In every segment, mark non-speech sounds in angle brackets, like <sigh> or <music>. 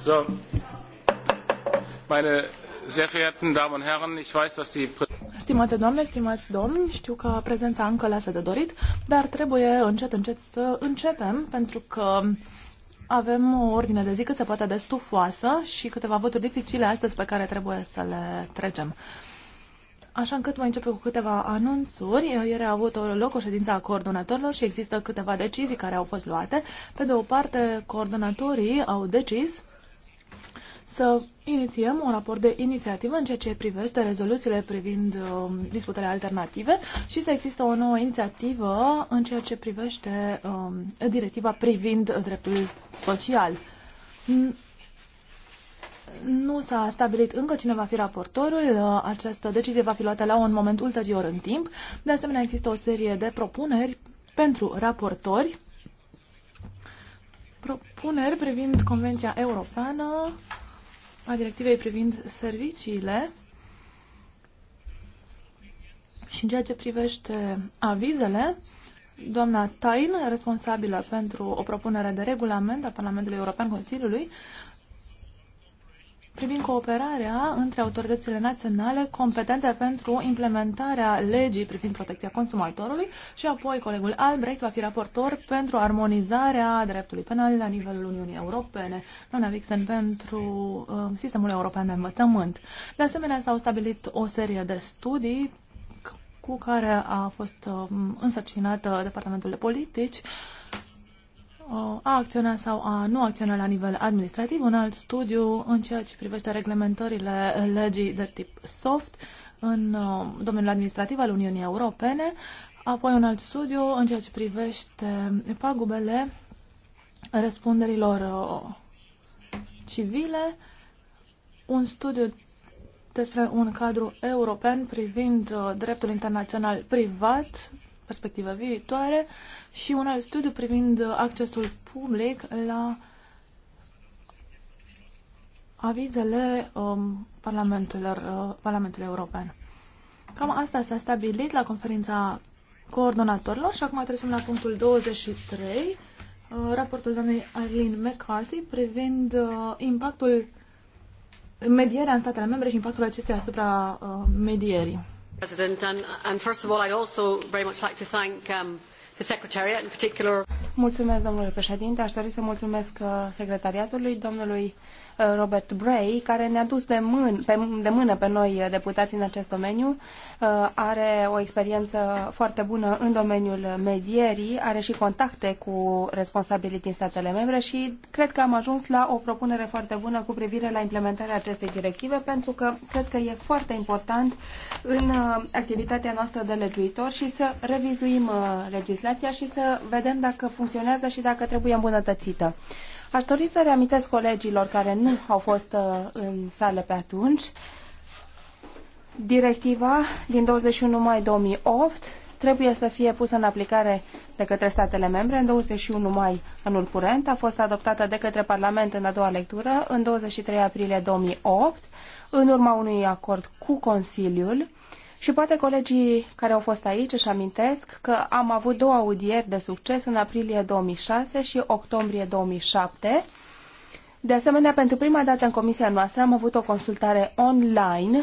So. Meine sehr verehrten Damen und Herren, ich weiß, dass die Stimate doamne, stimați domni, știu că prezența încă lasă de dorit, dar trebuie încet, încet să începem, pentru că avem o ordine de zi cât se poate de stufoasă și câteva voturi dificile astăzi pe care trebuie să le trecem. Așa încât voi începe cu câteva anunțuri. Ieri a avut loc o ședință a coordonatorilor și există câteva decizii care au fost luate. Pe de o parte, coordonatorii au decis să inițiem un raport de inițiativă în ceea ce privește rezoluțiile privind uh, disputele alternative și să există o nouă inițiativă în ceea ce privește uh, directiva privind dreptul social. Nu s-a stabilit încă cine va fi raportorul. Uh, această decizie va fi luată la un moment ulterior în timp. De asemenea, există o serie de propuneri pentru raportori propuneri privind Convenția Europeană a directivei privind serviciile și în ceea ce privește avizele, doamna Tain, responsabilă pentru o propunere de regulament a Parlamentului European Consiliului, privind cooperarea între autoritățile naționale competente pentru implementarea legii privind protecția consumatorului și apoi colegul Albrecht va fi raportor pentru armonizarea dreptului penal la nivelul Uniunii Europene, doamna Vixen pentru uh, sistemul european de învățământ. De asemenea, s-au stabilit o serie de studii cu care a fost uh, însărcinat Departamentul de Politici a acționa sau a nu acționa la nivel administrativ, un alt studiu în ceea ce privește reglementările legii de tip soft în domeniul administrativ al Uniunii Europene, apoi un alt studiu în ceea ce privește pagubele răspunderilor civile, un studiu despre un cadru european privind dreptul internațional privat perspectiva viitoare și un alt studiu privind accesul public la avizele um, Parlamentelor, uh, Parlamentului European. Cam asta s-a stabilit la conferința coordonatorilor și acum trecem la punctul 23, uh, raportul doamnei Arlene McCarthy privind uh, impactul medierea în statele membre și impactul acesteia asupra uh, medierii. President, and, and first of all, I'd also very much like to thank um, the Secretariat in particular. Mulțumesc, domnule președinte. Aș dori să mulțumesc uh, secretariatului, domnului Uh, Robert Bray, care ne-a dus de, mân, pe, de mână pe noi deputații în acest domeniu. Uh, are o experiență foarte bună în domeniul medierii, are și contacte cu responsabilii din statele membre și cred că am ajuns la o propunere foarte bună cu privire la implementarea acestei directive, pentru că cred că e foarte important în uh, activitatea noastră de legiuitor și să revizuim legislația și să vedem dacă funcționează și dacă trebuie îmbunătățită. Aș dori să reamintesc colegilor care nu au fost uh, în sală pe atunci. Directiva din 21 mai 2008 trebuie să fie pusă în aplicare de către statele membre. În 21 mai anul curent a fost adoptată de către Parlament în a doua lectură, în 23 aprilie 2008, în urma unui acord cu Consiliul și poate colegii care au fost aici își amintesc că am avut două audieri de succes în aprilie 2006 și octombrie 2007. De asemenea, pentru prima dată în comisia noastră am avut o consultare online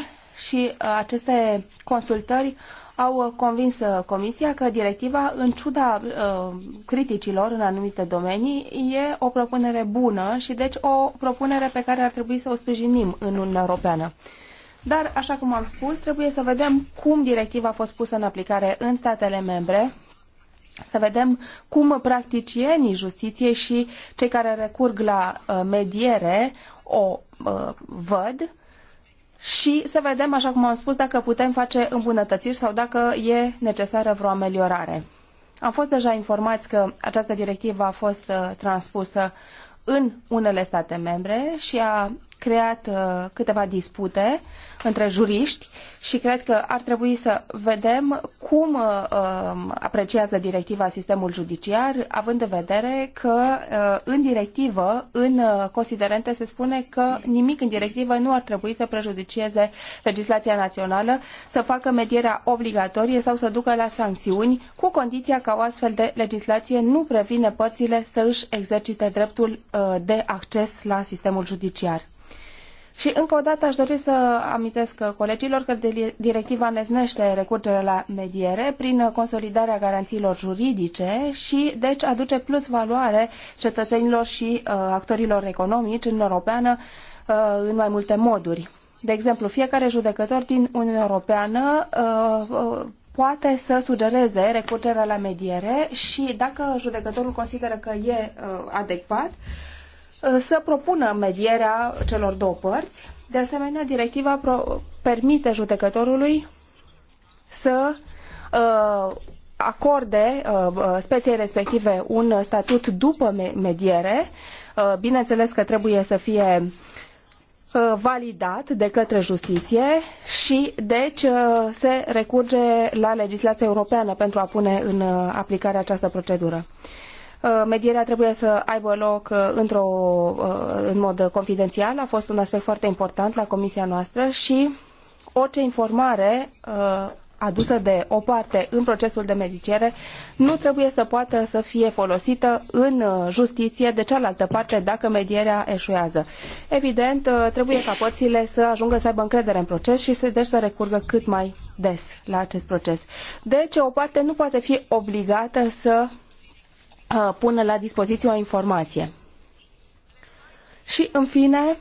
și uh, aceste consultări au convins uh, Comisia că directiva, în ciuda uh, criticilor în anumite domenii, e o propunere bună și deci o propunere pe care ar trebui să o sprijinim în Uniunea Europeană. Dar, așa cum am spus, trebuie să vedem cum directiva a fost pusă în aplicare în statele membre, să vedem cum practicienii justiției și cei care recurg la uh, mediere o uh, văd și să vedem, așa cum am spus, dacă putem face îmbunătățiri sau dacă e necesară vreo ameliorare. Am fost deja informați că această directivă a fost uh, transpusă în unele state membre și a creat uh, câteva dispute între juriști și cred că ar trebui să vedem cum uh, um, apreciază directiva sistemul judiciar, având în vedere că uh, în directivă, în uh, considerente, se spune că nimic în directivă nu ar trebui să prejudicieze legislația națională, să facă medierea obligatorie sau să ducă la sancțiuni, cu condiția ca o astfel de legislație nu previne părțile să își exercite dreptul uh, de acces la sistemul judiciar. Și încă o dată aș dori să amintesc colegilor că directiva neznește recurgerea la mediere prin consolidarea garanțiilor juridice și deci aduce plus valoare cetățenilor și uh, actorilor economici în Europeană uh, în mai multe moduri. De exemplu, fiecare judecător din Uniunea Europeană uh, uh poate să sugereze recurgerea la mediere și dacă judecătorul consideră că e uh, adecvat, uh, Uh, să propună medierea celor două părți. De asemenea, directiva permite judecătorului să uh, acorde uh, speției respective un statut după mediere. Uh, bineînțeles că trebuie să fie uh, validat de către justiție și deci uh, se recurge la legislația europeană pentru a pune în aplicare această procedură. Uh, medierea trebuie să aibă loc uh, într-o, uh, în mod confidențial. A fost un aspect foarte important la comisia noastră și orice informare adusă de o parte în procesul de mediciere nu trebuie să poată să fie folosită în justiție de cealaltă parte dacă medierea eșuează. Evident, trebuie ca părțile să ajungă să aibă încredere în proces și să, deci să recurgă cât mai des la acest proces. Deci, o parte nu poate fi obligată să Uh, pune la dispoziție o informație. Și, în fine,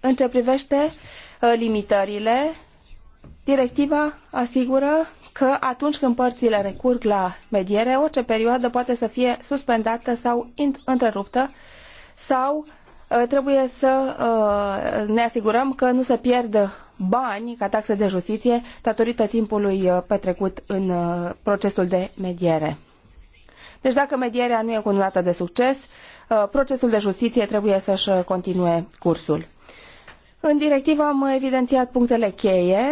în ce privește uh, limitările, directiva asigură că atunci când părțile recurg la mediere, orice perioadă poate să fie suspendată sau întreruptă sau uh, trebuie să ne asigurăm că nu se pierd bani ca taxe de justiție datorită timpului petrecut în procesul de mediere. Deci dacă medierea nu e cununată de succes, uh, procesul de justiție trebuie să-și uh, continue cursul. În directivă am evidențiat punctele cheie.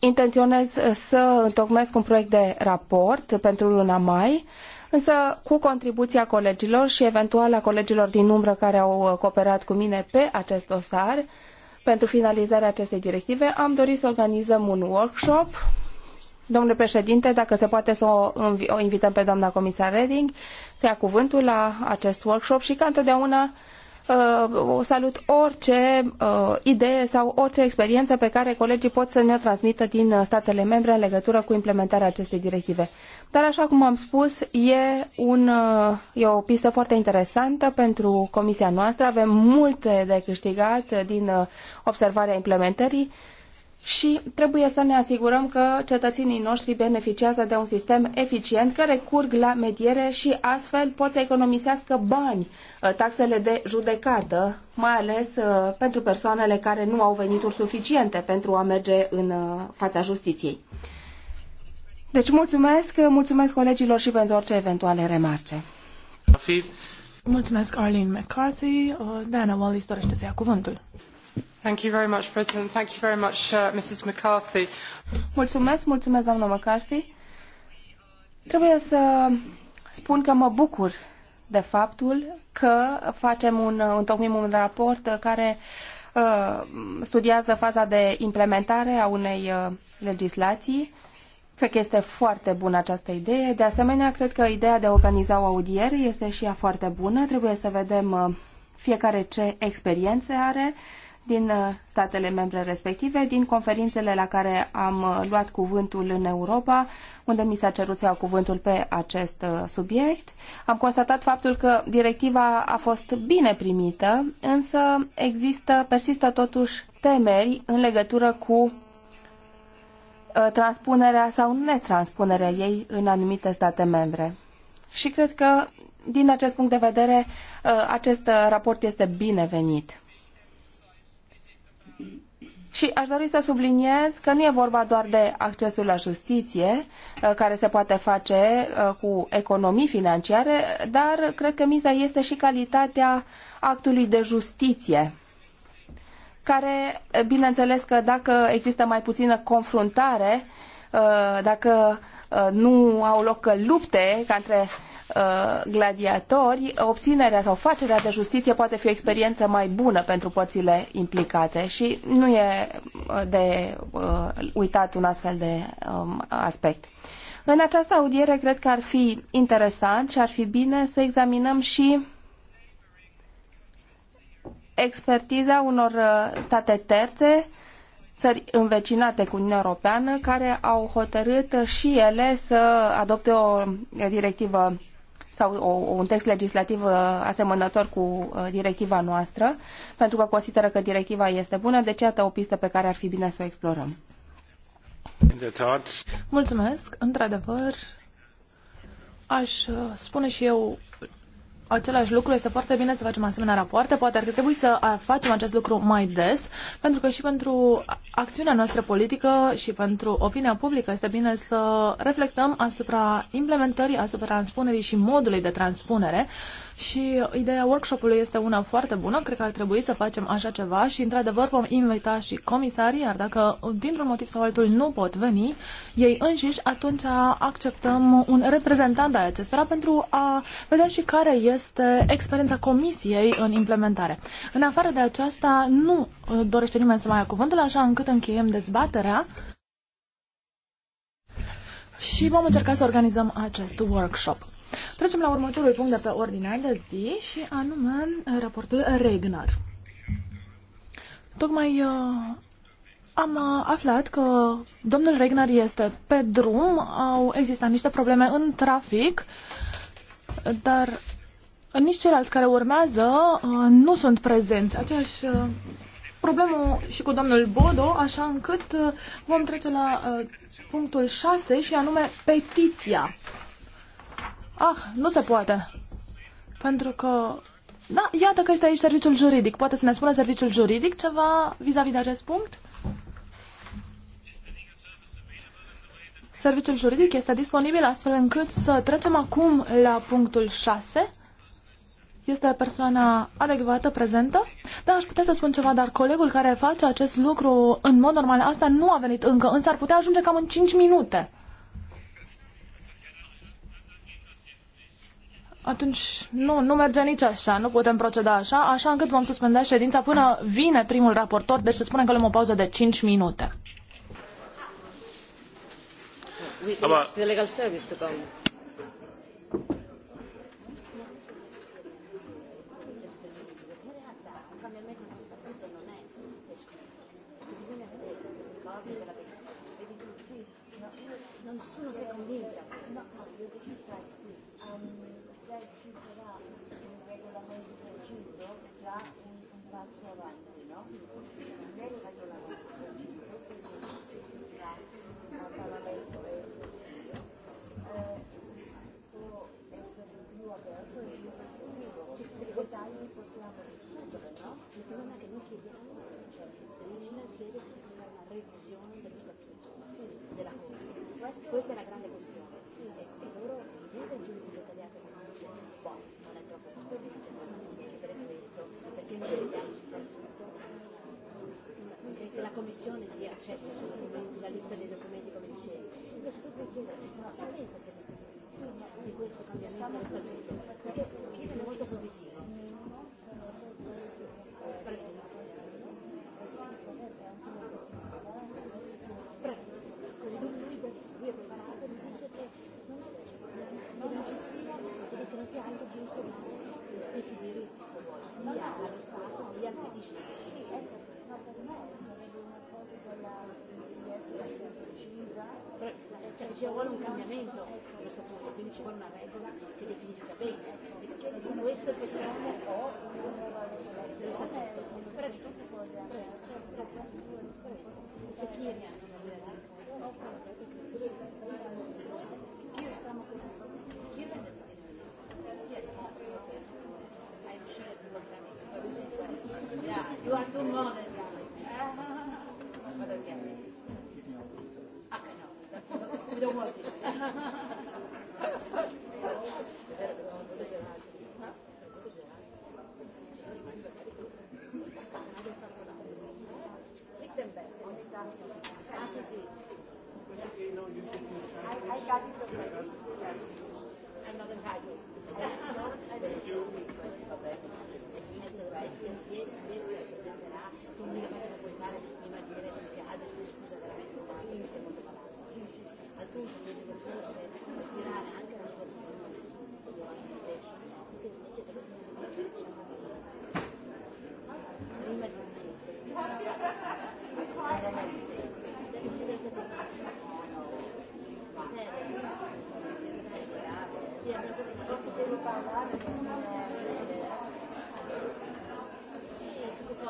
Intenționez uh, să întocmesc un proiect de raport pentru luna mai, însă cu contribuția colegilor și eventual a colegilor din umbră care au cooperat cu mine pe acest dosar, pentru finalizarea acestei directive, am dorit să organizăm un workshop Domnule președinte, dacă se poate să o, o invităm pe doamna comisar Reding să ia cuvântul la acest workshop și ca întotdeauna uh, o salut orice uh, idee sau orice experiență pe care colegii pot să ne-o transmită din statele membre în legătură cu implementarea acestei directive. Dar, așa cum am spus, e, un, uh, e o pistă foarte interesantă pentru comisia noastră. Avem multe de câștigat din observarea implementării și trebuie să ne asigurăm că cetățenii noștri beneficiază de un sistem eficient care curg la mediere și astfel pot să economisească bani, uh, taxele de judecată, mai ales uh, pentru persoanele care nu au venituri suficiente pentru a merge în uh, fața justiției. Deci mulțumesc, mulțumesc colegilor și pentru orice eventuale remarce. Mulțumesc Arlene McCarthy. Dana Wallis dorește să ia cuvântul. Mulțumesc, mulțumesc, doamnă McCarthy. Trebuie să spun că mă bucur de faptul că facem un, întocmim un raport care uh, studiază faza de implementare a unei uh, legislații. Cred că este foarte bună această idee. De asemenea, cred că ideea de a organiza o audiere este și ea foarte bună. Trebuie să vedem uh, fiecare ce experiențe are, din uh, statele membre respective, din conferințele la care am uh, luat cuvântul în Europa, unde mi s-a cerut să iau cuvântul pe acest uh, subiect. Am constatat faptul că directiva a fost bine primită, însă există, persistă totuși temeri în legătură cu transpunerea sau netranspunerea ei în anumite state membre. Și cred că, din acest punct de vedere, acest raport este binevenit. Și aș dori să subliniez că nu e vorba doar de accesul la justiție, uh, care se poate face uh, cu economii financiare, dar cred că miza este și calitatea actului de justiție care, bineînțeles că dacă există mai puțină confruntare, uh, dacă nu au loc lupte ca între Uh, gladiatori, obținerea sau facerea de justiție poate fi o experiență mai bună pentru părțile implicate și nu e uh, de uh, uitat un astfel de um, aspect. În această audiere cred că ar fi interesant și ar fi bine să examinăm și expertiza unor state terțe, țări învecinate cu Uniunea Europeană, care au hotărât și ele să adopte o directivă sau o, un text legislativ uh, asemănător cu uh, directiva noastră, pentru că consideră că directiva este bună, deci iată o pistă pe care ar fi bine să o explorăm. Mulțumesc. Într-adevăr, aș uh, spune și eu același lucru, este foarte bine să facem asemenea rapoarte, poate ar trebui să facem acest lucru mai des, pentru că și pentru acțiunea noastră politică și pentru opinia publică este bine să reflectăm asupra implementării, asupra transpunerii și modului de transpunere și ideea workshopului este una foarte bună. Cred că ar trebui să facem așa ceva și, într-adevăr, vom invita și comisarii, iar dacă dintr-un motiv sau altul nu pot veni ei înșiși, atunci acceptăm un reprezentant al acestora pentru a vedea și care este experiența comisiei în implementare. În afară de aceasta, nu uh, dorește nimeni să mai ia cuvântul, așa încât încheiem dezbaterea și vom încerca să organizăm acest workshop. Trecem la următorul punct de pe ordinea de zi și anume uh, raportul Regnar. Tocmai uh, am uh, aflat că domnul Regnar este pe drum, au existat niște probleme în trafic, dar nici ceilalți care urmează uh, nu sunt prezenți. Aceeași uh, problemă și cu domnul Bodo, așa încât uh, vom trece la uh, punctul 6 și anume petiția ah, nu se poate. Pentru că, da, iată că este aici serviciul juridic. Poate să ne spună serviciul juridic ceva vis-a-vis -vis de acest punct? Serviciul juridic este disponibil astfel încât să trecem acum la punctul 6. Este persoana adecvată prezentă? Da, aș putea să spun ceva, dar colegul care face acest lucru în mod normal, asta nu a venit încă, însă ar putea ajunge cam în 5 minute. Atunci nu, nu merge nici așa, nu putem proceda așa, așa încât vom suspenda ședința până vine primul raportor, deci să spunem că luăm o pauză de 5 minute. We, we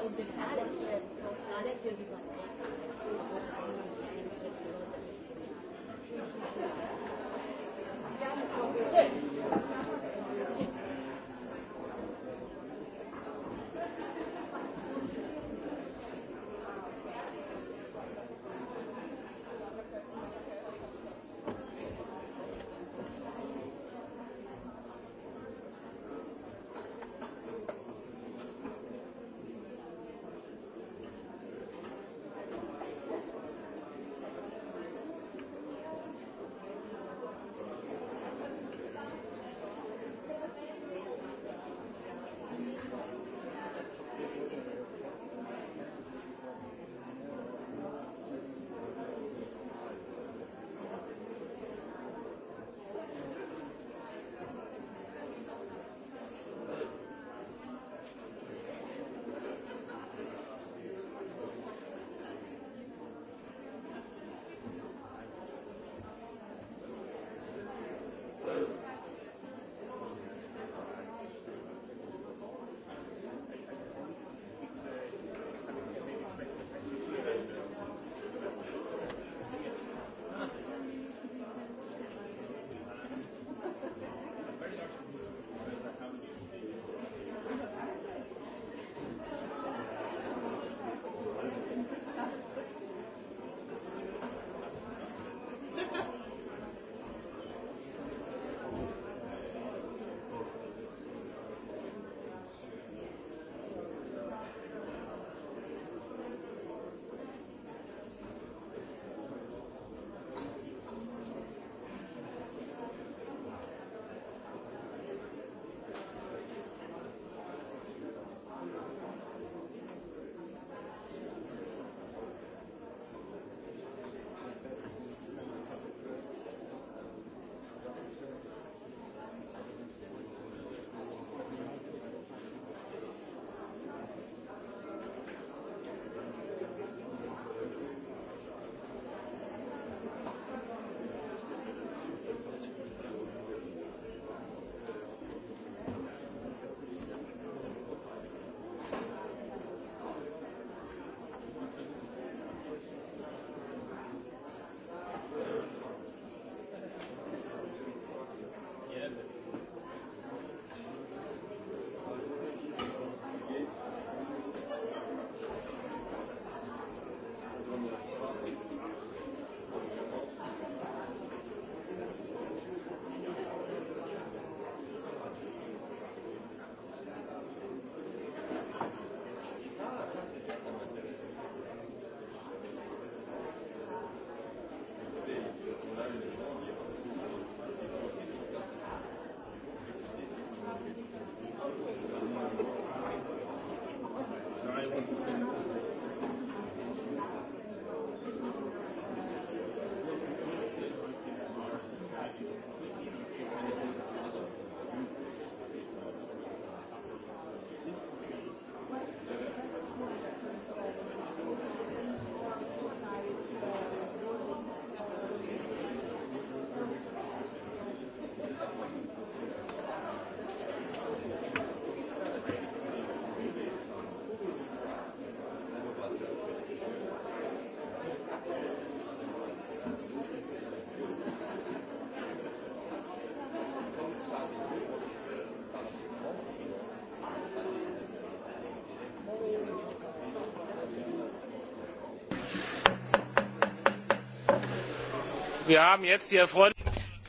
How did it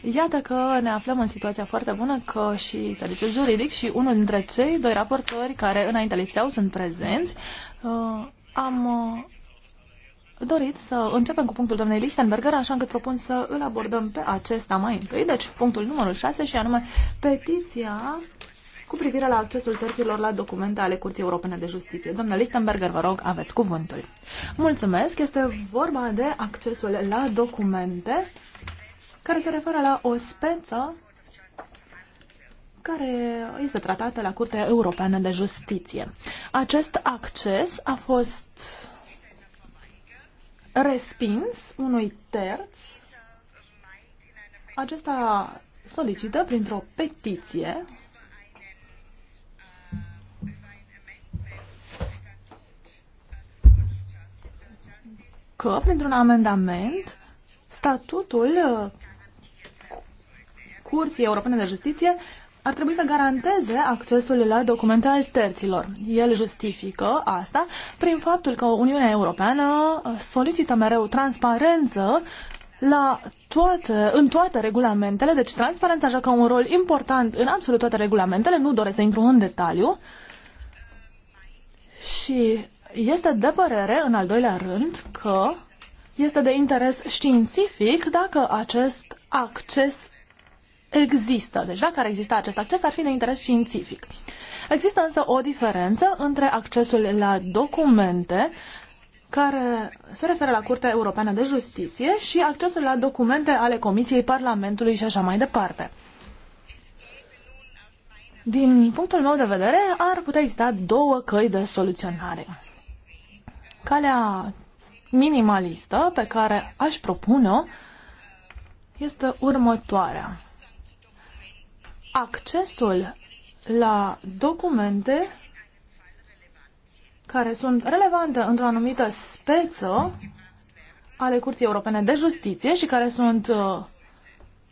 Iată că ne aflăm în situația foarte bună că și serviciul juridic și unul dintre cei doi raportori care înainte lipseau sunt prezenți. Uh, am uh, dorit să începem cu punctul doamnei Lichtenberger, așa încât propun să îl abordăm pe acesta mai întâi, deci punctul numărul 6 și anume petiția cu privire la accesul terților la documente ale Curții Europene de Justiție. Domnule Lichtenberger, vă rog, aveți cuvântul. Mulțumesc. Este vorba de accesul la documente care se referă la o speță care este tratată la Curtea Europeană de Justiție. Acest acces a fost respins unui terț. Acesta solicită printr-o petiție că, printr-un amendament, statutul uh, Curții Europene de Justiție ar trebui să garanteze accesul la documente al terților. El justifică asta prin faptul că Uniunea Europeană uh, solicită mereu transparență la toate, în toate regulamentele, deci transparența joacă un rol important în absolut toate regulamentele, nu doresc să intru în detaliu. Și este de părere, în al doilea rând, că este de interes științific dacă acest acces există. Deci dacă ar exista acest acces, ar fi de interes științific. Există însă o diferență între accesul la documente care se referă la Curtea Europeană de Justiție și accesul la documente ale Comisiei Parlamentului și așa mai departe. Din punctul meu de vedere, ar putea exista două căi de soluționare. Calea minimalistă pe care aș propune-o este următoarea. Accesul la documente care sunt relevante într-o anumită speță ale Curții Europene de Justiție și care sunt uh,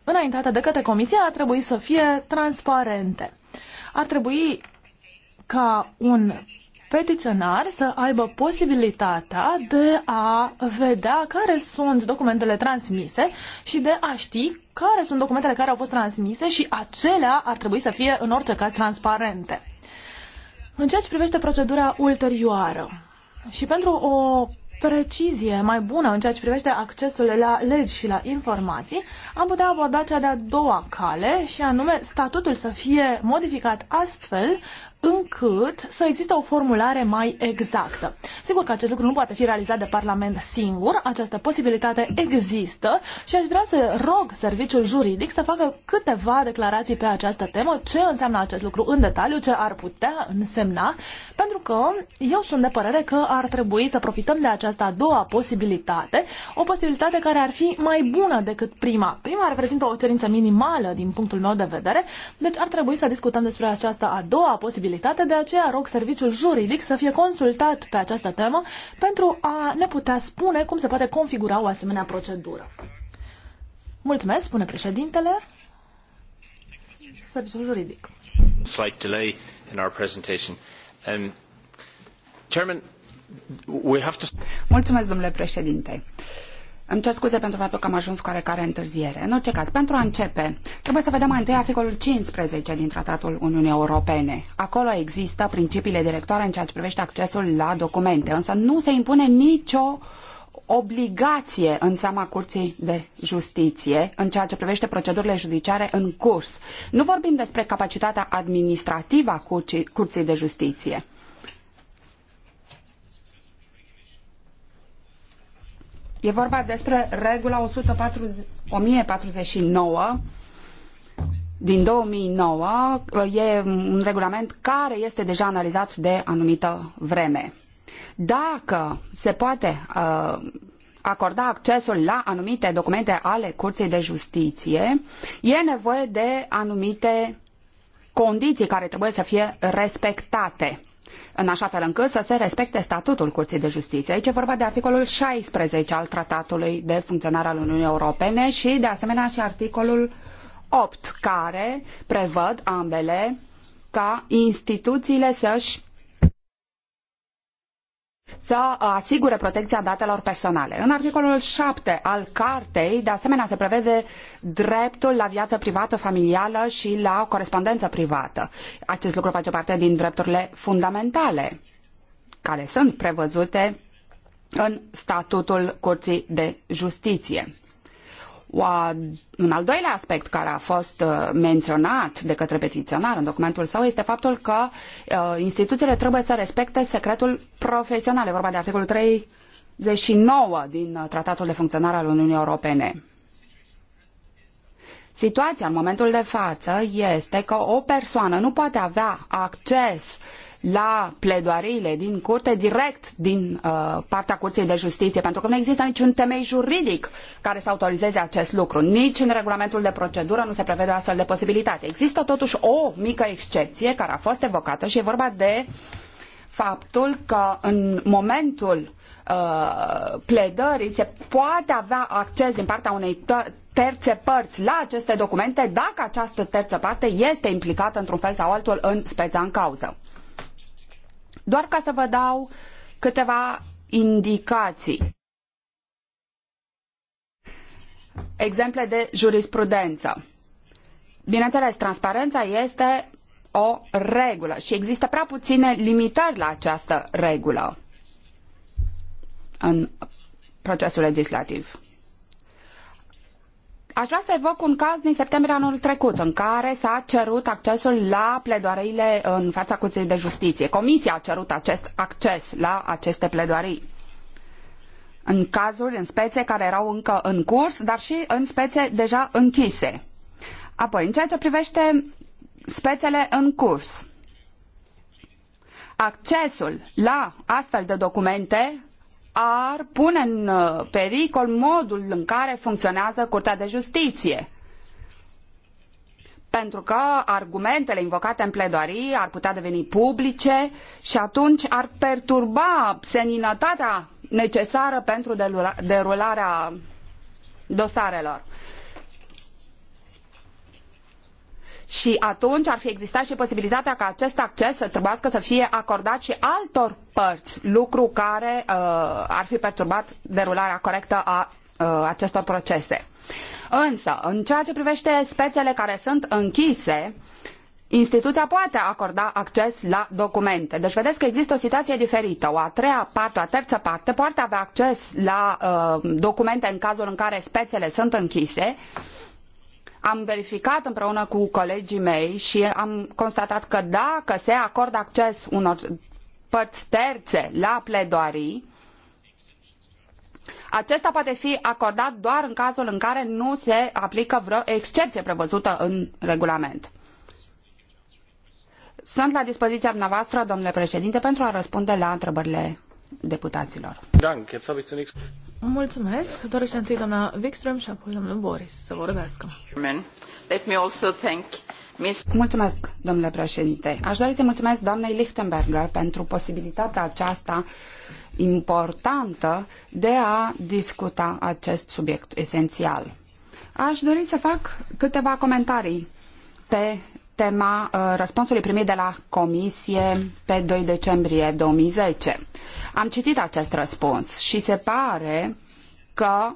înaintate de către Comisie ar trebui să fie transparente. Ar trebui ca un Petiționar să aibă posibilitatea de a vedea care sunt documentele transmise și de a ști care sunt documentele care au fost transmise și acelea ar trebui să fie în orice caz transparente. În ceea ce privește procedura ulterioară și pentru o precizie mai bună în ceea ce privește accesul la legi și la informații, am putea aborda cea de-a doua cale și anume statutul să fie modificat astfel încât să existe o formulare mai exactă. Sigur că acest lucru nu poate fi realizat de Parlament singur, această posibilitate există și aș vrea să rog serviciul juridic să facă câteva declarații pe această temă, ce înseamnă acest lucru în detaliu, ce ar putea însemna, pentru că eu sunt de părere că ar trebui să profităm de această a doua posibilitate, o posibilitate care ar fi mai bună decât prima. Prima reprezintă o cerință minimală din punctul meu de vedere, deci ar trebui să discutăm despre această a doua posibilitate posibilitate, de aceea rog serviciul juridic să fie consultat pe această temă pentru a ne putea spune cum se poate configura o asemenea procedură. Mulțumesc, spune președintele. Serviciul juridic. Slight delay in our presentation. Um, Chairman, we have to... Mulțumesc, domnule președinte. Uh, îmi cer scuze pentru faptul că am ajuns cu oarecare întârziere. În orice caz, pentru a începe, trebuie să vedem mai întâi articolul 15 din Tratatul Uniunii Europene. Acolo există principiile directoare în ceea ce privește accesul la documente, însă nu se impune nicio obligație în seama Curții de Justiție în ceea ce privește procedurile judiciare în curs. Nu vorbim despre capacitatea administrativă a Curții, curții de Justiție. E vorba despre regula 140, 1049 din 2009. E un regulament care este deja analizat de anumită vreme. Dacă se poate uh, acorda accesul la anumite documente ale Curții de Justiție, e nevoie de anumite condiții care trebuie să fie respectate în așa fel încât să se respecte statutul Curții de Justiție. Aici e vorba de articolul 16 al Tratatului de Funcționare al Uniunii Europene și, de asemenea, și articolul 8, care prevăd ambele ca instituțiile să-și să asigure protecția datelor personale. În articolul 7 al cartei, de asemenea, se prevede dreptul la viață privată, familială și la corespondență privată. Acest lucru face parte din drepturile fundamentale care sunt prevăzute în statutul Curții de Justiție. Un al doilea aspect care a fost uh, menționat de către petiționar în documentul său este faptul că uh, instituțiile trebuie să respecte secretul profesional. E vorba de articolul 39 din uh, Tratatul de Funcționare al Uniunii Europene. Situația în momentul de față este că o persoană nu poate avea acces la pledoariile din curte direct din uh, partea Curții de Justiție, pentru că nu există niciun temei juridic care să autorizeze acest lucru. Nici în regulamentul de procedură nu se prevede o astfel de posibilitate. Există totuși o mică excepție care a fost evocată și e vorba de faptul că în momentul uh, pledării se poate avea acces din partea unei terțe părți la aceste documente dacă această terță parte este implicată într-un fel sau altul în speța în cauză doar ca să vă dau câteva indicații. Exemple de jurisprudență. Bineînțeles, transparența este o regulă și există prea puține limitări la această regulă în procesul legislativ. Aș vrea să evoc un caz din septembrie anul trecut, în care s-a cerut accesul la pledoariile în fața Curții de Justiție. Comisia a cerut acest acces la aceste pledoarii în cazuri, în spețe care erau încă în curs, dar și în spețe deja închise. Apoi, în ceea ce privește spețele în curs, accesul la astfel de documente ar pune în uh, pericol modul în care funcționează Curtea de Justiție. Pentru că argumentele invocate în pledoarii ar putea deveni publice și atunci ar perturba seninătatea necesară pentru derularea dosarelor. și atunci ar fi existat și posibilitatea ca acest acces să trebuiască să fie acordat și altor părți, lucru care uh, ar fi perturbat derularea corectă a uh, acestor procese. Însă, în ceea ce privește spețele care sunt închise, instituția poate acorda acces la documente. Deci vedeți că există o situație diferită. O a treia parte, o a terță parte poate avea acces la uh, documente în cazul în care spețele sunt închise, uh, am verificat împreună cu colegii mei și am constatat că dacă se acordă acces unor părți terțe la pledoarii, acesta poate fi acordat doar în cazul în care nu se aplică vreo excepție prevăzută în regulament. Sunt la dispoziția dumneavoastră, domnule președinte, pentru a răspunde la întrebările deputaților. Mulțumesc. Dorește întâi doamna Wikström și apoi domnul Boris să vorbească. Let Mulțumesc, domnule președinte. Aș dori să mulțumesc doamnei Lichtenberger pentru posibilitatea aceasta importantă de a discuta acest subiect esențial. Aș dori să fac câteva comentarii pe tema uh, răspunsului primit de la Comisie pe 2 decembrie 2010. Am citit acest răspuns și se pare că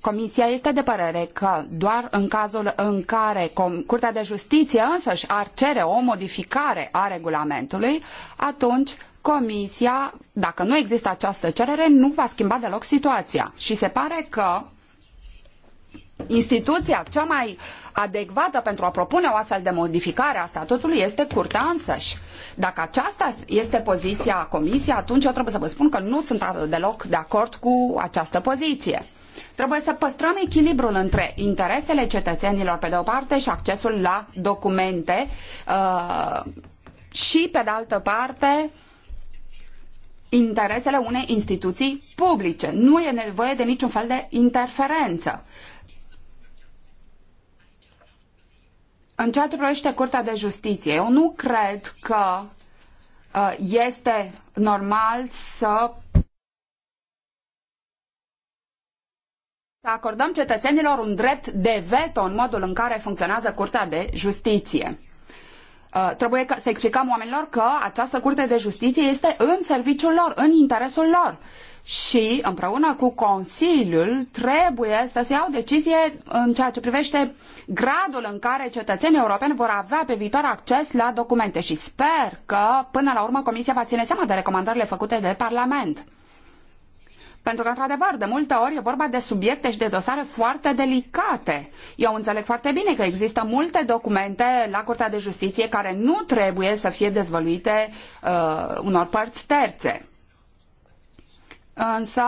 Comisia este de părere că doar în cazul în care Curtea de Justiție însăși ar cere o modificare a regulamentului, atunci Comisia, dacă nu există această cerere, nu va schimba deloc situația. Și se pare că instituția cea mai adecvată pentru a propune o astfel de modificare a statutului este curtea însăși. Dacă aceasta este poziția comisiei, atunci eu trebuie să vă spun că nu sunt deloc de acord cu această poziție. Trebuie să păstrăm echilibrul între interesele cetățenilor pe de o parte și accesul la documente uh, și pe de altă parte interesele unei instituții publice. Nu e nevoie de niciun fel de interferență. în ceea ce privește Curtea de Justiție, eu nu cred că uh, este normal să să acordăm cetățenilor un drept de veto în modul în care funcționează Curtea de Justiție. Uh, trebuie să explicăm oamenilor că această Curte de Justiție este în serviciul lor, în interesul lor. Uh, și împreună cu Consiliul trebuie să se ia o decizie în ceea ce privește gradul în care cetățenii europeni vor avea pe viitor acces la documente și sper că până la urmă Comisia va ține seama de recomandările făcute de Parlament. Pentru că, într-adevăr, de multe ori e vorba de subiecte și de dosare foarte delicate. Eu înțeleg foarte bine că există multe documente la Curtea de Justiție care nu trebuie să fie dezvăluite uh, unor părți terțe însă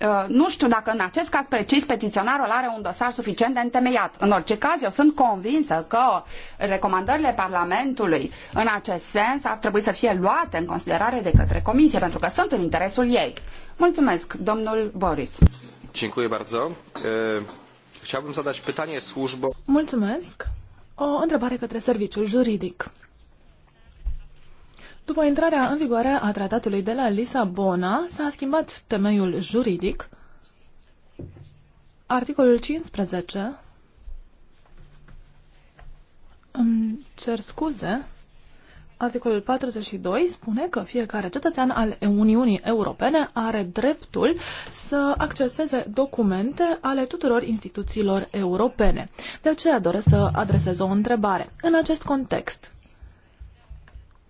ă, nu știu dacă în acest caz precis petiționarul are un dosar suficient de întemeiat. În orice caz, eu sunt convinsă că recomandările Parlamentului în acest sens ar trebui să fie luate în considerare de către Comisie, pentru că sunt în interesul ei. Mulțumesc, domnul Boris. Dziękuję bardzo. Chciałbym zadać pytanie Mulțumesc. O întrebare către serviciul juridic. După intrarea în vigoare a tratatului de la Lisabona, s-a schimbat temeiul juridic. Articolul 15 îmi cer scuze. Articolul 42 spune că fiecare cetățean al Uniunii Europene are dreptul să acceseze documente ale tuturor instituțiilor europene. De aceea doresc să adresez o întrebare. În acest context,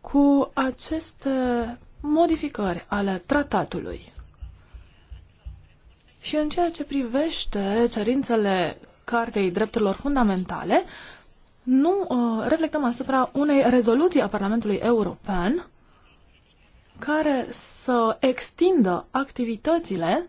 cu aceste modificări ale tratatului. Și în ceea ce privește cerințele Cartei Drepturilor Fundamentale, nu uh, reflectăm asupra unei rezoluții a Parlamentului European care să extindă activitățile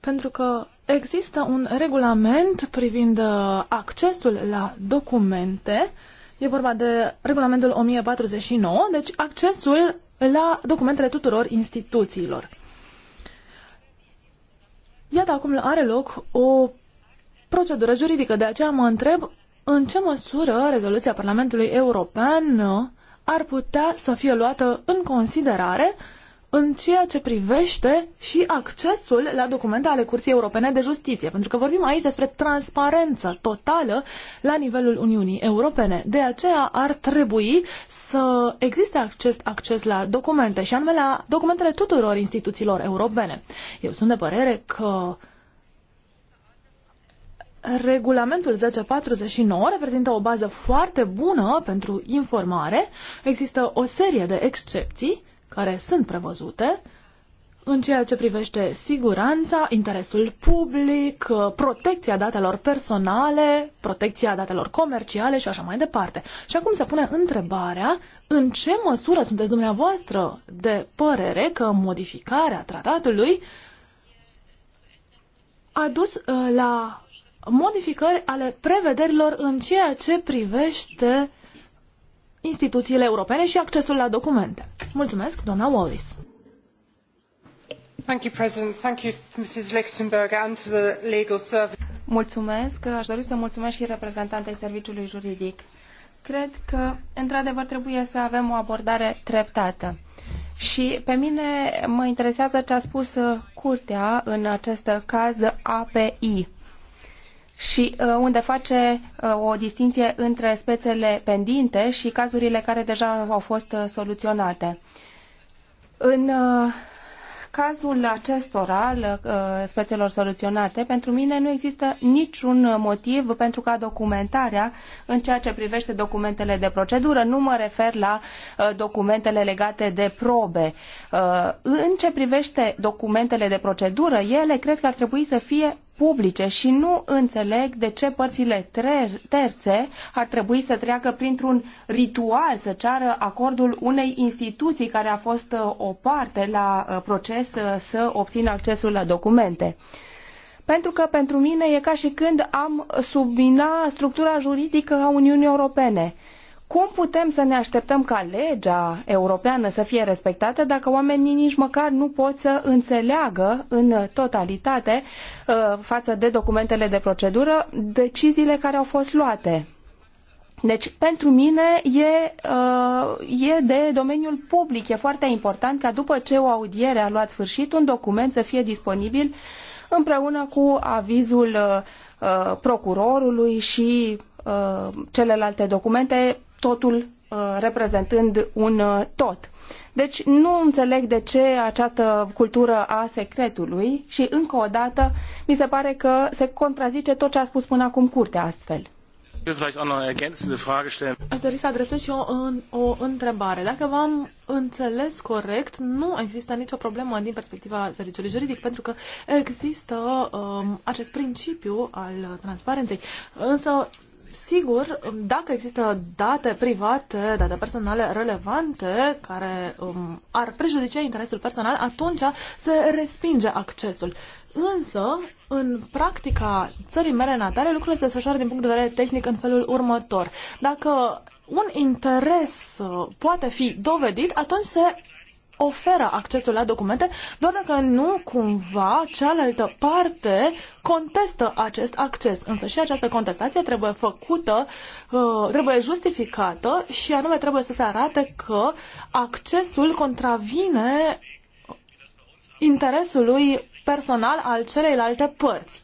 pentru că există un regulament privind uh, accesul la documente. E vorba de regulamentul 1049, deci accesul la documentele tuturor instituțiilor. Iată, acum are loc o procedură juridică, de aceea mă întreb în ce măsură rezoluția Parlamentului European uh, ar putea să fie luată în considerare în ceea ce privește și accesul la documente ale Curții Europene de Justiție, pentru că vorbim aici despre transparență totală la nivelul Uniunii Europene. De aceea ar trebui să existe acces, acces la documente și anume la documentele tuturor instituțiilor europene. Eu sunt de părere că Regulamentul 1049 reprezintă o bază foarte bună pentru informare. Există o serie de excepții care sunt prevăzute în ceea ce privește siguranța, interesul public, protecția datelor personale, protecția datelor comerciale și așa mai departe. Și acum se pune întrebarea în ce măsură sunteți dumneavoastră de părere că modificarea tratatului a dus uh, la modificări ale prevederilor în ceea ce privește instituțiile europene și accesul la documente. Mulțumesc, doamna Wallis. Thank you, President. Thank you, Mrs. Lichtenberg, and to the legal service. Mulțumesc. Aș dori să mulțumesc și reprezentantei Serviciului Juridic. Cred că, într-adevăr, trebuie să avem o abordare treptată. Și pe mine mă interesează ce a spus uh, curtea în acest caz API și uh, unde face uh, o distinție între spețele pendinte și cazurile care deja au fost uh, soluționate. În cazul acestor al spețelor soluționate, pentru mine nu există niciun motiv pentru ca documentarea în ceea ce privește documentele de procedură, nu mă refer la documentele legate de probe. În ce privește documentele de procedură, ele cred că ar trebui să fie publice și nu înțeleg de ce părțile terțe ar trebui să treacă printr-un ritual, să ceară acordul unei instituții care a fost uh, o parte la uh, proces uh, să obțină accesul la documente pentru că pentru mine e ca și când am submina structura juridică a Uniunii Europene. Cum putem să ne așteptăm ca legea europeană să fie respectată dacă oamenii nici măcar nu pot să înțeleagă în totalitate uh, față de documentele de procedură deciziile care au fost luate? Deci, pentru mine e, uh, e de domeniul public. E foarte important ca după ce o audiere a luat sfârșit, un document să fie disponibil împreună cu avizul uh, procurorului și celelalte documente totul uh, reprezentând un uh, tot. Deci nu înțeleg de ce această cultură a secretului și încă o dată mi se pare că se contrazice tot ce a spus până acum curtea astfel. Aș dori să adresez și eu o, o întrebare. Dacă v-am înțeles corect, nu există nicio problemă din perspectiva serviciului juridic, pentru că există um, acest principiu al transparenței. Însă Sigur, dacă există date private, date personale relevante care um, ar prejudicia interesul personal, atunci se respinge accesul. Însă, în practica țării mele natale, lucrurile se desfășoară din punct de vedere tehnic în felul următor. Dacă un interes uh, poate fi dovedit, atunci se oferă accesul la documente, doar dacă nu cumva cealaltă parte contestă acest acces. Însă și această contestație trebuie făcută, uh, trebuie justificată și anume trebuie să se arate că accesul contravine interesului personal al celeilalte părți.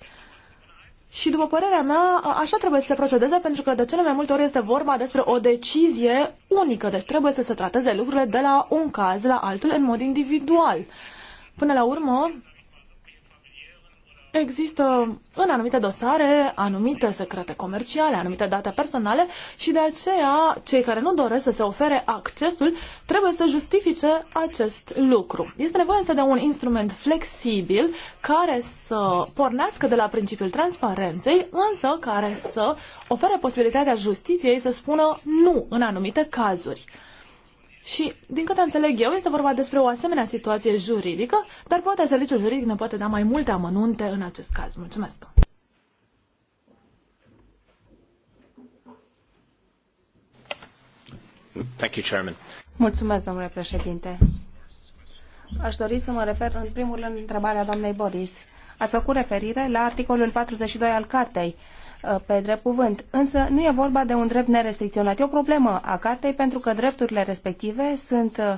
Și după părerea mea, așa trebuie să se procedeze, pentru că de cele mai multe ori este vorba despre o decizie unică, deci trebuie să se trateze lucrurile de la un caz la altul în mod individual. Până la urmă, există în anumite dosare anumite secrete comerciale, anumite date personale și de aceea cei care nu doresc să se ofere accesul trebuie să justifice acest lucru. Este nevoie însă de un instrument flexibil care să pornească de la principiul transparenței, însă care să ofere posibilitatea justiției să spună nu în anumite cazuri. Și, din câte înțeleg eu, este vorba despre o asemenea situație juridică, dar poate serviciul juridic ne poate da mai multe amănunte în acest caz. Mulțumesc! Thank you, Chairman. Mulțumesc, domnule președinte. Aș dori să mă refer în primul rând întrebarea doamnei Boris. Ați făcut referire la articolul 42 al cartei, Uh, pe drept cuvânt. Însă nu e vorba de un drept nerestricționat. E o problemă a cartei pentru că drepturile respective sunt uh,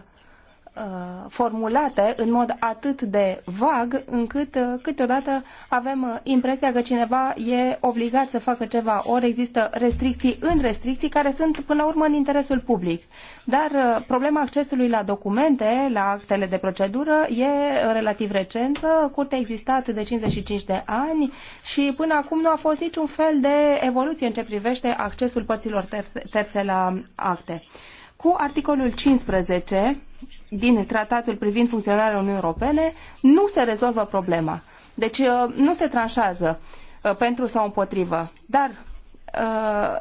Uh, formulate în mod atât de vag încât uh, câteodată avem uh, impresia că cineva e obligat să facă ceva, ori există restricții în restricții care sunt până la urmă în interesul public. Dar problema accesului la documente, la actele de procedură, e relativ recentă. Curtea a existat de 55 de ani și până acum nu a fost niciun fel de evoluție în ce privește accesul părților terțe, la acte. Cu articolul 15 din tratatul privind funcționarea Uniunii Europene, nu se rezolvă problema. Deci uh, nu se tranșează uh, pentru sau împotrivă. Dar uh,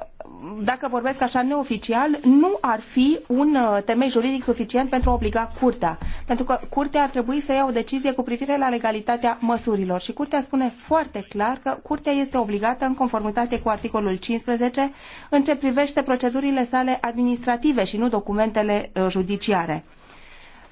dacă vorbesc așa neoficial, nu ar fi un temei juridic suficient pentru a obliga curtea. Pentru că curtea ar trebui să ia o decizie cu privire la legalitatea măsurilor. Și curtea spune foarte clar că curtea este obligată în conformitate cu articolul 15 în ce privește procedurile sale administrative și nu documentele judiciare.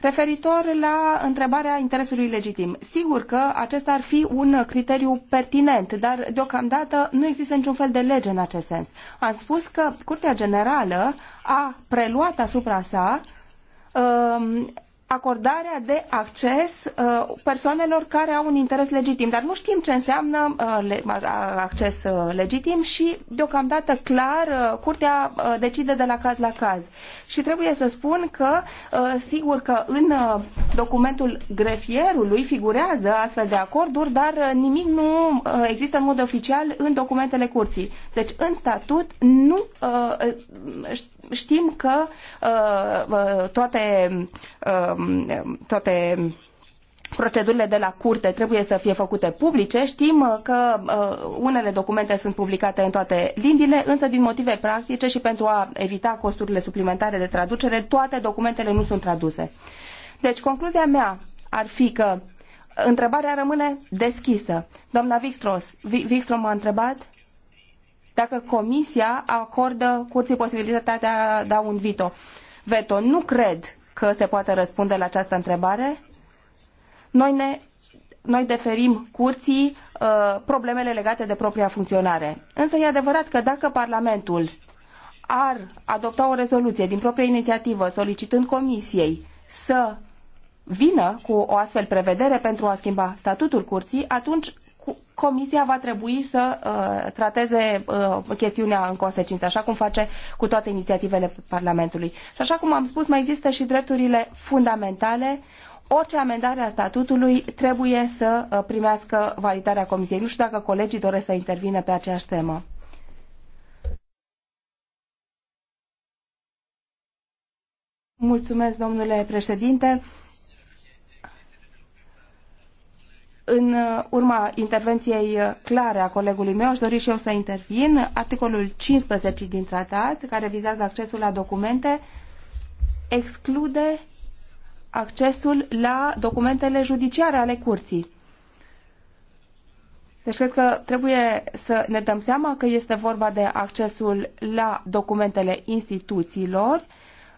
Referitor la întrebarea interesului legitim, sigur că acesta ar fi un criteriu pertinent, dar deocamdată nu există niciun fel de lege în acest sens. Am spus că Curtea Generală a preluat asupra sa um, acordarea de acces uh, persoanelor care au un interes legitim. Dar nu știm ce înseamnă uh, uh, acces legitim și deocamdată clar curtea decide de la caz la caz. Și trebuie să spun că sigur că în documentul grefierului figurează astfel de acorduri, dar nimic nu există în mod oficial în documentele curții. Deci în statut nu știm că toate toate procedurile de la curte trebuie să fie făcute publice. Știm uh, că uh, unele documente sunt publicate în toate limbile, însă din motive practice și pentru a evita costurile suplimentare de traducere, toate documentele nu sunt traduse. Deci concluzia mea ar fi că întrebarea rămâne deschisă. Doamna Vixtros, Vixtros m-a întrebat dacă Comisia acordă curții posibilitatea de a da un veto. Veto. Nu cred că se poate răspunde la această întrebare? Noi ne noi deferim curții uh, problemele legate de propria funcționare. Însă e adevărat că dacă Parlamentul ar adopta o rezoluție din proprie inițiativă solicitând Comisiei să vină cu o astfel prevedere pentru a schimba statutul curții, atunci Comisia va trebui să uh, trateze uh, chestiunea în consecință, așa cum face cu toate inițiativele Parlamentului. Și așa cum am spus, mai există și drepturile fundamentale. Orice amendare a statutului trebuie să uh, primească validarea Comisiei. Nu știu dacă colegii doresc să intervină pe aceeași temă. Mulțumesc, domnule președinte. În uh, urma intervenției uh, clare a colegului meu, aș dori și eu să intervin. Articolul 15 din tratat, care vizează accesul la documente, exclude accesul la documentele judiciare ale curții. Deci cred că trebuie să ne dăm seama că este vorba de accesul la documentele instituțiilor,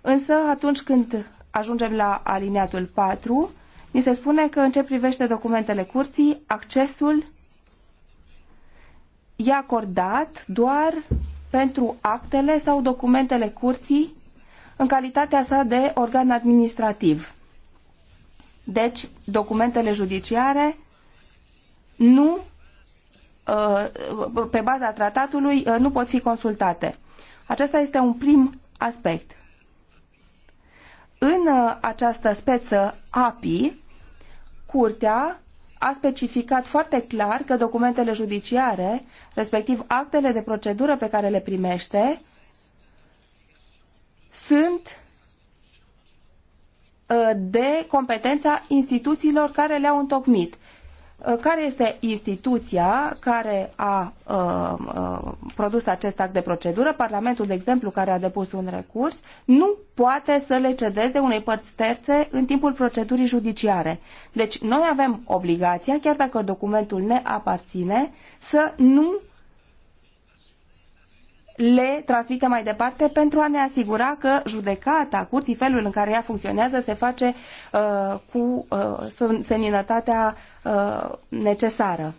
însă atunci când ajungem la aliniatul 4, Ni se spune că în ce privește documentele curții, accesul e acordat doar pentru actele sau documentele curții în calitatea sa de organ administrativ. Deci, documentele judiciare nu, uh, pe baza tratatului, uh, nu pot fi consultate. Acesta este un prim aspect. În uh, această speță API, Curtea a specificat foarte clar că documentele judiciare, respectiv actele de procedură pe care le primește, sunt uh, de competența instituțiilor care le-au întocmit. Uh, care este instituția care a uh, uh, produs acest act de procedură, Parlamentul, de exemplu, care a depus un recurs, nu poate să le cedeze unei părți terțe în timpul procedurii judiciare. Deci noi avem obligația, chiar dacă documentul ne aparține, să nu le transmită mai departe pentru a ne asigura că judecata curții, felul în care ea funcționează, se face uh, cu uh, seninătatea uh, necesară.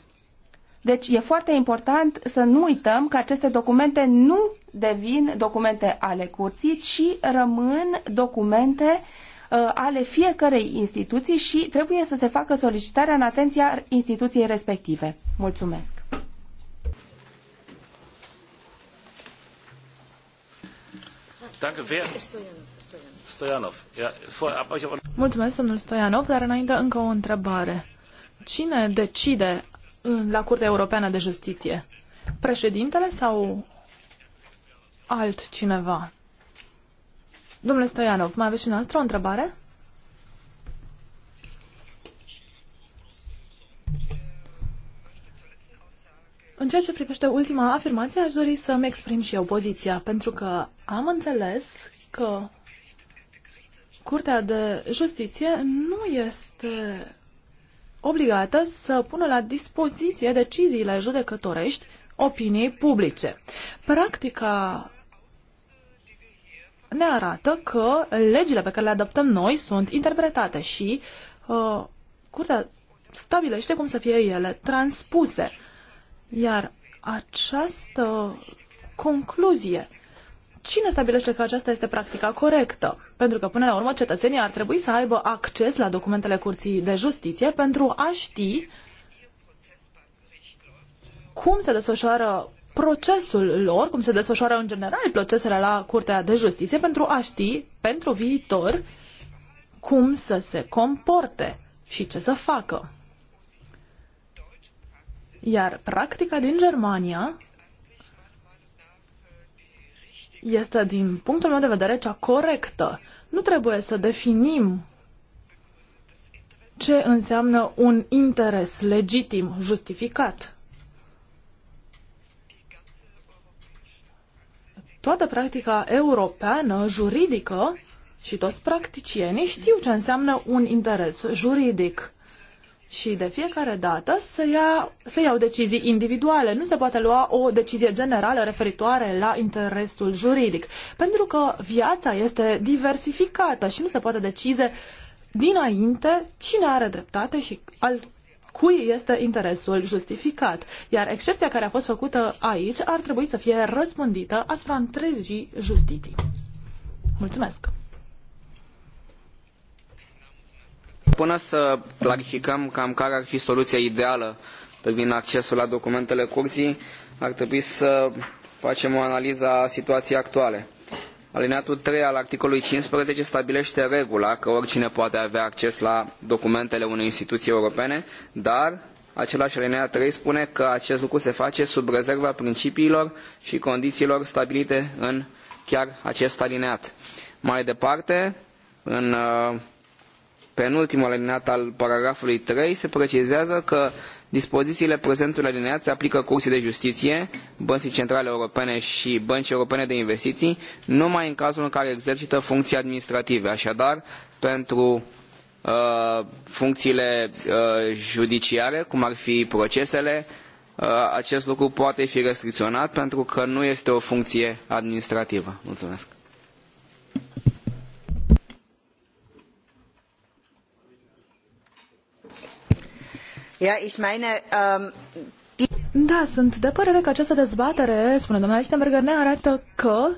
Deci e foarte important să nu uităm că aceste documente nu devin documente ale curții, ci rămân documente uh, ale fiecărei instituții și trebuie să se facă solicitarea în atenția instituției respective. Mulțumesc! Danke, wer? Stoianov. Mulțumesc, domnul Stoianov, dar înainte încă o întrebare. Cine decide la Curtea Europeană de Justiție? Președintele sau altcineva? Domnule Stoianov, mai aveți și noastră o întrebare? În ceea ce privește ultima afirmație, aș dori să-mi exprim și eu poziția, pentru că am înțeles că Curtea de Justiție nu este obligată să pună la dispoziție deciziile judecătorești opiniei publice. Practica ne arată că legile pe care le adaptăm noi sunt interpretate și uh, Curtea stabilește cum să fie ele transpuse. Iar această concluzie, cine stabilește că aceasta este practica corectă? Pentru că, până la urmă, cetățenii ar trebui să aibă acces la documentele Curții de Justiție pentru a ști cum se desfășoară procesul lor, cum se desfășoară în general procesele la Curtea de Justiție, pentru a ști, pentru viitor, cum să se comporte și ce să facă. Iar practica din Germania este, din punctul meu de vedere, cea corectă. Nu trebuie să definim ce înseamnă un interes legitim, justificat. Toată practica europeană, juridică, și toți practicienii știu ce înseamnă un interes juridic și de fiecare dată să, ia, să iau decizii individuale. Nu se poate lua o decizie generală referitoare la interesul juridic, pentru că viața este diversificată și nu se poate decize dinainte cine are dreptate și al cui este interesul justificat. Iar excepția care a fost făcută aici ar trebui să fie răspândită asupra întregii justiții. Mulțumesc! Până să clarificăm cam care ar fi soluția ideală privind accesul la documentele curții, ar trebui să facem o analiză a situației actuale. Alineatul 3 al articolului 15 stabilește regula că oricine poate avea acces la documentele unei instituții europene, dar același alineat 3 spune că acest lucru se face sub rezerva principiilor și condițiilor stabilite în chiar acest alineat. Mai departe, în uh, penultimul alineat al paragrafului 3 se precizează că dispozițiile prezentului alineat se aplică curții de justiție, băncii centrale europene și băncii europene de investiții, numai în cazul în care exercită funcții administrative. Așadar, pentru uh, funcțiile uh, judiciare, cum ar fi procesele, uh, acest lucru poate fi restricționat pentru că nu este o funcție administrativă. Mulțumesc. Ähm, da, sunt de părere că această dezbatere, spune doamna Lichtenberger, ne arată că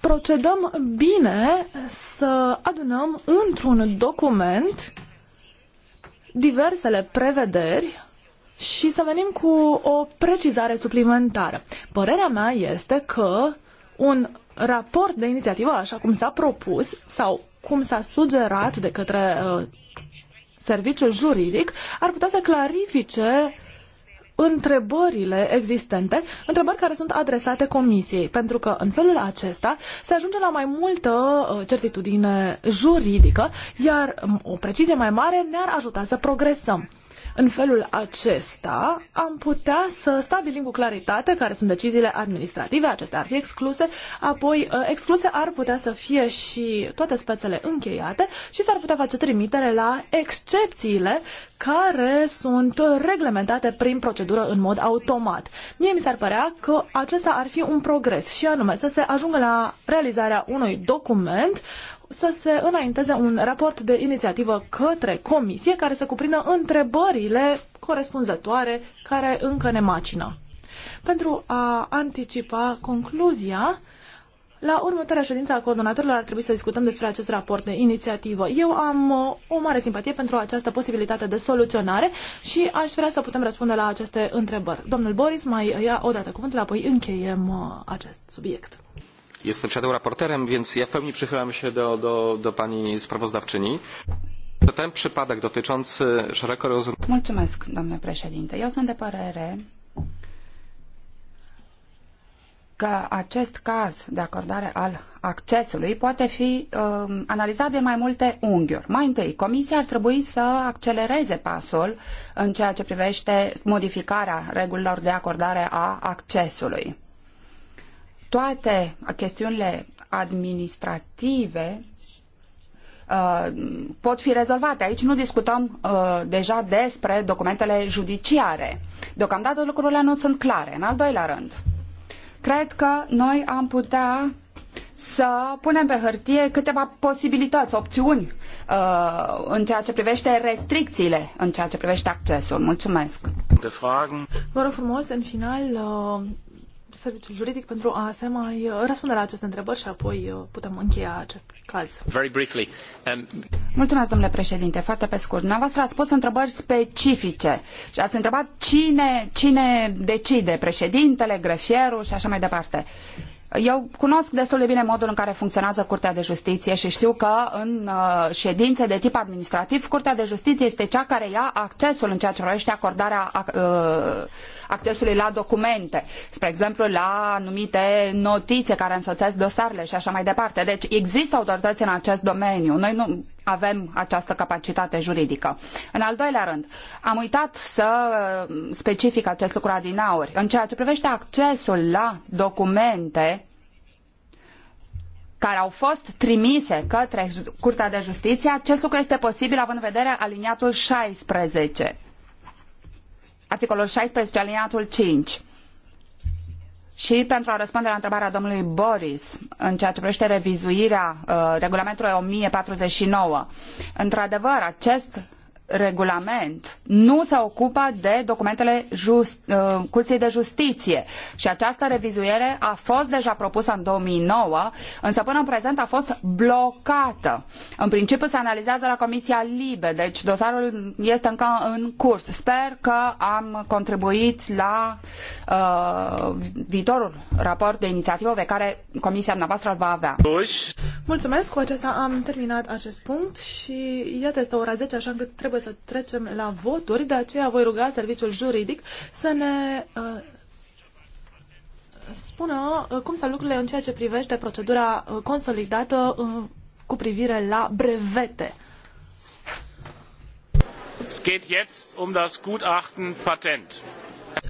procedăm bine să adunăm într-un document diversele prevederi și să venim cu o precizare suplimentară. Părerea mea este că un raport de inițiativă, așa cum s-a propus sau cum s-a sugerat de către uh, Serviciul juridic ar putea să clarifice întrebările existente, întrebări care sunt adresate comisiei, pentru că în felul acesta se ajunge la mai multă uh, certitudine juridică, iar um, o precizie mai mare ne-ar ajuta să progresăm. În felul acesta am putea să stabilim cu claritate care sunt deciziile administrative, acestea ar fi excluse, apoi uh, excluse ar putea să fie și toate spețele încheiate și s-ar putea face trimitere la excepțiile care sunt reglementate prin procedură în mod automat. Mie mi s-ar părea că acesta ar fi un progres și anume să se ajungă la realizarea unui document să se înainteze un raport de inițiativă către comisie care să cuprindă întrebările corespunzătoare care încă ne macină. Pentru a anticipa concluzia, la următoarea ședință a coordonatorilor ar trebui să discutăm despre acest raport de inițiativă. Eu am uh, o mare simpatie pentru această posibilitate de soluționare și aș vrea să putem răspunde la aceste întrebări. Domnul Boris mai ia o dată cuvântul, apoi încheiem uh, acest subiect. Jestem shadow raporterem, więc ja w pełni przychylam się do, do, do pani sprawozdawczyni. Ten przypadek dotyczący szeroko rozumianego... Mulțumesc, domnule președinte. Eu sunt de părere că acest caz de acordare al accesului poate fi um, analizat de mai multe unghiuri. Mai întâi, Comisia ar trebui să accelereze pasul în ceea ce privește modificarea regulilor de acordare a accesului toate chestiunile administrative uh, pot fi rezolvate. Aici nu discutăm uh, deja despre documentele judiciare. Deocamdată lucrurile nu sunt clare. În al doilea rând, cred că noi am putea să punem pe hârtie câteva posibilități, opțiuni uh, în ceea ce privește restricțiile, în ceea ce privește accesul. Mulțumesc! Vă rog frumos, în final, uh, serviciul juridic pentru a se mai uh, răspunde la aceste întrebări și apoi uh, putem încheia acest caz. Very briefly, um... Mulțumesc, domnule președinte. Foarte pe scurt. Dumneavoastră ați pus întrebări specifice și ați întrebat cine, cine decide, președintele, grefierul și așa mai departe. Eu cunosc destul de bine modul în care funcționează Curtea de Justiție și știu că în uh, ședințe de tip administrativ, Curtea de Justiție este cea care ia accesul în ceea ce privește acordarea uh, accesului la documente, spre exemplu la anumite notițe care însoțesc dosarele și așa mai departe. Deci există autorități în acest domeniu. Noi nu, avem această capacitate juridică. În al doilea rând, am uitat să uh, specific acest lucru adinauri. În ceea ce privește accesul la documente care au fost trimise către Curtea de Justiție, acest lucru este posibil având în vedere aliniatul 16. Articolul 16, aliniatul 5. Și pentru a răspunde la întrebarea domnului Boris în ceea ce privește revizuirea uh, regulamentului 1049, într-adevăr, acest regulament nu se ocupă de documentele just, uh, Curții de Justiție și această revizuire a fost deja propusă în 2009, însă până în prezent a fost blocată. În principiu se analizează la Comisia Libe, deci dosarul este încă în curs. Sper că am contribuit la uh, viitorul raport de inițiativă pe care Comisia noastră îl va avea. Mulțumesc, cu acesta am terminat acest punct și iată este ora 10, așa încât trebuie să trecem la voturi, de aceea voi ruga serviciul juridic să ne uh, spună uh, cum stau lucrurile în ceea ce privește procedura uh, consolidată uh, cu privire la brevete. Es geht jetzt um das Gutachten Patent.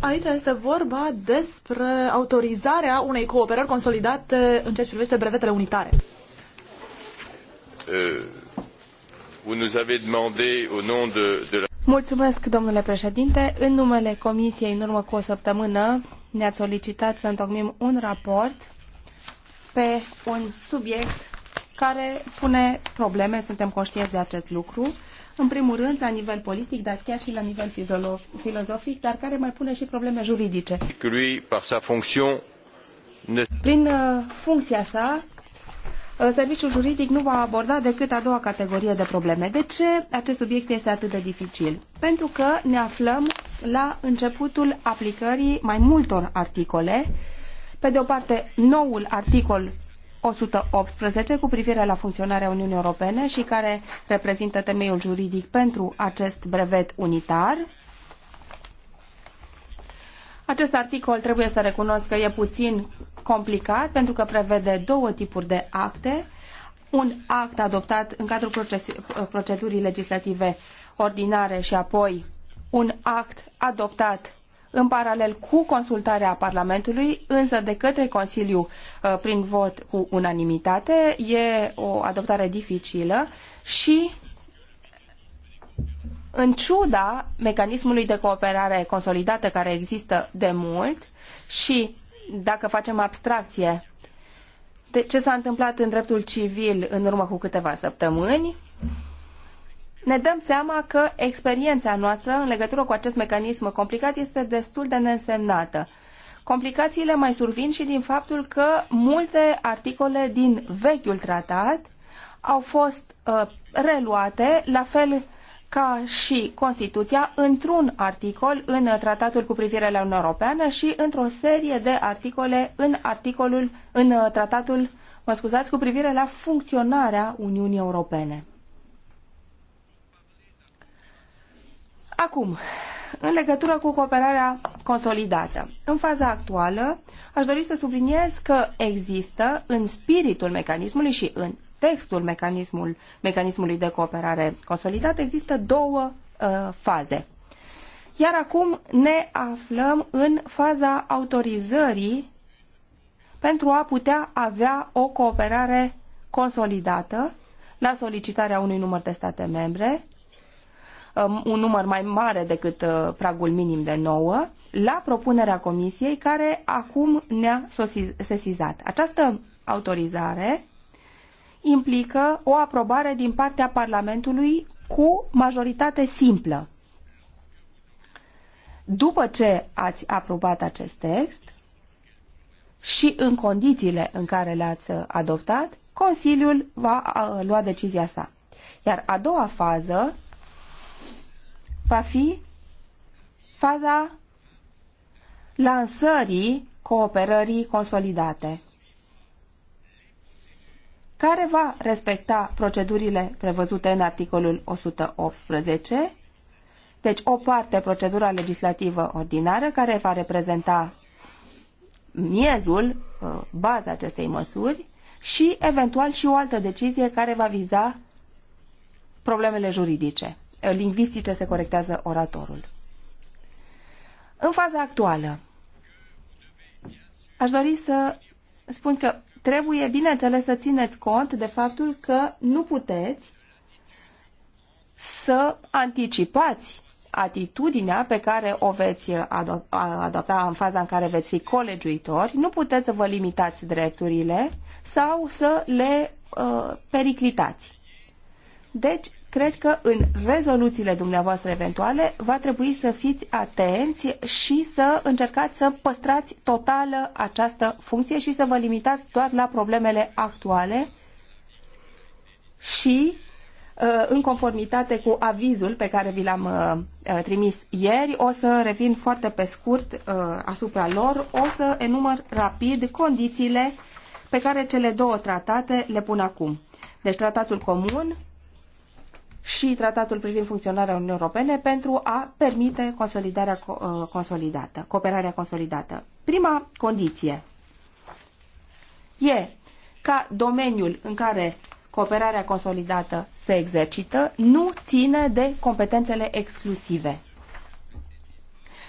Aici este vorba despre autorizarea unei cooperări consolidate în ceea ce privește brevetele unitare. Mulțumesc, domnule președinte. În numele Comisiei, în urmă cu o săptămână, ne-ați solicitat să întocmim un raport pe un subiect care pune probleme, suntem conștienți de acest lucru, în primul rând la nivel politic, dar chiar și la nivel filozofic, dar care mai pune și probleme juridice. Prin uh, funcția sa, Uh, serviciul juridic nu va aborda decât a doua categorie de probleme. De ce acest subiect este atât de dificil? Pentru că ne aflăm la începutul aplicării mai multor articole. Pe de o parte, noul articol 118 cu privire la funcționarea Uniunii Europene și care reprezintă temeiul juridic pentru acest brevet unitar. Acest articol trebuie să recunosc că e puțin complicat pentru că prevede două tipuri de acte. Un act adoptat în cadrul procedurii legislative ordinare și apoi un act adoptat în paralel cu consultarea Parlamentului, însă de către Consiliu uh, prin vot cu unanimitate. E o adoptare dificilă și în ciuda mecanismului de cooperare consolidată care există de mult și dacă facem abstracție de ce s-a întâmplat în dreptul civil în urmă cu câteva săptămâni, ne dăm seama că experiența noastră în legătură cu acest mecanism complicat este destul de neînsemnată. Complicațiile mai survin și din faptul că multe articole din vechiul tratat au fost uh, reluate, la fel ca și Constituția într-un articol în tratatul cu privire la Uniunea Europeană și într-o serie de articole în articolul în uh, tratatul, mă scuzați, cu privire la funcționarea Uniunii Europene. Acum, în legătură cu cooperarea consolidată. În faza actuală, aș dori să subliniez că există, în spiritul mecanismului și în textul mecanismul, mecanismului de cooperare consolidat, există două uh, faze. Iar acum ne aflăm în faza autorizării pentru a putea avea o cooperare consolidată la solicitarea unui număr de state membre, um, un număr mai mare decât uh, pragul minim de 9, la propunerea comisiei care acum ne-a sesizat. Această autorizare implică o aprobare din partea Parlamentului cu majoritate simplă. După ce ați aprobat acest text și în condițiile în care le-ați adoptat, Consiliul va lua decizia sa. Iar a doua fază va fi faza lansării cooperării consolidate care va respecta procedurile prevăzute în articolul 118, deci o parte procedura legislativă ordinară care va reprezenta miezul, uh, baza acestei măsuri și eventual și o altă decizie care va viza problemele juridice. Uh, lingvistice se corectează oratorul. În faza actuală, aș dori să spun că trebuie, bineînțeles, să țineți cont de faptul că nu puteți să anticipați atitudinea pe care o veți adopta în faza în care veți fi colegiuitori, nu puteți să vă limitați drepturile sau să le uh, periclitați. Deci, cred că în rezoluțiile dumneavoastră eventuale va trebui să fiți atenți și să încercați să păstrați totală această funcție și să vă limitați doar la problemele actuale și uh, în conformitate cu avizul pe care vi l-am uh, uh, trimis ieri, o să revin foarte pe scurt asupra lor, o să enumăr rapid condițiile pe care cele două tratate le pun acum. Deci tratatul comun și tratatul privind funcționarea Uniunii Europene pentru a permite consolidarea uh, consolidată, cooperarea consolidată. Prima condiție e ca domeniul în care cooperarea consolidată se exercită nu ține de competențele exclusive.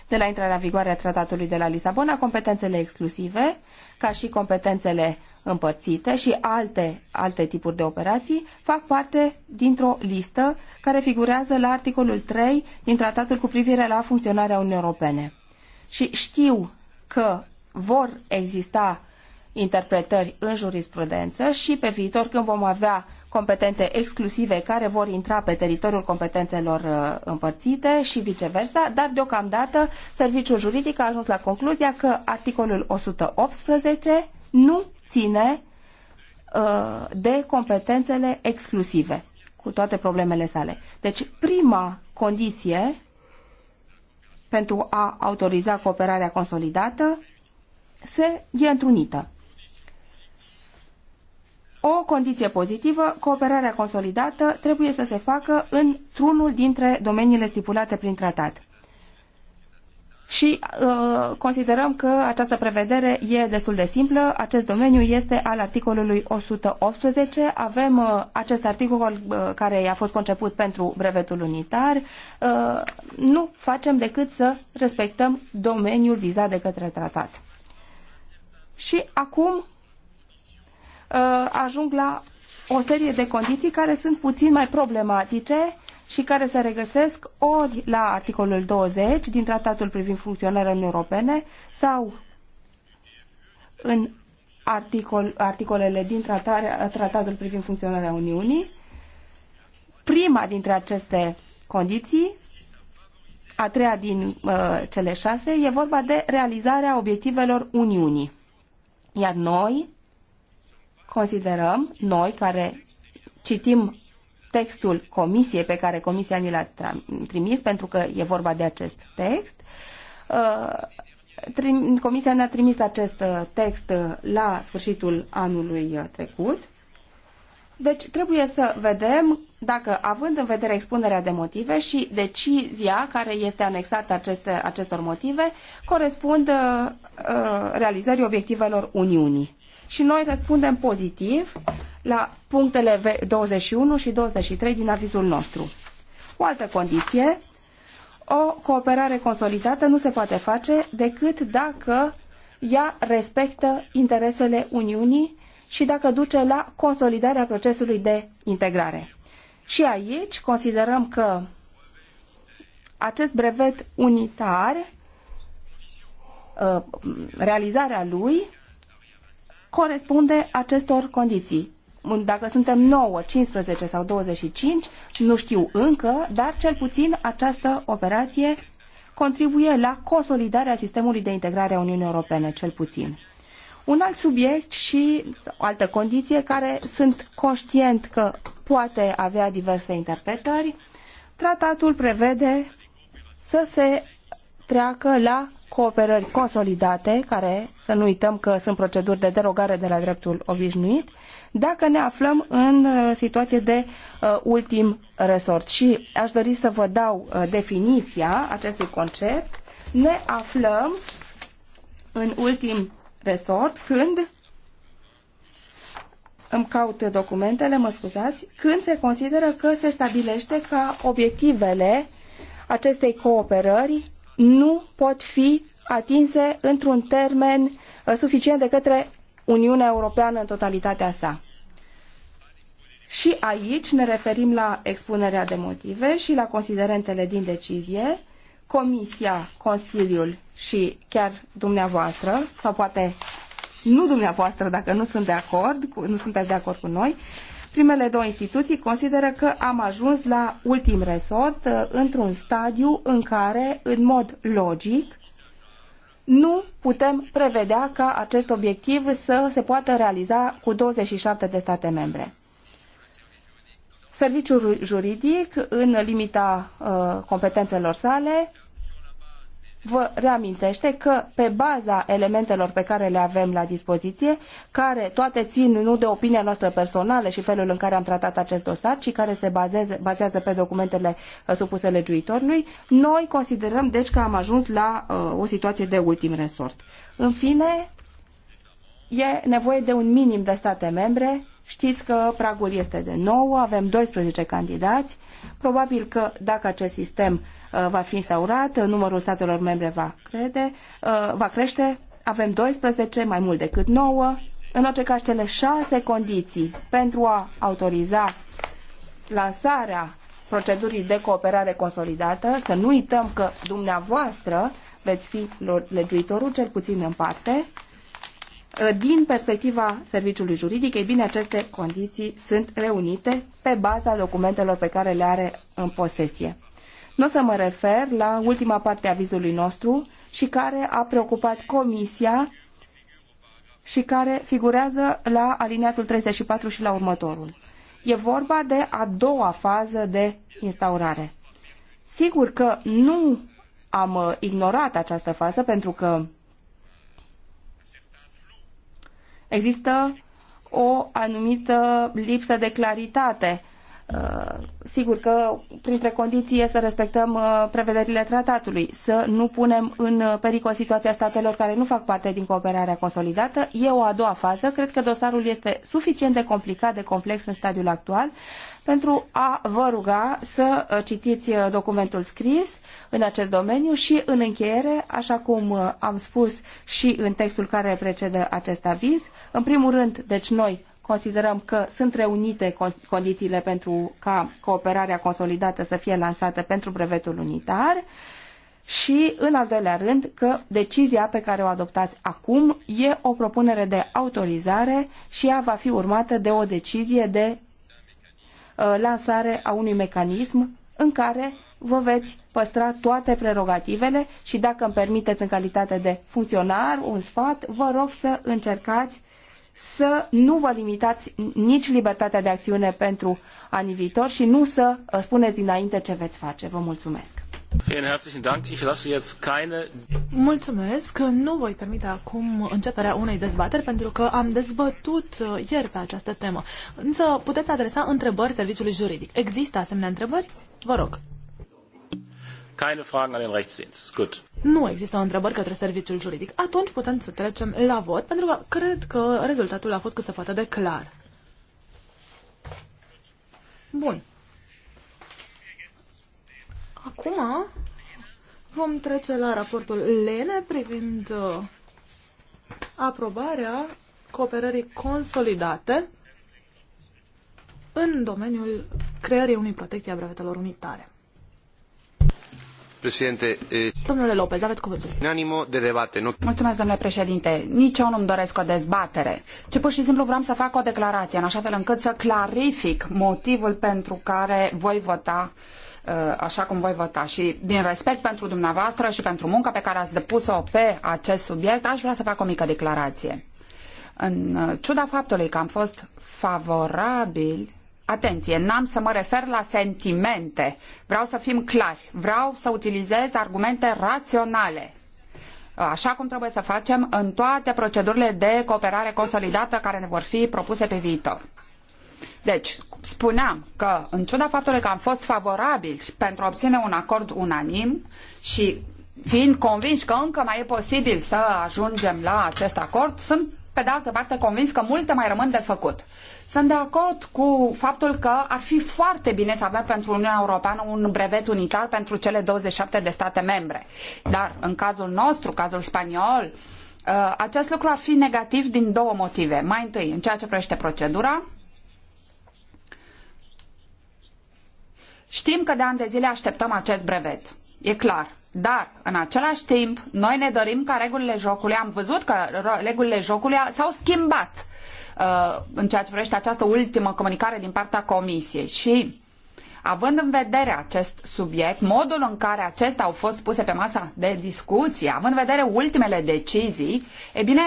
De la intrarea în vigoare a tratatului de la Lisabona, competențele exclusive, ca și competențele împărțite și alte, alte tipuri de operații fac parte dintr-o listă care figurează la articolul 3 din tratatul cu privire la funcționarea Uniunii Europene. Și știu că vor exista interpretări în jurisprudență și pe viitor când vom avea competențe exclusive care vor intra pe teritoriul competențelor uh, împărțite și viceversa, dar deocamdată serviciul juridic a ajuns la concluzia că articolul 118 nu ține uh, de competențele exclusive, cu toate problemele sale. Deci, prima condiție pentru a autoriza cooperarea consolidată se e întrunită. O condiție pozitivă, cooperarea consolidată trebuie să se facă într-unul dintre domeniile stipulate prin tratat și uh, considerăm că această prevedere e destul de simplă. Acest domeniu este al articolului 118. Avem uh, acest articol uh, care a fost conceput pentru brevetul unitar. Uh, nu facem decât să respectăm domeniul vizat de către tratat. Și acum uh, ajung la o serie de condiții care sunt puțin mai problematice și care se regăsesc ori la articolul 20 din Tratatul privind funcționarea Uniunii Europene sau în articol, articolele din tratare, Tratatul privind funcționarea Uniunii. Prima dintre aceste condiții, a treia din uh, cele șase, e vorba de realizarea obiectivelor Uniunii. Iar noi considerăm, noi care citim textul comisiei pe care comisia ni l-a trimis, pentru că e vorba de acest text. Uh, comisia ne-a trimis acest uh, text uh, la sfârșitul anului trecut. Deci trebuie să vedem dacă, având în vedere expunerea de motive și decizia care este anexată aceste, acestor motive, corespund uh, realizării obiectivelor Uniunii și noi răspundem pozitiv la punctele 21 și 23 din avizul nostru. O altă condiție, o cooperare consolidată nu se poate face decât dacă ea respectă interesele Uniunii și dacă duce la consolidarea procesului de integrare. Și aici considerăm că acest brevet unitar, uh, realizarea lui, corespunde acestor condiții. Dacă suntem 9, 15 sau 25, nu știu încă, dar cel puțin această operație contribuie la consolidarea sistemului de integrare a Uniunii Europene, cel puțin. Un alt subiect și o altă condiție care sunt conștient că poate avea diverse interpretări, tratatul prevede să se treacă la cooperări consolidate, care să nu uităm că sunt proceduri de derogare de la dreptul obișnuit, dacă ne aflăm în uh, situație de uh, ultim resort. Și aș dori să vă dau uh, definiția acestui concept. Ne aflăm în ultim resort când îmi caut documentele, mă scuzați, când se consideră că se stabilește ca obiectivele acestei cooperări nu pot fi atinse într-un termen uh, suficient de către Uniunea Europeană în totalitatea sa. Și aici ne referim la expunerea de motive și la considerentele din decizie. Comisia, Consiliul și chiar dumneavoastră, sau poate nu dumneavoastră dacă nu sunt de acord, nu sunteți de acord cu noi, Primele două instituții consideră că am ajuns la ultim resort uh, într-un stadiu în care, în mod logic, nu putem prevedea ca acest obiectiv să se poată realiza cu 27 de state membre. Serviciul juridic, în limita uh, competențelor sale, vă reamintește că pe baza elementelor pe care le avem la dispoziție, care toate țin nu de opinia noastră personală și felul în care am tratat acest dosar, ci care se bazeze, bazează pe documentele uh, supuse legiuitorului, noi considerăm deci că am ajuns la uh, o situație de ultim resort. În fine, e nevoie de un minim de state membre Știți că pragul este de 9, avem 12 candidați. Probabil că dacă acest sistem Uh, va fi instaurat, numărul statelor membre va, crede, uh, va crește, avem 12, mai mult decât 9. În orice caz, cele șase condiții pentru a autoriza lansarea procedurii de cooperare consolidată, să nu uităm că dumneavoastră veți fi legiuitorul, cel puțin în parte, uh, din perspectiva serviciului juridic, ei bine, aceste condiții sunt reunite pe baza documentelor pe care le are în posesie. Nu o să mă refer la ultima parte a vizului nostru și care a preocupat Comisia și care figurează la aliniatul 34 și la următorul. E vorba de a doua fază de instaurare. Sigur că nu am ignorat această fază pentru că există o anumită lipsă de claritate Uh, sigur că printre condiții este să respectăm uh, prevederile tratatului, să nu punem în uh, pericol situația statelor care nu fac parte din cooperarea consolidată. E o a doua fază. Cred că dosarul este suficient de complicat, de complex în stadiul actual pentru a vă ruga să citiți documentul scris în acest domeniu și în încheiere, așa cum am spus și în textul care precedă acest aviz, în primul rând, deci noi considerăm că sunt reunite condițiile pentru ca cooperarea consolidată să fie lansată pentru brevetul unitar și, în al doilea rând, că decizia pe care o adoptați acum e o propunere de autorizare și ea va fi urmată de o decizie de uh, lansare a unui mecanism în care vă veți păstra toate prerogativele și dacă îmi permiteți în calitate de funcționar un sfat, vă rog să încercați să nu vă limitați nici libertatea de acțiune pentru anii viitor și nu să uh, spuneți dinainte ce veți face. Vă mulțumesc! Mulțumesc! Nu voi permite acum începerea unei dezbateri pentru că am dezbătut uh, ieri pe această temă. Însă puteți adresa întrebări serviciului juridic. Există asemenea întrebări? Vă rog! Keine Fragen an den Rechtsdienst. Gut. Nu există întrebări către serviciul juridic. Atunci putem să trecem la vot, pentru că cred că rezultatul a fost cât se poate de clar. Bun. Acum vom trece la raportul Lene privind uh, aprobarea cooperării consolidate în domeniul creării unei protecții a brevetelor unitare. Președinte, eh, Domnule Lopez, aveți cuvântul. Animo de debate, nu? Mulțumesc, domnule președinte. Nici eu nu-mi doresc o dezbatere, ci pur și simplu vreau să fac o declarație, în așa fel încât să clarific motivul pentru care voi vota eh, așa cum voi vota. Și din respect pentru dumneavoastră și pentru munca pe care ați depus-o pe acest subiect, aș vrea să fac o mică declarație. În eh, ciuda faptului că am fost favorabil Atenție, n-am să mă refer la sentimente. Vreau să fim clari. Vreau să utilizez argumente raționale. Așa cum trebuie să facem în toate procedurile de cooperare consolidată care ne vor fi propuse pe viitor. Deci, spuneam că, în ciuda faptului că am fost favorabili pentru a obține un acord unanim și fiind convinși că încă mai e posibil să ajungem la acest acord, sunt pe de altă parte, convins că multe mai rămân de făcut. Sunt de acord cu faptul că ar fi foarte bine să avem pentru Uniunea Europeană un brevet unitar pentru cele 27 de state membre. Dar în cazul nostru, cazul spaniol, uh, acest lucru ar fi negativ din două motive. Mai întâi, în ceea ce privește procedura, Știm că de ani de zile așteptăm acest brevet. E clar. Dar, în același timp, noi ne dorim ca regulile jocului, am văzut că regulile jocului s-au schimbat uh, în ceea ce privește această ultimă comunicare din partea Comisiei și având în vedere acest subiect, modul în care acestea au fost puse pe masa de discuție, având în vedere ultimele decizii, e bine,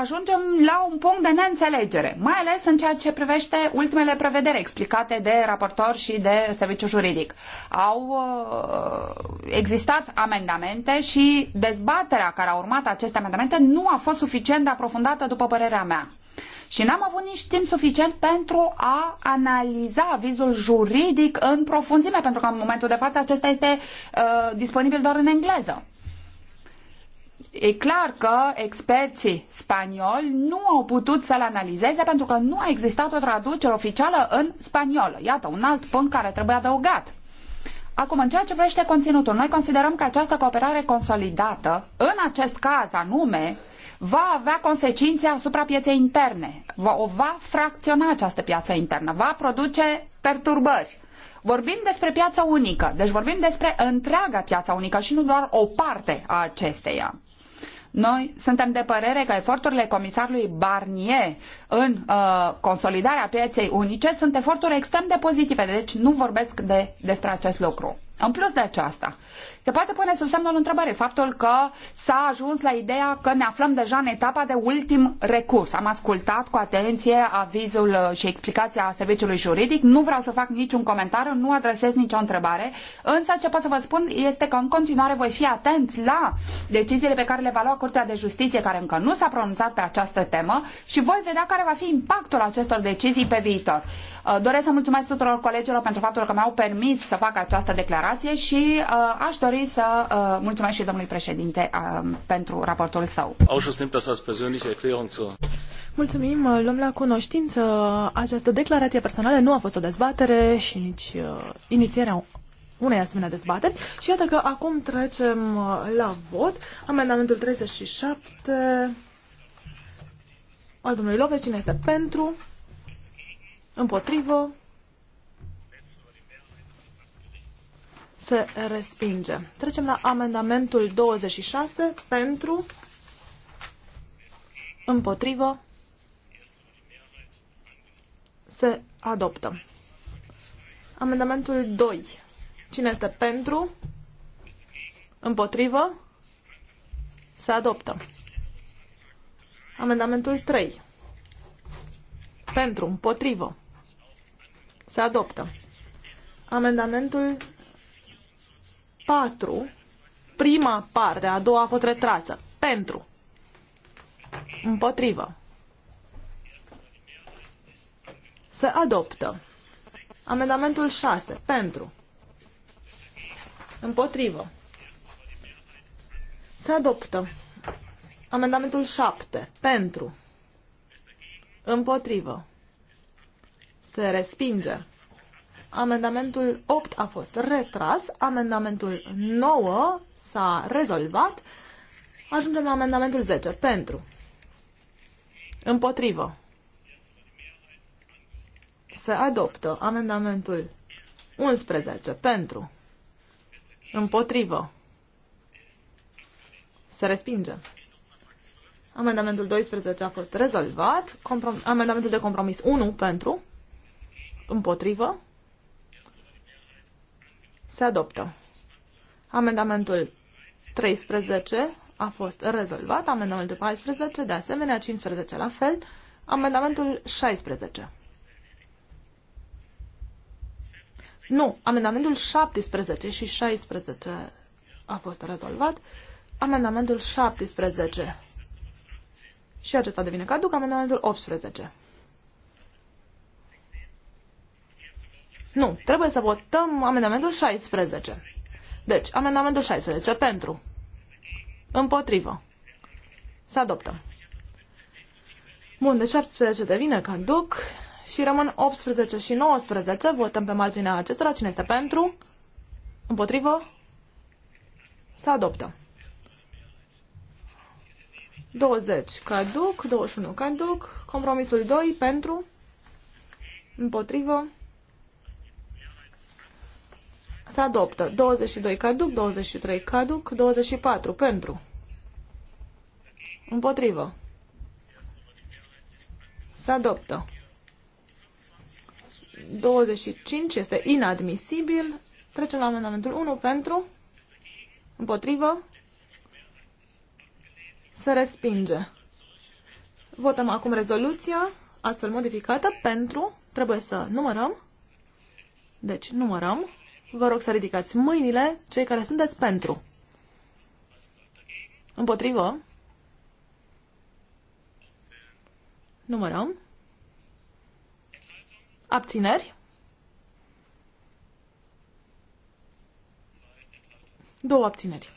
ajungem la un punct de neînțelegere, mai ales în ceea ce privește ultimele prevederi explicate de raportor și de serviciu juridic. Au uh, existat amendamente și dezbaterea care a urmat aceste amendamente nu a fost suficient de aprofundată, după părerea mea. Și n-am avut nici timp suficient pentru a analiza avizul juridic în profunzime, pentru că în momentul de față acesta este uh, disponibil doar în engleză. E clar că experții spanioli nu au putut să-l analizeze pentru că nu a existat o traducere oficială în spaniolă. Iată, un alt punct care trebuie adăugat. Acum, în ceea ce privește conținutul, noi considerăm că această cooperare consolidată, în acest caz anume, va avea consecințe asupra pieței interne. Va, o va fracționa această piață internă, va produce perturbări. Vorbim despre piața unică, deci vorbim despre întreaga piața unică și nu doar o parte a acesteia. Noi suntem de părere că eforturile comisarului Barnier în uh, consolidarea pieței unice sunt eforturi extrem de pozitive, deci nu vorbesc de, despre acest lucru. În plus de aceasta, se poate pune sub semnul întrebării faptul că s-a ajuns la ideea că ne aflăm deja în etapa de ultim recurs. Am ascultat cu atenție avizul și explicația serviciului juridic, nu vreau să fac niciun comentariu, nu adresez nicio întrebare, însă ce pot să vă spun este că în continuare voi fi atenți la deciziile pe care le va lua Curtea de Justiție, care încă nu s-a pronunțat pe această temă și voi vedea care va fi impactul acestor decizii pe viitor. Uh, doresc să mulțumesc tuturor colegilor pentru faptul că mi-au permis să fac această declarație și uh, aș dori dori să uh, mulțumesc și domnului președinte uh, pentru raportul său. Mulțumim, uh, luăm la cunoștință această declarație personală. Nu a fost o dezbatere și nici uh, inițierea unei asemenea dezbateri. Și iată că acum trecem uh, la vot. Amendamentul 37 al domnului Lopez. Cine este pentru? Împotrivă? se respinge. Trecem la amendamentul 26 pentru, împotrivă, se adoptă. Amendamentul 2. Cine este pentru, împotrivă, se adoptă. Amendamentul 3. Pentru, împotrivă, se adoptă. Amendamentul 4, prima parte, a doua a fost retrasă. Pentru. Împotrivă. Se adoptă. Amendamentul 6. Pentru. Împotrivă. Se adoptă. Amendamentul 7. Pentru. Împotrivă. Se respinge. Amendamentul 8 a fost retras, amendamentul 9 s-a rezolvat. Ajungem la amendamentul 10. Pentru. Împotrivă. Se adoptă amendamentul 11. Pentru. Împotrivă. Se respinge. Amendamentul 12 a fost rezolvat. Comprom amendamentul de compromis 1 pentru. Împotrivă. Se adoptă. Amendamentul 13 a fost rezolvat, amendamentul 14, de asemenea 15 la fel, amendamentul 16. Nu, amendamentul 17 și 16 a fost rezolvat. Amendamentul 17 și acesta devine caduc, amendamentul 18. Nu, trebuie să votăm amendamentul 16. Deci, amendamentul 16 pentru. Împotrivă. Să adoptă. Bun, deci 17 devine caduc și rămân 18 și 19. Votăm pe marginea acestora. Cine este pentru? Împotrivă? Să adoptă. 20 caduc, 21 caduc, compromisul 2 pentru, împotrivă, se adoptă. 22 caduc, 23 caduc, 24 pentru. Împotrivă. Se adoptă. 25 este inadmisibil. Trecem la amendamentul 1 pentru. Împotrivă. Se respinge. Votăm acum rezoluția astfel modificată pentru. Trebuie să numărăm. Deci numărăm. Vă rog să ridicați mâinile, cei care sunteți pentru. Împotrivă. Numărăm. Abțineri. Două abțineri.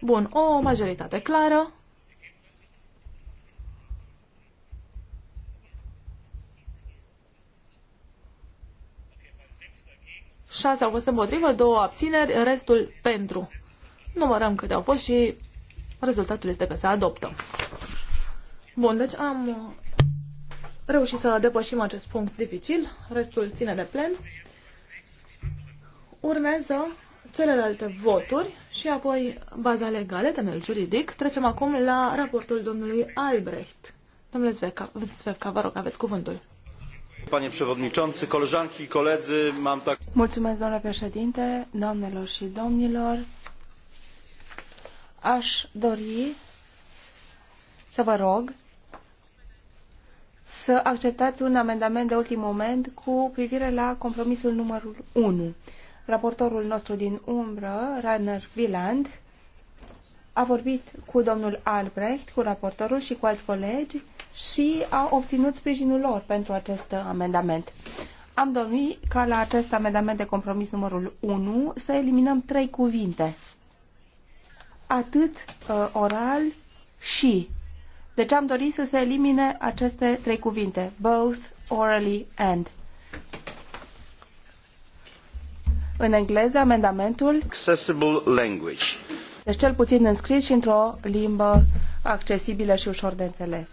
Bun, o majoritate clară. 6 au fost împotrivă, 2 abțineri, restul pentru. Numărăm câte au fost și rezultatul este că se adoptă. Bun, deci am reușit să depășim acest punct dificil, restul ține de plen. Urmează celelalte voturi și apoi baza legală, temel juridic. Trecem acum la raportul domnului Albrecht. Domnule Zvevka, vă rog, aveți cuvântul. Panie președinte, koleżanki i koledzy, mam tak... Mulțumesc, doamnă președinte, doamnelor și domnilor. Aș dori să vă rog să acceptați un amendament de ultim moment cu privire la compromisul numărul 1. Raportorul nostru din umbră, Rainer Wieland, a vorbit cu domnul Albrecht, cu raportorul și cu alți colegi și a obținut sprijinul lor pentru acest amendament. Am dorit ca la acest amendament de compromis numărul 1 să eliminăm trei cuvinte. Atât uh, oral și. Deci am dorit să se elimine aceste trei cuvinte. Both, orally and. În engleză, amendamentul accessible language deci cel puțin în scris și într-o limbă accesibilă și ușor de înțeles.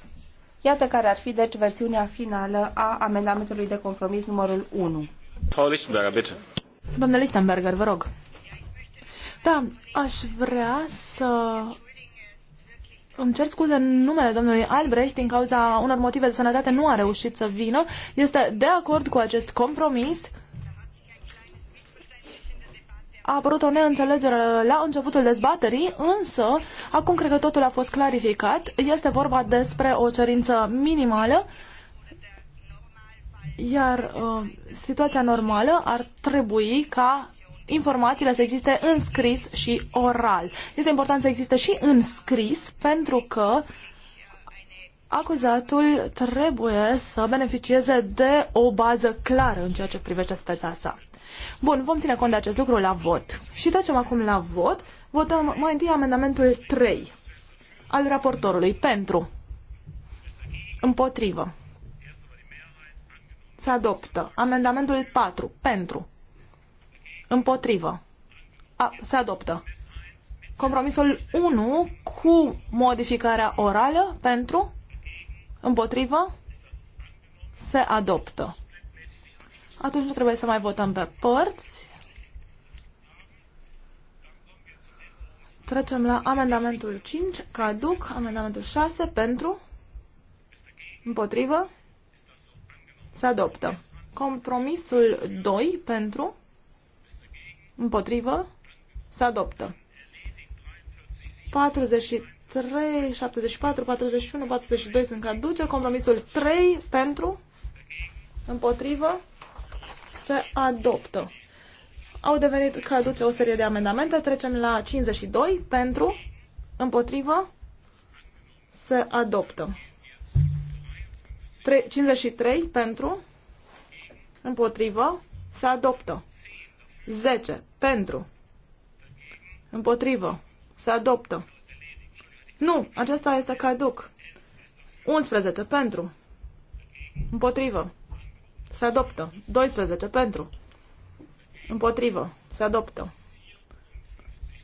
Iată care ar fi, deci, versiunea finală a amendamentului de compromis numărul 1. Frau Lichtenberger, bitte. Doamne Lichtenberger, vă rog. Da, aș vrea să îmi cer scuze în numele domnului Albrecht din cauza unor motive de sănătate nu a reușit să vină. Este de acord cu acest compromis a apărut o neînțelegere la începutul dezbaterii, însă acum cred că totul a fost clarificat. Este vorba despre o cerință minimală, iar uh, situația normală ar trebui ca informațiile să existe în scris și oral. Este important să existe și în scris pentru că acuzatul trebuie să beneficieze de o bază clară în ceea ce privește speța sa. Bun, vom ține cont de acest lucru la vot. Și trecem acum la vot. Votăm mai întâi amendamentul 3 al raportorului. Pentru. Împotrivă. Se adoptă. Amendamentul 4. Pentru. Împotrivă. A, se adoptă. Compromisul 1 cu modificarea orală pentru. Împotrivă. Se adoptă. Atunci nu trebuie să mai votăm pe părți. Trecem la amendamentul 5, caduc, amendamentul 6, pentru, împotrivă, se adoptă. Compromisul 2, pentru, împotrivă, se adoptă. 43, 74, 41, 42 sunt caduce, compromisul 3, pentru, împotrivă, se adoptă. Au devenit caduce o serie de amendamente. Trecem la 52 pentru, împotrivă, se adoptă. 53 pentru, împotrivă, se adoptă. 10 pentru, împotrivă, se adoptă. Nu, acesta este caduc. 11 pentru, împotrivă, se adoptă. 12 pentru. Împotrivă. Se adoptă.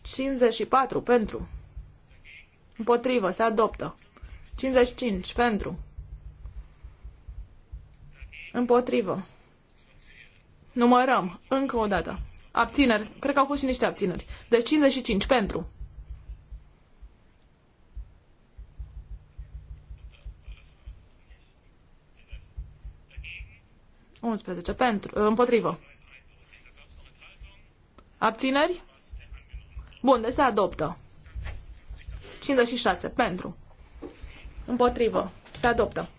54 pentru. Împotrivă. Se adoptă. 55 pentru. Împotrivă. Numărăm. Încă o dată. Abțineri. Cred că au fost și niște abțineri. Deci 55 pentru. 11 pentru, ă, împotrivă. Abțineri? Bun, de deci se adoptă. 56 pentru. Împotrivă. Se adoptă.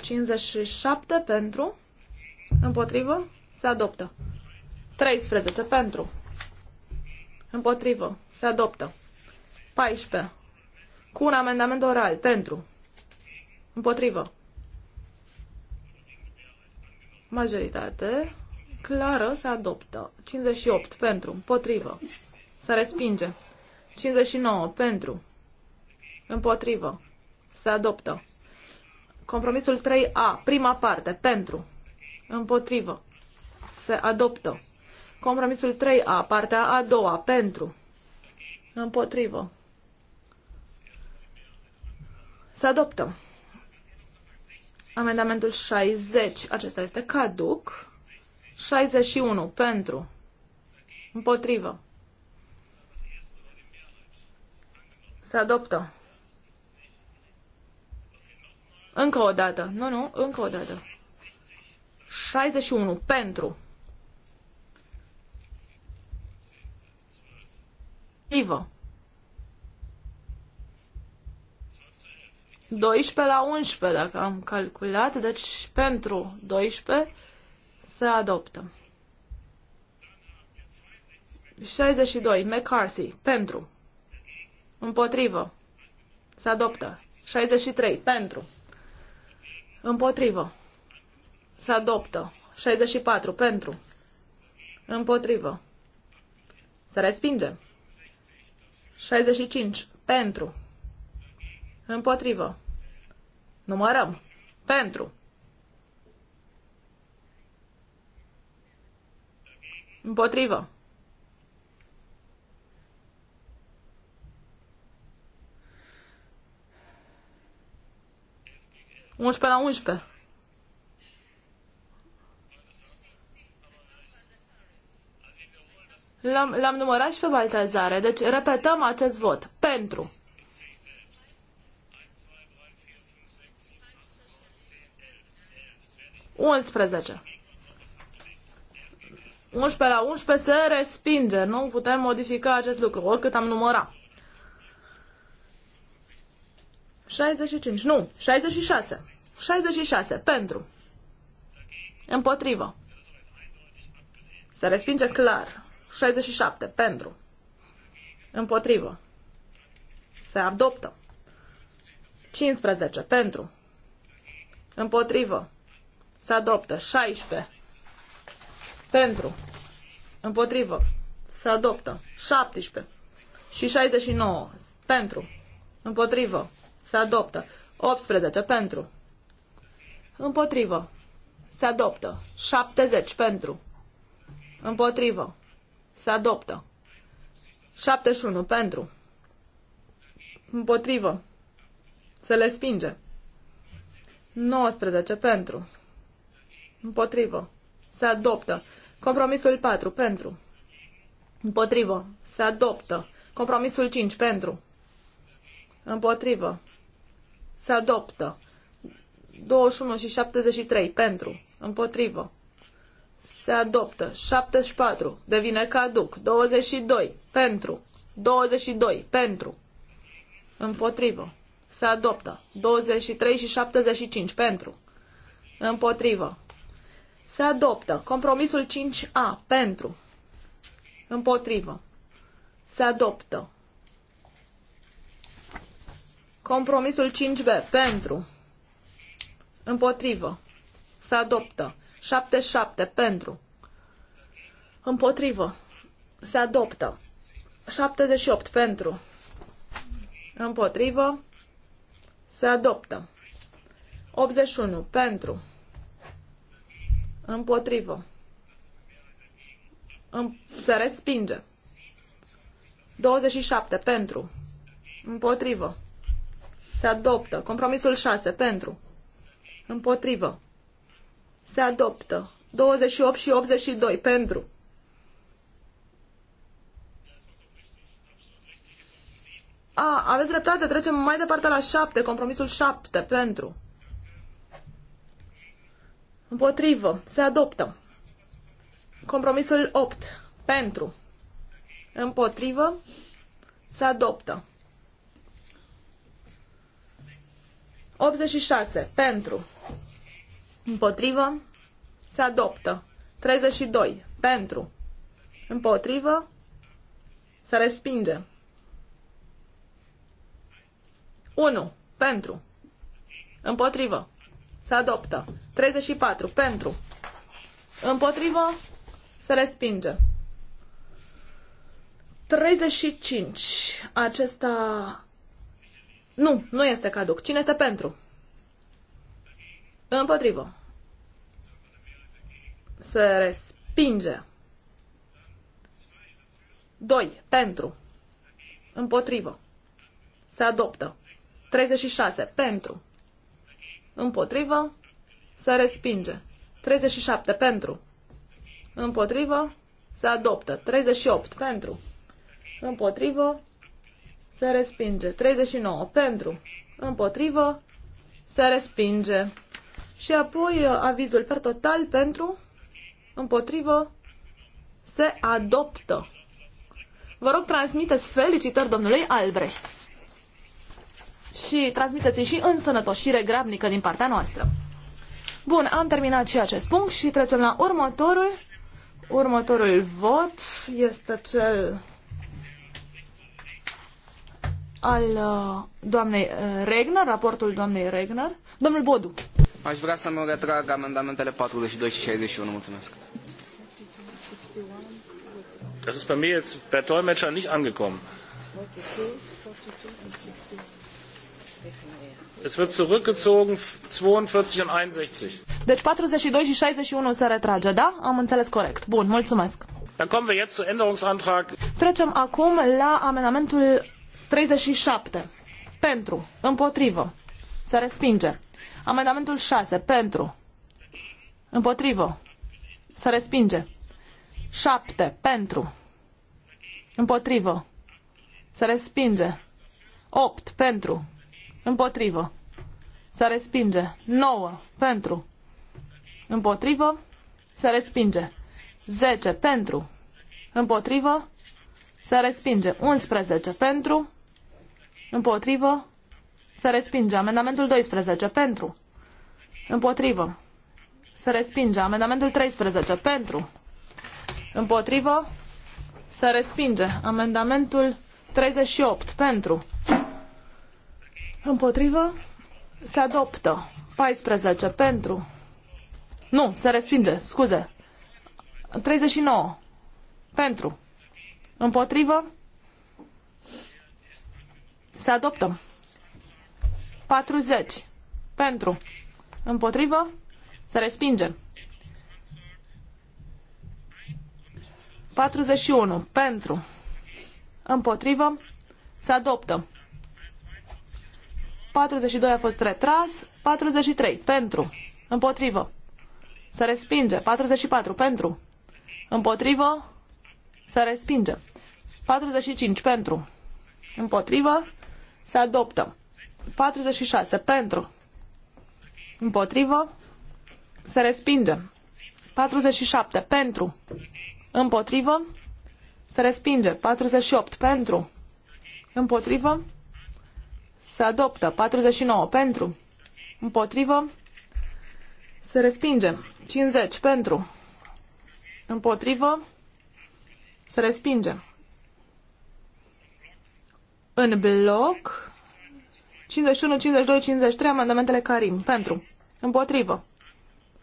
57 pentru. Împotrivă. Se adoptă. 13 pentru. Împotrivă. Se adoptă. 14. Cu un amendament oral. Pentru. Împotrivă majoritate clară se adoptă. 58 pentru, împotrivă. Se respinge. 59 pentru, împotrivă. Se adoptă. Compromisul 3A, prima parte, pentru, împotrivă. Se adoptă. Compromisul 3A, partea a doua, pentru, împotrivă. Se adoptă. Amendamentul 60, acesta este caduc. 61 pentru. Împotrivă. Se adoptă. Încă o dată. Nu, nu, încă o dată. 61 pentru. Împotrivă. 12 la 11, dacă am calculat, deci pentru 12 se adoptă. 62. McCarthy. Pentru. Împotrivă. Se adoptă. 63. Pentru. Împotrivă. Se adoptă. 64. Pentru. Împotrivă. Se respinge. 65. Pentru. Împotrivă. Numărăm. Pentru. Împotrivă. Unsprezece la unsprezece. L-am numărat și pe Baltazare, deci repetăm acest vot. Pentru. 11. 11 la 11 se respinge. Nu putem modifica acest lucru, oricât am numărat. 65, nu, 66. 66, pentru. Împotrivă. Se respinge clar. 67, pentru. Împotrivă. Se adoptă. 15, pentru. Împotrivă. Se adoptă. 16. Pentru. Împotrivă. Se adoptă. 17. Și 69. Pentru. Împotrivă. Se adoptă. 18. Pentru. Împotrivă. Se adoptă. 70. Pentru. Împotrivă. Se adoptă. 71. Pentru. Împotrivă. Se le spinge. 19. Pentru. Împotrivă. Se adoptă. Compromisul 4. Pentru. Împotrivă. Se adoptă. Compromisul 5. Pentru. Împotrivă. Se adoptă. 21 și 73. Pentru. Împotrivă. Se adoptă. 74. Devine caduc. 22. Pentru. 22. Pentru. Împotrivă. Se adoptă. 23 și 75. Pentru. Împotrivă. Se adoptă. Compromisul 5A. Pentru. Împotrivă. Se adoptă. Compromisul 5B. Pentru. Împotrivă. Se adoptă. 77. Pentru. Împotrivă. Se adoptă. 78. Pentru. Împotrivă. Se adoptă. 81. Pentru. Împotrivă. Se respinge. 27. Pentru. Împotrivă. Se adoptă. Compromisul 6. Pentru. Împotrivă. Se adoptă. 28 și 82. Pentru. A, aveți dreptate. Trecem mai departe la 7. Compromisul 7. Pentru. Împotrivă. Se adoptă. Compromisul 8. Pentru. Împotrivă. Se adoptă. 86. Pentru. Împotrivă. Se adoptă. 32. Pentru. Împotrivă. Se respinge. 1. Pentru. Împotrivă. Se adoptă. 34. Pentru. Împotrivă. Se respinge. 35. Acesta... Nu, nu este caduc. Cine este pentru? Împotrivă. Se respinge. 2. Pentru. Împotrivă. Se adoptă. 36. Pentru. Împotrivă. Se respinge. 37 pentru. Împotrivă. Se adoptă. 38 pentru. Împotrivă. Se respinge. 39 pentru. Împotrivă. Se respinge. Și apoi uh, avizul per total pentru. Împotrivă. Se adoptă. Vă rog, transmiteți felicitări domnului Albrecht și transmiteți și în sănătoșire grabnică din partea noastră. Bun, am terminat și acest punct și trecem la următorul. Următorul vot este cel al uh, doamnei uh, Regner, raportul doamnei Regner. Domnul Bodu. Aș vrea să-mi retrag amendamentele 42 și 61. Mulțumesc. Das ist bei mir jetzt per Dolmetscher nicht angekommen. 42, 42 und 61. Es wird zurückgezogen 42 und 61. Deci 42 și 61 se retrage, da? Am înțeles corect. Bun, mulțumesc. Dann kommen wir jetzt zu Änderungsantrag. Trecem acum la amendamentul 37. Pentru, împotrivă, se respinge. Amendamentul 6, pentru, împotrivă, se respinge. 7, pentru, împotrivă, se respinge. 8, pentru, Împotrivă. Se respinge. 9. Pentru. Împotrivă. Se respinge. 10. Pentru. Împotrivă. Se respinge. 11. Pentru. Împotrivă. Se respinge. Amendamentul 12. Pentru. Împotrivă. Se respinge. Amendamentul 13. Pentru. Împotrivă. Se respinge. Amendamentul 38. Pentru. Împotrivă? Se adoptă. 14 pentru. Nu, se respinge, scuze. 39 pentru. Împotrivă? Se adoptă. 40 pentru. Împotrivă? Se respinge. 41 pentru. Împotrivă? Se adoptă. 42 a fost retras. 43 pentru. Împotrivă. Se respinge. 44 pentru. Împotrivă. Se respinge. 45 pentru. Împotrivă. Se adoptă. 46 pentru. Împotrivă. Se respinge. 47 pentru. Împotrivă. Se respinge. 48 pentru. Împotrivă. Se adoptă. 49 pentru. Împotrivă. Se respinge. 50 pentru. Împotrivă. Se respinge. În bloc. 51, 52, 53 amendamentele Karim. Pentru. Împotrivă.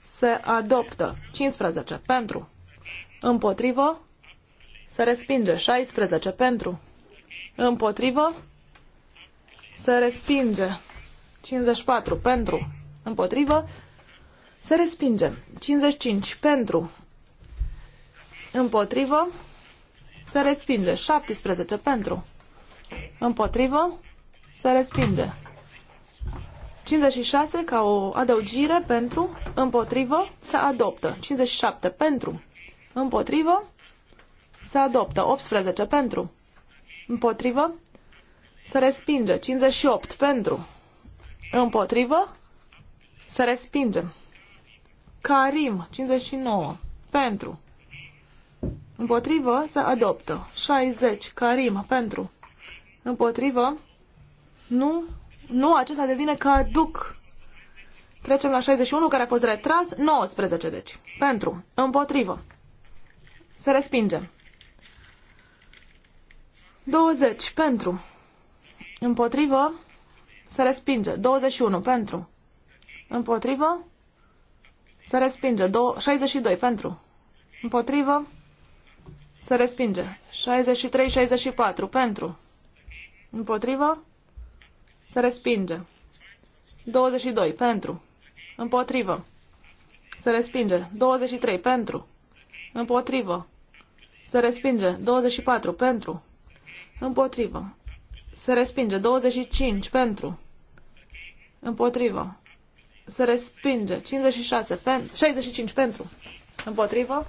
Se adoptă. 15 pentru. Împotrivă. Se respinge. 16 pentru. Împotrivă se respinge. 54 pentru, împotrivă, se respinge. 55 pentru, împotrivă, se respinge. 17 pentru, împotrivă, se respinge. 56 ca o adăugire pentru, împotrivă, se adoptă. 57 pentru, împotrivă, se adoptă. 18 pentru, împotrivă, se respinge. 58 pentru. Împotrivă. Se respinge. Karim, 59. Pentru. Împotrivă se adoptă. 60. Karim, pentru. Împotrivă. Nu. Nu, acesta devine caduc. Trecem la 61, care a fost retras. 19, deci. Pentru. Împotrivă. Se respinge. 20. Pentru. Împotrivă. Se respinge. 21 pentru. Împotrivă. Se respinge. 62 pentru. Împotrivă. Se respinge. 63-64 pentru. Împotrivă. Se respinge. 22 pentru. Împotrivă. Se respinge. 23 pentru. Împotrivă. Se respinge. 24 pentru. Împotrivă. Se respinge. 25 pentru. Împotrivă. Se respinge. 56 pentru. 65 pentru. Împotrivă.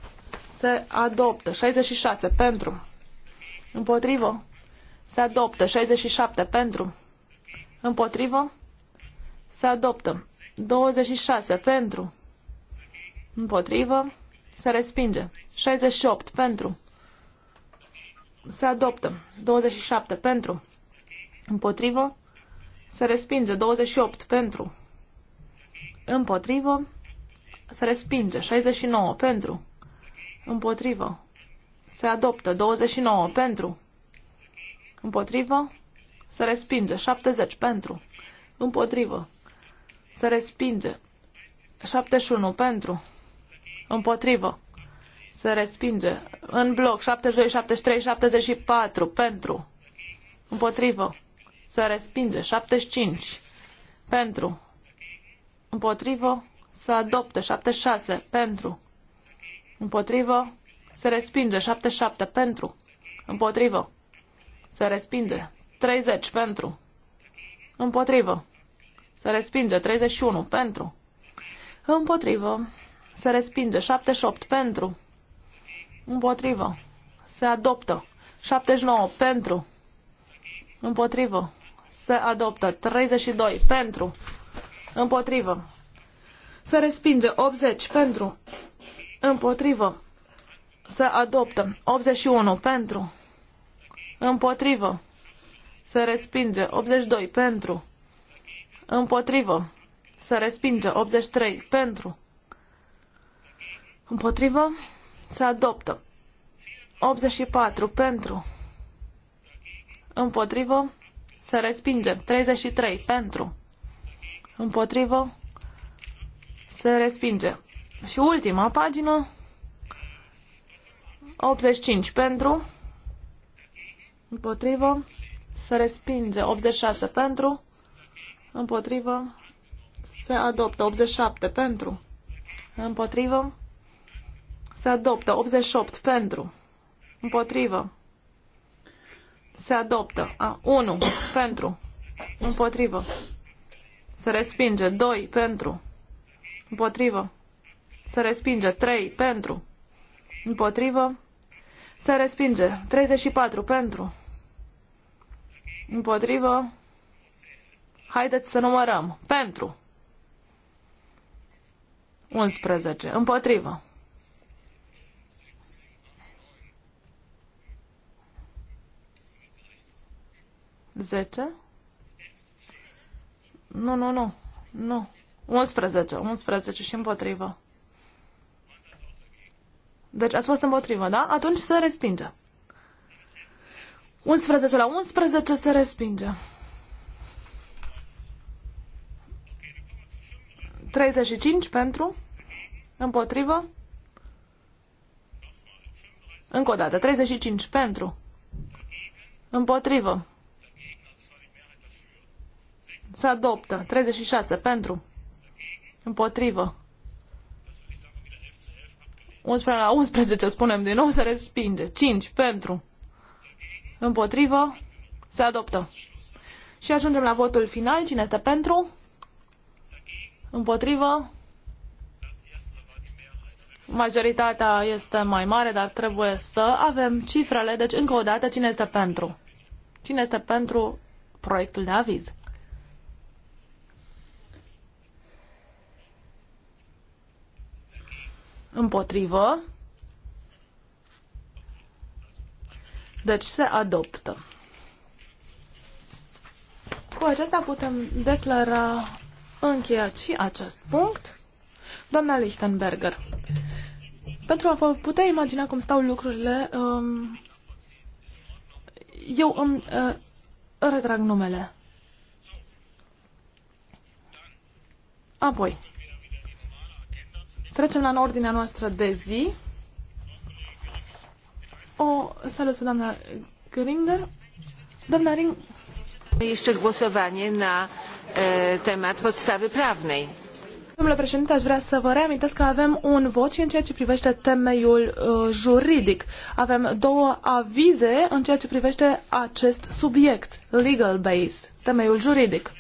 Se adoptă. 66 pentru. Împotrivă. Se adoptă. 67 pentru. Împotrivă. Se adoptă. 26 pentru. Împotrivă. Se respinge. 68 pentru. Se adoptă. 27 pentru. Împotrivă. Se respinge. 28 pentru. Împotrivă. Se respinge. 69 pentru. Împotrivă. Se adoptă. 29 pentru. Împotrivă. Se respinge. 70 pentru. Împotrivă. Se respinge. 71 pentru. Împotrivă. Se respinge. În bloc. 72, 73, 74 pentru. Împotrivă se respinge. 75 pentru, împotrivă, să adopte 76 pentru, împotrivă, se respinge. 77 pentru, împotrivă, se respinge. 30 pentru, împotrivă, se respinge. 31 pentru, împotrivă, se respinge. 78 pentru, împotrivă, se adoptă. 79 pentru, împotrivă, se adoptă. 32 pentru, împotrivă, se respinge. 80 pentru, împotrivă, se adoptă. 81 pentru, împotrivă, se respinge. 82 pentru, împotrivă, se respinge. 83 pentru, împotrivă, se adoptă. 84 pentru, împotrivă, se respinge. 33. Pentru. Împotrivă. Se respinge. Și ultima pagină. 85. Pentru. Împotrivă. Se respinge. 86. Pentru. Împotrivă. Se adoptă. 87. Pentru. Împotrivă. Se adoptă. 88. Pentru. Împotrivă. Se adoptă. A, 1. Pentru. Împotrivă. Se respinge. 2. Pentru. Împotrivă. Se respinge. 3. Pentru. Împotrivă. Se respinge. 34. Pentru. Împotrivă. Haideți să numărăm. Pentru. 11. Împotrivă. 10? Nu, nu, nu. Nu. 11. 11 și împotrivă. Deci ați fost împotrivă, da? Atunci se respinge. 11 la 11 se respinge. 35 pentru, împotrivă, încă o dată, 35 pentru, împotrivă, se adoptă. 36 pentru. Împotrivă. 11 la 11 spunem din nou se respinge. 5 pentru. Împotrivă. Se adoptă. Și ajungem la votul final. Cine este pentru? Împotrivă. Majoritatea este mai mare, dar trebuie să avem cifrele. Deci, încă o dată, cine este pentru? Cine este pentru proiectul de aviz? Împotrivă. Deci se adoptă. Cu acesta putem declara încheiat și acest punct. Doamna Lichtenberger, pentru a vă putea imagina cum stau lucrurile, um, eu îmi uh, retrag numele. Apoi. Trecem la ordinea noastră de zi. O salut pe doamna Gringer. Doamna Ring... Jeszcze głosowanie na e, temat podstawy prawnej. Domnule președinte, aș vrea să vă reamintesc că avem un vot și în ceea ce privește temeiul uh, juridic. Avem două avize în ceea ce privește acest subiect, legal base, temeiul juridic.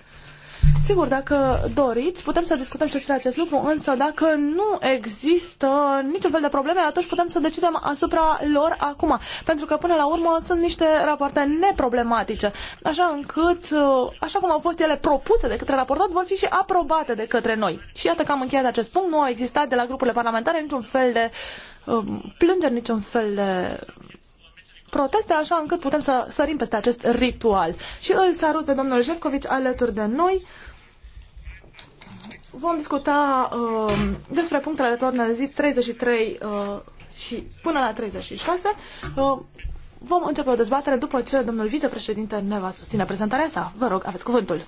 Sigur, dacă doriți, putem să discutăm și despre acest lucru, însă dacă nu există niciun fel de probleme, atunci putem să decidem asupra lor acum. Pentru că, până la urmă, sunt niște rapoarte neproblematice, așa încât, uh, așa cum au fost ele propuse de către raportat, vor fi și aprobate de către noi. Și iată că am încheiat acest punct, nu au existat de la grupurile parlamentare niciun fel de um, plângeri, niciun fel de proteste, așa încât putem să sărim peste acest ritual. Și îl salut pe domnul Jefcovici alături de noi. Vom discuta uh, despre punctele de ordine de zi 33 uh, și până la 36. Uh, vom începe o dezbatere după ce domnul vicepreședinte ne va susține prezentarea sa. Vă rog, aveți cuvântul.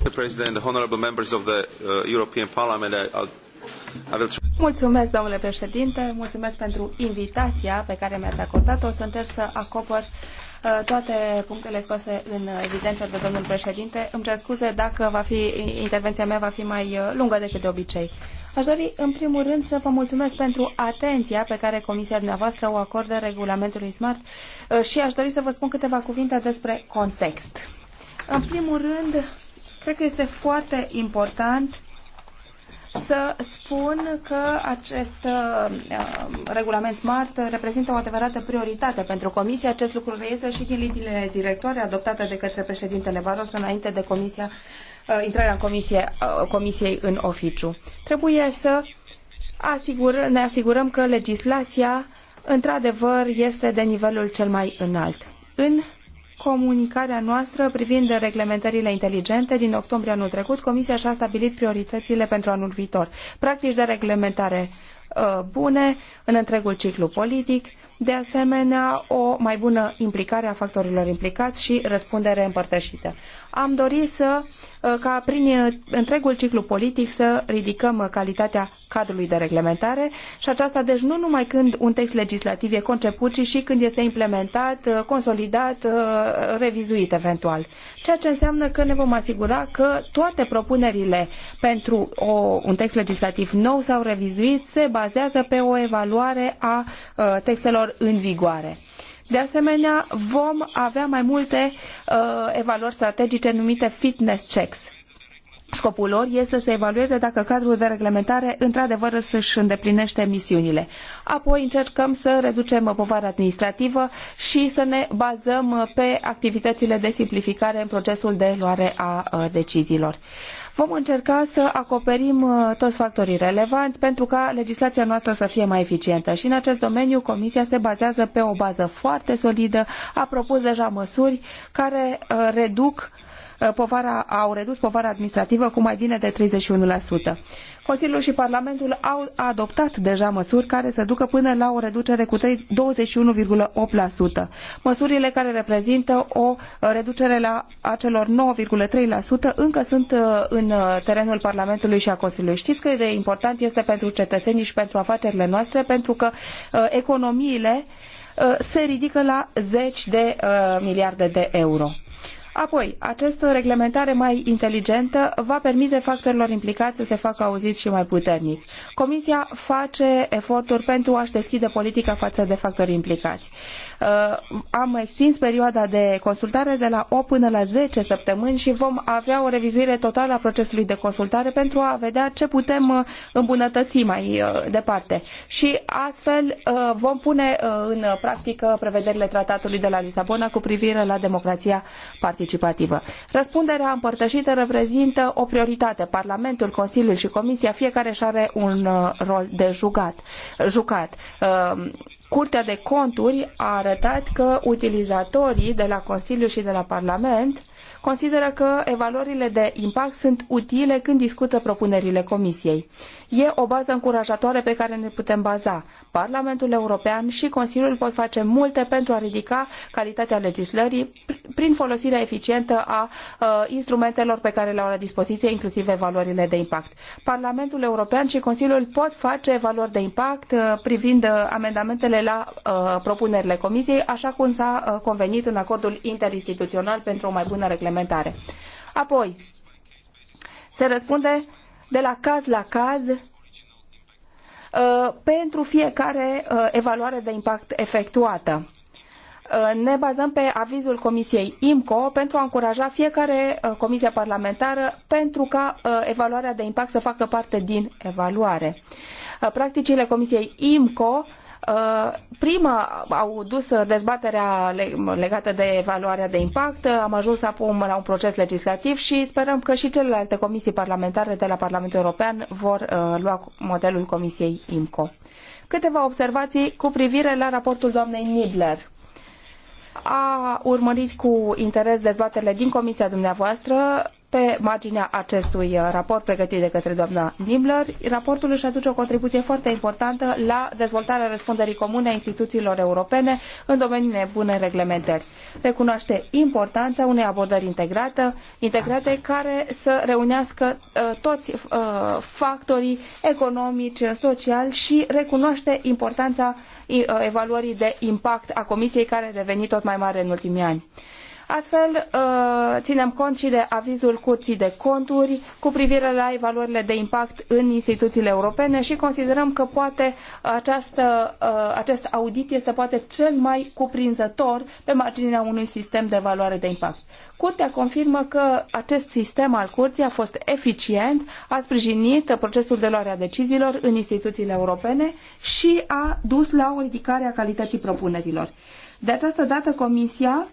Mulțumesc, domnule președinte, mulțumesc pentru invitația pe care mi-ați acordat-o. O să încerc să acopăr uh, toate punctele scoase în evidență de domnul președinte. Îmi cer scuze dacă va fi, intervenția mea va fi mai uh, lungă decât de obicei. Aș dori, în primul rând, să vă mulțumesc pentru atenția pe care Comisia dumneavoastră o acordă regulamentului SMART uh, și aș dori să vă spun câteva cuvinte despre context. În primul rând, cred că este foarte important să spun că acest uh, um, regulament SMART reprezintă o adevărată prioritate pentru Comisie. Acest lucru reiese și din liniile directoare adoptate de către președintele Barroso înainte de comisia, uh, intrarea în comisie, uh, Comisiei în oficiu. Trebuie să asigur, ne asigurăm că legislația într-adevăr este de nivelul cel mai înalt. În comunicarea noastră privind reglementările inteligente din octombrie anul trecut, Comisia și-a stabilit prioritățile pentru anul viitor. Practici de reglementare uh, bune în întregul ciclu politic, de asemenea o mai bună implicare a factorilor implicați și răspundere împărtășită am dorit să, uh, ca prin uh, întregul ciclu politic să ridicăm uh, calitatea cadrului de reglementare și aceasta deci nu numai când un text legislativ e conceput, ci și când este implementat, consolidat, revizuit eventual. Ceea ce înseamnă că ne vom asigura că toate propunerile pentru o, un text legislativ nou sau revizuit se bazează pe o evaluare a textelor în vigoare. De asemenea, vom avea mai multe uh, evaluări strategice numite fitness checks Scopul lor este să evalueze dacă cadrul de reglementare într-adevăr își îndeplinește misiunile. Apoi încercăm să reducem povara administrativă și să ne bazăm pe activitățile de simplificare în procesul de luare a deciziilor. Vom încerca să acoperim uh, toți factorii relevanți pentru ca legislația noastră să fie mai eficientă și în acest domeniu Comisia se bazează pe o bază foarte solidă, a propus deja măsuri care uh, reduc Uh, povara, au redus povara administrativă cu mai bine de 31%. Consiliul și Parlamentul au adoptat deja măsuri care să ducă până la o reducere cu 21,8%. Măsurile care reprezintă o uh, reducere la acelor 9,3% încă sunt uh, în terenul Parlamentului și a Consiliului. Știți cât de important este pentru cetățenii și pentru afacerile noastre, pentru că economiile se ridică la zeci de miliarde de euro. Apoi, această reglementare mai inteligentă va permite factorilor implicați să se facă auziți și mai puternic. Comisia face eforturi pentru a-și deschide politica față de factorii implicați. Uh, am extins perioada de consultare de la 8 până la 10 săptămâni și vom avea o revizuire totală a procesului de consultare pentru a vedea ce putem uh, îmbunătăți mai uh, departe. Și astfel vom pune în practică prevederile tratatului de la Lisabona cu privire la democrația participativă. Răspunderea împărtășită reprezintă o prioritate. Parlamentul, Consiliul și Comisia, fiecare își are un rol de jucat. jucat. Curtea de Conturi a arătat că utilizatorii de la Consiliu și de la Parlament consideră că evaluările de impact sunt utile când discută propunerile Comisiei. E o bază încurajatoare pe care ne putem baza, Parlamentul European și Consiliul pot face multe pentru a ridica calitatea legislării prin folosirea eficientă a ă, instrumentelor pe care le au la dispoziție, inclusiv evaluările de impact. Parlamentul European și Consiliul pot face evaluări de impact ă, privind ă, amendamentele la propunerile Comisiei, așa cum s-a convenit în acordul interinstituțional pentru o mai bună reglementare. Apoi, se răspunde de la caz la caz Uh, pentru fiecare uh, evaluare de impact efectuată uh, ne bazăm pe avizul Comisiei IMCO pentru a încuraja fiecare comisie parlamentară pentru ca evaluarea de impact să facă parte din evaluare. Practicile Comisiei IMCO Uh, prima au dus dezbaterea legată de evaluarea de impact, am ajuns acum la un proces legislativ și sperăm că și celelalte comisii parlamentare de la Parlamentul European vor uh, lua modelul Comisiei IMCO. Câteva observații cu privire la raportul doamnei Nibler a urmărit cu interes dezbaterile din comisia dumneavoastră pe marginea acestui uh, raport pregătit de către doamna Nibler. Raportul își aduce o contribuție foarte importantă la dezvoltarea răspunderii comune a instituțiilor europene în domeniul bune reglementări. Recunoaște importanța unei abordări integrate, integrate care să reunească uh, toți uh, factorii economici, sociali și recunoaște importanța uh, evaluării de impact a Comisiei care a devenit tot mai mare în ultimii ani. Astfel, uh, ținem cont și de avizul Curții de Conturi cu privire la evaluările de impact în instituțiile europene și considerăm că poate această, uh, acest audit este poate cel mai cuprinzător pe marginea unui sistem de evaluare de impact. Curtea confirmă că acest sistem al curții a fost eficient, a sprijinit procesul de luare a deciziilor în instituțiile europene și a dus la o ridicare a calității propunerilor. De această dată, Comisia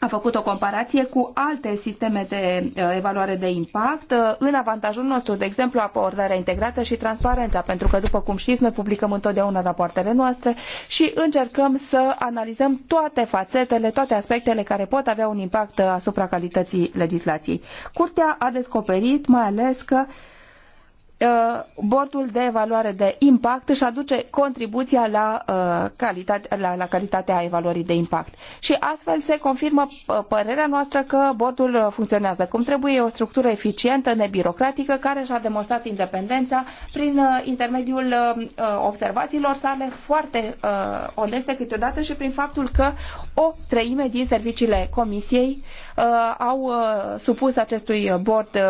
a făcut o comparație cu alte sisteme de uh, evaluare de impact uh, în avantajul nostru, de exemplu, abordarea integrată și transparența, pentru că, după cum știți, noi publicăm întotdeauna rapoartele noastre și încercăm să analizăm toate fațetele, toate aspectele care pot avea un impact uh, asupra calității legislației. Curtea a descoperit mai ales că Uh, bordul de evaluare de impact își aduce contribuția la, uh, calitate, la, la calitatea evaluării de impact. Și astfel se confirmă uh, părerea noastră că bordul funcționează cum trebuie, o structură eficientă, nebirocratică, care și-a demonstrat independența prin intermediul observațiilor sale foarte oneste câteodată și prin faptul că o treime din serviciile comisiei au supus acestui bord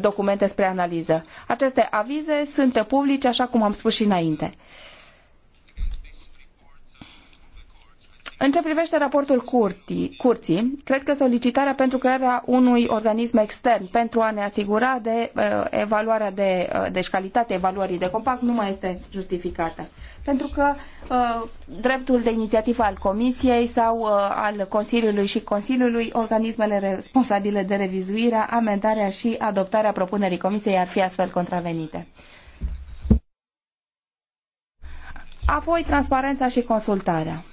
documente spre analiză. Aceste avize sunt publice, așa cum am spus și înainte. În ce privește raportul curții, curții, cred că solicitarea pentru crearea unui organism extern pentru a ne asigura de uh, evaluarea de, uh, deci calitatea evaluării de compact nu mai este justificată. Pentru că uh, dreptul de inițiativă al Comisiei sau uh, al Consiliului și Consiliului, organismele responsabile de revizuirea, amendarea și adoptarea propunerii Comisiei ar fi astfel contravenite. Apoi transparența și consultarea.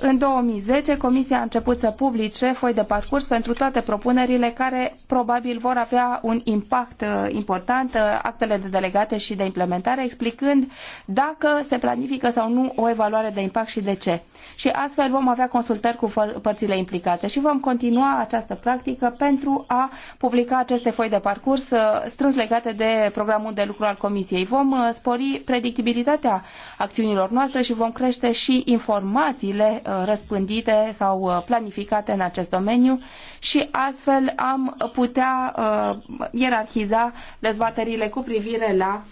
În 2010, Comisia a început să publice foi de parcurs pentru toate propunerile care probabil vor avea un impact uh, important, uh, actele de delegate și de implementare, explicând dacă se planifică sau nu o evaluare de impact și de ce. Și astfel vom avea consultări cu părțile implicate și vom continua această practică pentru a publica aceste foi de parcurs uh, strâns legate de programul de lucru al Comisiei. Vom spori predictibilitatea acțiunilor noastre și vom crește și informațiile Uh, răspândite sau uh, planificate în acest domeniu și astfel am putea uh, ierarhiza dezbaterile cu privire la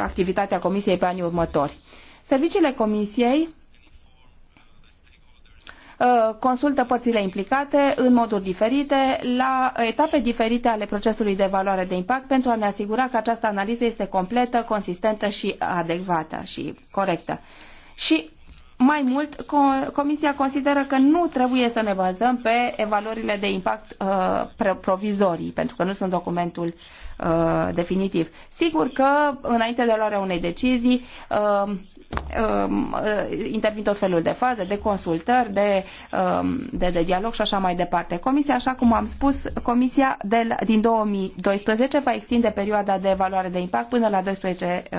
activitatea Comisiei pe anii următori. Serviciile Comisiei consultă părțile implicate în moduri diferite, la etape diferite ale procesului de evaluare de impact pentru a ne asigura că această analiză este completă, consistentă și adecvată și corectă. Și mai mult, Comisia consideră că nu trebuie să ne bazăm pe evaluările de impact uh, provizorii, pentru că nu sunt documentul uh, definitiv. Sigur că, înainte de luarea unei decizii, um, um, uh, intervin tot felul de faze, de consultări, de, um, de, de, dialog și așa mai departe. Comisia, așa cum am spus, Comisia de, din 2012 va extinde perioada de evaluare de impact până la 12 uh,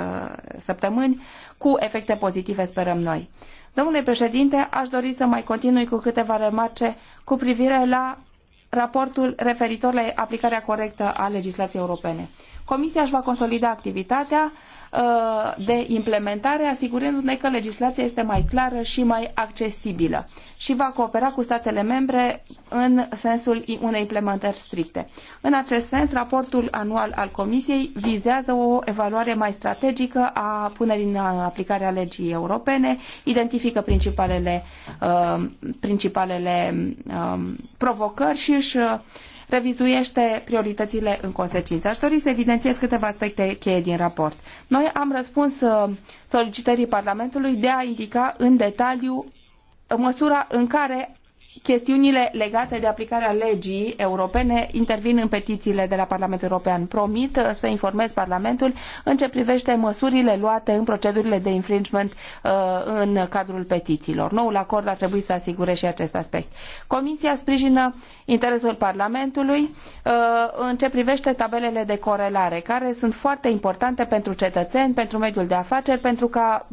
săptămâni, cu efecte pozitive, sperăm noi. Domnule președinte, aș dori să mai continui cu câteva remarce cu privire la raportul referitor la aplicarea corectă a legislației europene. Comisia își va consolida activitatea uh, de implementare, asigurându-ne că legislația este mai clară și mai accesibilă și va coopera cu statele membre în sensul unei implementări stricte. În acest sens, raportul anual al Comisiei vizează o evaluare mai strategică a punerii în aplicare a legii europene, identifică principalele, uh, principalele uh, provocări și își uh, revizuiește prioritățile în consecință. Aș dori să evidențiez câteva aspecte cheie din raport. Noi am răspuns uh, solicitării Parlamentului de a indica în detaliu măsura în care chestiunile legate de aplicarea legii europene intervin în petițiile de la Parlamentul European. Promit uh, să informez Parlamentul în ce privește măsurile luate în procedurile de infringement uh, în cadrul petițiilor. Noul acord ar trebui să asigure și acest aspect. Comisia sprijină interesul Parlamentului uh, în ce privește tabelele de corelare, care sunt foarte importante pentru cetățeni, pentru mediul de afaceri, pentru ca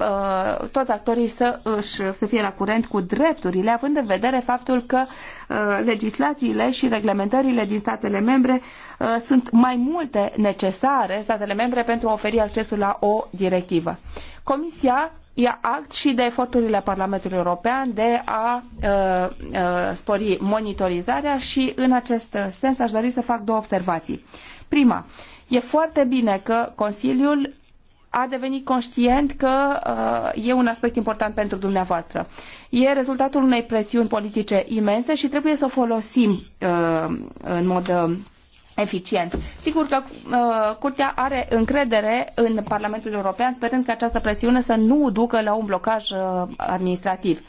toți actorii să, își, să fie la curent cu drepturile, având în vedere faptul faptul că uh, legislațiile și reglementările din statele membre uh, sunt mai multe necesare statele membre pentru a oferi accesul la o directivă. Comisia ia act și de eforturile Parlamentului European de a uh, spori monitorizarea și în acest sens aș dori să fac două observații. Prima, e foarte bine că Consiliul a devenit conștient că uh, e un aspect important pentru dumneavoastră. E rezultatul unei presiuni politice imense și trebuie să o folosim uh, în mod uh, eficient. Sigur că uh, Curtea are încredere în Parlamentul European, sperând că această presiune să nu ducă la un blocaj uh, administrativ.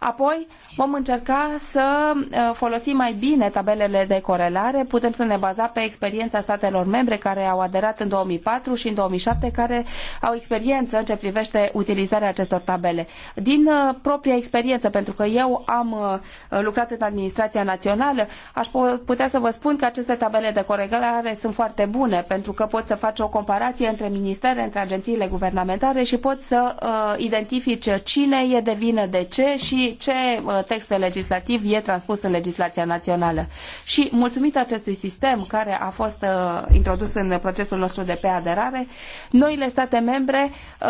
Apoi vom încerca să uh, folosim mai bine tabelele de corelare, putem să ne baza pe experiența statelor membre care au aderat în 2004 și în 2007, care au experiență în ce privește utilizarea acestor tabele. Din uh, propria experiență, pentru că eu am uh, lucrat în administrația națională, aș putea să vă spun că aceste tabele de corelare sunt foarte bune, pentru că pot să faci o comparație între ministere, între agențiile guvernamentare și pot să identifici cine e de vină de ce și ce uh, text legislativ e transpus în legislația națională. Și mulțumită acestui sistem care a fost uh, introdus în procesul nostru de preaderare, noile state membre uh,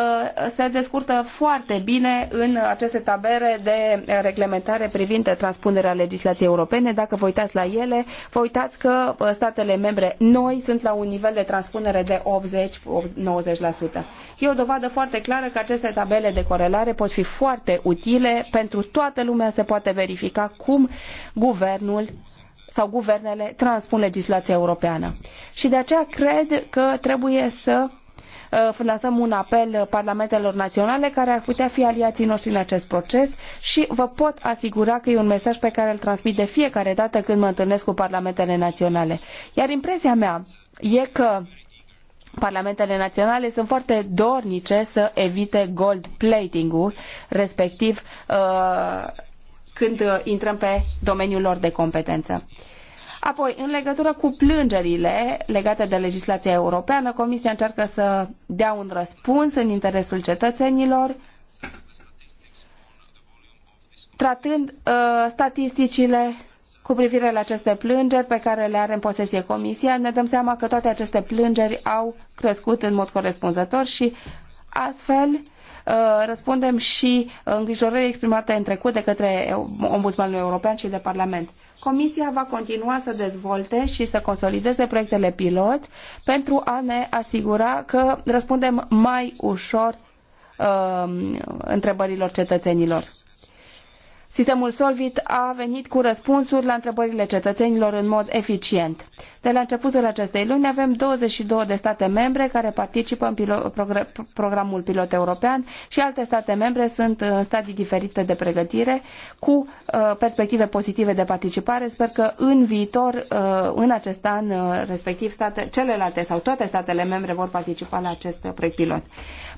se descurcă foarte bine în aceste tabere de reglementare privind transpunerea legislației europene. Dacă vă uitați la ele, vă uitați că statele membre noi sunt la un nivel de transpunere de 80-90%. E o dovadă foarte clară că aceste tabele de corelare pot fi foarte utile pentru toată lumea se poate verifica cum guvernul sau guvernele transpun legislația europeană. Și de aceea cred că trebuie să uh, lansăm un apel parlamentelor naționale care ar putea fi aliații noștri în acest proces și vă pot asigura că e un mesaj pe care îl transmit de fiecare dată când mă întâlnesc cu parlamentele naționale. Iar impresia mea e că Parlamentele naționale sunt foarte dornice să evite gold plating-ul, respectiv uh, când uh, intrăm pe domeniul lor de competență. Apoi, în legătură cu plângerile legate de legislația europeană, Comisia încearcă să dea un răspuns în interesul cetățenilor, tratând uh, statisticile cu privire la aceste plângeri pe care le are în posesie Comisia, ne dăm seama că toate aceste plângeri au crescut în mod corespunzător și astfel uh, răspundem și îngrijorării exprimate în trecut de către Ombudsmanul European și de Parlament. Comisia va continua să dezvolte și să consolideze proiectele pilot pentru a ne asigura că răspundem mai ușor uh, întrebărilor cetățenilor. Sistemul Solvit a venit cu răspunsuri la întrebările cetățenilor în mod eficient. De la începutul acestei luni avem 22 de state membre care participă în pilo programul pilot european și alte state membre sunt în stadii diferite de pregătire cu uh, perspective pozitive de participare. Sper că în viitor, uh, în acest an, uh, respectiv state, celelalte sau toate statele membre vor participa la acest proiect pilot.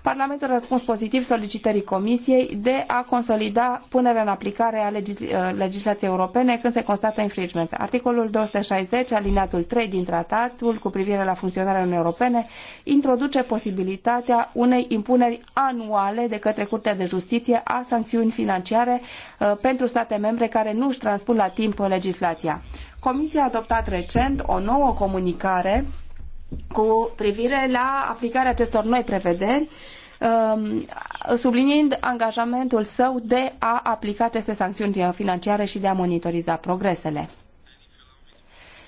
Parlamentul a răspuns pozitiv solicitării Comisiei de a consolida punerea în aplicare a uh, legislației europene când se constată infringement. Articolul 260, alineatul 3 din tratatul cu privire la funcționarea Uniunii Europene, introduce posibilitatea unei impuneri anuale de către Curtea de Justiție a sancțiuni financiare uh, pentru state membre care nu își transpun la timp legislația. Comisia a adoptat recent o nouă comunicare cu privire la aplicarea acestor noi prevederi, um, subliniind angajamentul său de a aplica aceste sancțiuni financiare și de a monitoriza progresele.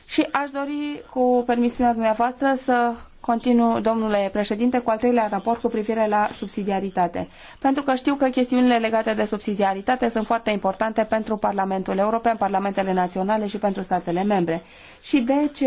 Și aș dori, cu permisiunea dumneavoastră, să continu, domnule președinte, cu al treilea raport cu privire la subsidiaritate. Pentru că știu că chestiunile legate de subsidiaritate sunt foarte importante pentru Parlamentul European, Parlamentele Naționale și pentru statele membre. Și deci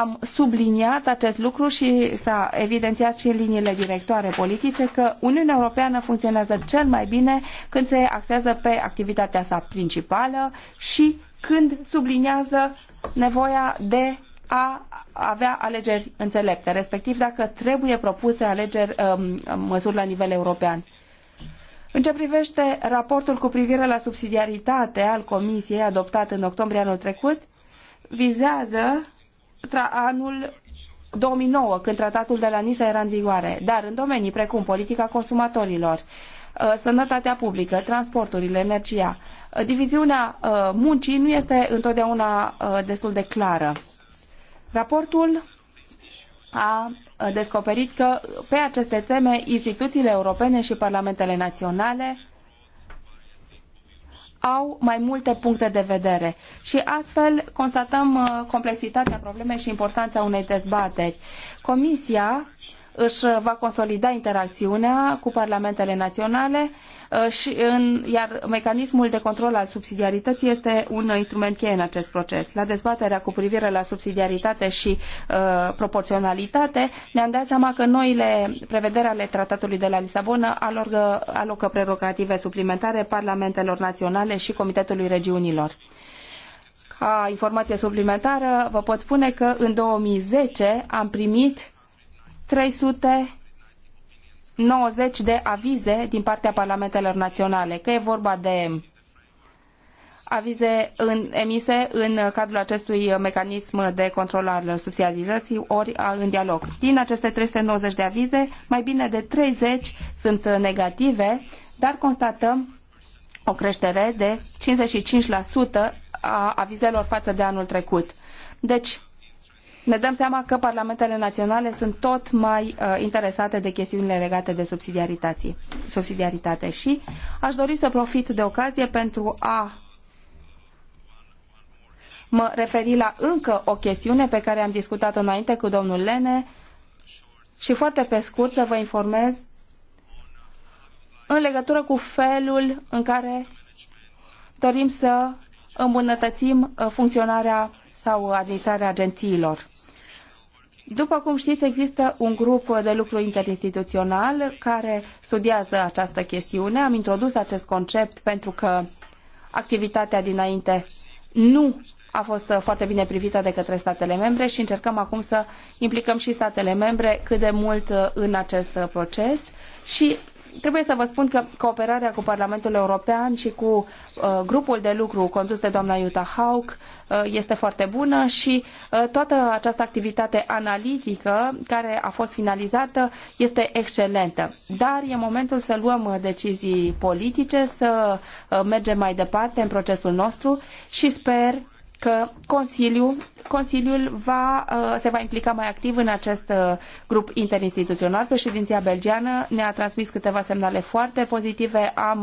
am subliniat acest lucru și s-a evidențiat și în liniile directoare politice că Uniunea Europeană funcționează cel mai bine când se axează pe activitatea sa principală și când subliniază nevoia de a avea alegeri înțelepte, respectiv dacă trebuie propuse alegeri um, măsuri la nivel european. În ce privește raportul cu privire la subsidiaritate al Comisiei adoptat în octombrie anul trecut, vizează anul 2009, când tratatul de la Nisa era în vigoare, dar în domenii precum politica consumatorilor, uh, sănătatea publică, transporturile, energia, uh, diviziunea uh, muncii nu este întotdeauna destul de clară. Raportul a descoperit că pe aceste teme instituțiile europene și parlamentele naționale au mai multe puncte de vedere și astfel constatăm uh, complexitatea problemei și importanța unei dezbateri. Comisia își va consolida interacțiunea cu parlamentele naționale, uh, și în, iar mecanismul de control al subsidiarității este un instrument cheie în acest proces. La dezbaterea cu privire la subsidiaritate și uh, proporționalitate, ne-am dat seama că noile prevederi ale Tratatului de la Lisabona alorgă, alocă prerogative suplimentare parlamentelor naționale și Comitetului Regiunilor. Ca informație suplimentară, vă pot spune că în 2010 am primit 390 de avize din partea parlamentelor naționale, că e vorba de avize în, emise în cadrul acestui mecanism de control al subsidiarității ori în dialog. Din aceste 390 de avize, mai bine de 30 sunt negative, dar constatăm o creștere de 55% a avizelor față de anul trecut. Deci, ne dăm seama că parlamentele naționale sunt tot mai uh, interesate de chestiunile legate de subsidiaritate. subsidiaritate. Și aș dori să profit de ocazie pentru a mă referi la încă o chestiune pe care am discutat-o înainte cu domnul Lene și foarte pe scurt să vă informez în legătură cu felul în care dorim să îmbunătățim uh, funcționarea sau administrarea agențiilor. După cum știți, există un grup de lucru interinstituțional care studiază această chestiune. Am introdus acest concept pentru că activitatea dinainte nu a fost foarte bine privită de către statele membre și încercăm acum să implicăm și statele membre cât de mult în acest proces și trebuie să vă spun că cooperarea cu Parlamentul European și cu uh, grupul de lucru condus de doamna Jutta Haug uh, este foarte bună și uh, toată această activitate analitică care a fost finalizată este excelentă. Dar e momentul să luăm decizii politice, să mergem mai departe în procesul nostru și sper că Consiliul Consiliul va, uh, se va implica mai activ în acest uh, grup interinstituțional. Președinția belgiană ne-a transmis câteva semnale foarte pozitive. Am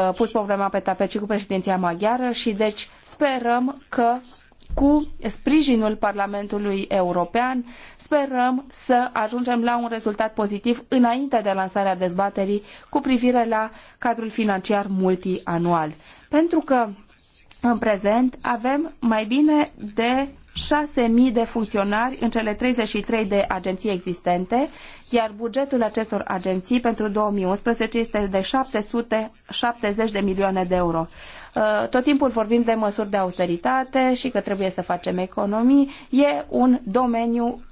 uh, pus problema pe tapet și cu președinția maghiară și deci sperăm că cu sprijinul Parlamentului European, sperăm să ajungem la un rezultat pozitiv înainte de lansarea dezbaterii cu privire la cadrul financiar multianual. Pentru că în prezent avem mai bine de 6.000 de funcționari în cele 33 de agenții existente, iar bugetul acestor agenții pentru 2011 este de 770 de milioane de euro. Uh, tot timpul vorbim de măsuri de austeritate și că trebuie să facem economii. E un domeniu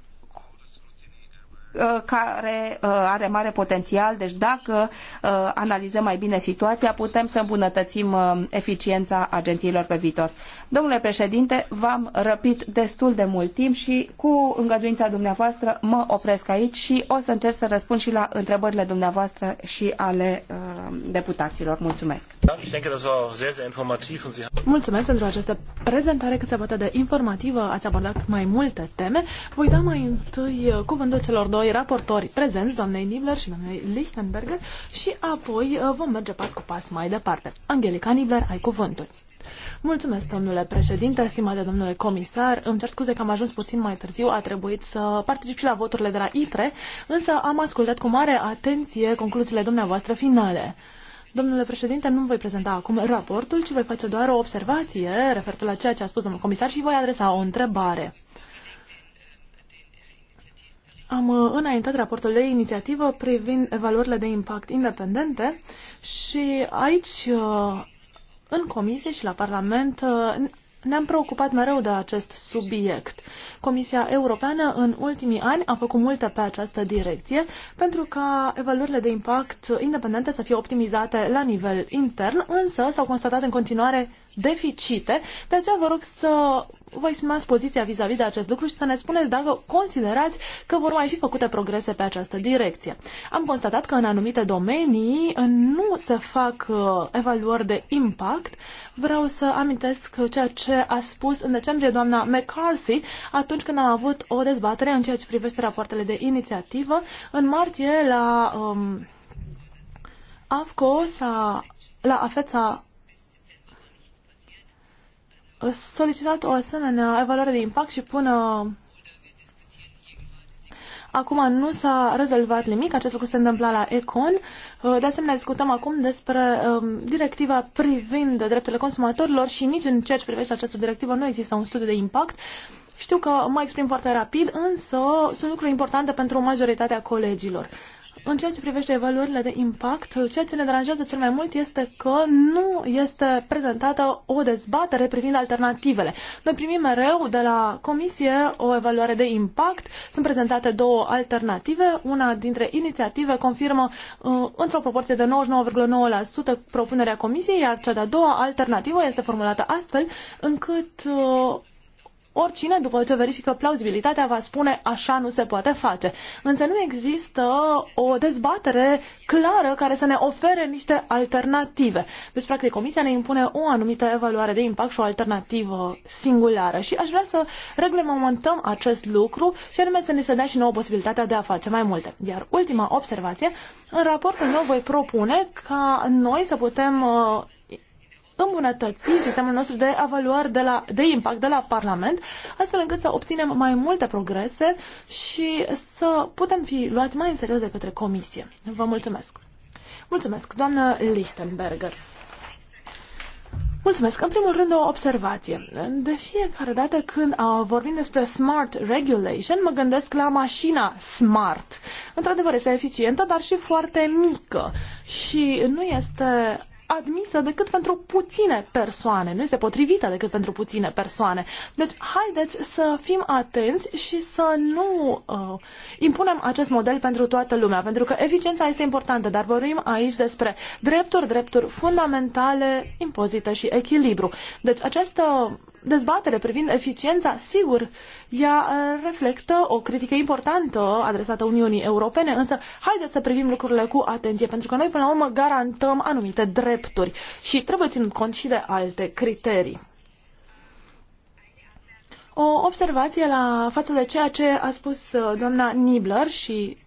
Uh, care uh, are mare potențial, deci dacă uh, analizăm mai bine situația, putem să îmbunătățim eficiența agențiilor pe viitor. Domnule președinte, v-am răpit destul de mult timp și cu îngăduința dumneavoastră mă opresc aici și o să încerc să răspund și la întrebările dumneavoastră și ale deputaților. Mulțumesc! Mulțumesc pentru această prezentare cât se poate de informativă. Ați abordat mai multe teme. Voi da mai întâi cuvântul celor doi doi raportori prezenți, doamnei Nibler și doamnei Lichtenberger, și apoi uh, vom merge pas cu pas mai departe. Angelica Nibler, ai cuvântul. Mulțumesc, domnule președinte, stimate domnule comisar. Îmi cer scuze că am ajuns puțin mai târziu, a trebuit să particip și la voturile de la ITRE, însă am ascultat cu mare atenție concluziile dumneavoastră finale. Domnule președinte, nu voi prezenta acum raportul, ci voi face doar o observație referitor la ceea ce a spus domnul comisar și voi adresa o întrebare am uh, înaintat raportul de inițiativă privind evaluările de impact independente și aici, uh, în comisie și la Parlament, uh, ne-am preocupat mereu de acest subiect. Comisia Europeană în ultimii ani a făcut multe pe această direcție pentru ca evaluările de impact independente să fie optimizate la nivel intern, însă s-au constatat în continuare deficite. De aceea vă rog să vă exprimați poziția vis-a-vis -vis de acest lucru și să ne spuneți dacă considerați că vor mai fi făcute progrese pe această direcție. Am constatat că în anumite domenii nu se fac uh, evaluări de impact. Vreau să amintesc ceea ce a spus în decembrie doamna McCarthy atunci când am avut o dezbatere în ceea ce privește rapoartele de inițiativă. În martie la um, AFCO s-a la AFET s-a solicitat o asemenea evaluare de impact și până acum nu s-a rezolvat nimic, acest lucru se întâmpla la Econ. Uh, de asemenea, discutăm acum despre um, directiva privind drepturile consumatorilor și nici în ceea ce privește această directivă nu există un studiu de impact. Știu că mă exprim foarte rapid, însă sunt lucruri importante pentru majoritatea colegilor. În ceea ce privește evaluările de impact, ceea ce ne deranjează cel mai mult este că nu este prezentată o dezbatere privind alternativele. Noi primim mereu de la comisie o evaluare de impact, sunt prezentate două alternative, una dintre inițiative confirmă uh, într-o proporție de 99,9% propunerea comisiei, iar cea de-a doua alternativă este formulată astfel încât uh, oricine, după ce verifică plauzibilitatea, va spune așa nu se poate face. Însă nu există o dezbatere clară care să ne ofere niște alternative. Deci, practic, Comisia ne impune o anumită evaluare de impact și o alternativă singulară. Și aș vrea să reglementăm acest lucru și anume să ne se dea și nouă posibilitatea de a face mai multe. Iar ultima observație, în raportul meu voi propune ca noi să putem uh, îmbunătăți sistemul nostru de evaluare de, la, de impact de la Parlament, astfel încât să obținem mai multe progrese și să putem fi luați mai în serios de către Comisie. Vă mulțumesc! Mulțumesc, doamnă Lichtenberger! Mulțumesc. În primul rând, o observație. De fiecare dată când uh, vorbim despre smart regulation, mă gândesc la mașina smart. Într-adevăr, este eficientă, dar și foarte mică. Și nu este admisă decât pentru puține persoane, nu este potrivită decât pentru puține persoane. Deci, haideți să fim atenți și să nu uh, impunem acest model pentru toată lumea, pentru că eficiența este importantă, dar vorbim aici despre drepturi, drepturi fundamentale, impozite și echilibru. Deci, această dezbatere privind eficiența, sigur, ea uh, reflectă o critică importantă adresată Uniunii Europene, însă haideți să privim lucrurile cu atenție, pentru că noi până la urmă garantăm anumite drepturi și trebuie ținut cont și de alte criterii. O observație la față de ceea ce a spus uh, doamna Nibler și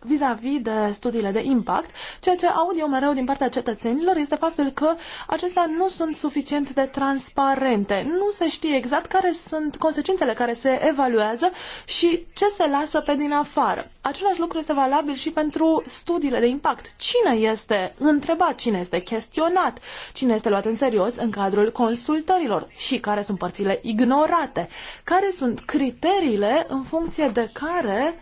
vis-a-vis -vis de studiile de impact. Ceea ce aud eu mereu din partea cetățenilor este faptul că acestea nu sunt suficient de transparente. Nu se știe exact care sunt consecințele care se evaluează și ce se lasă pe din afară. Același lucru este valabil și pentru studiile de impact. Cine este întrebat, cine este chestionat, cine este luat în serios în cadrul consultărilor și care sunt părțile ignorate, care sunt criteriile în funcție de care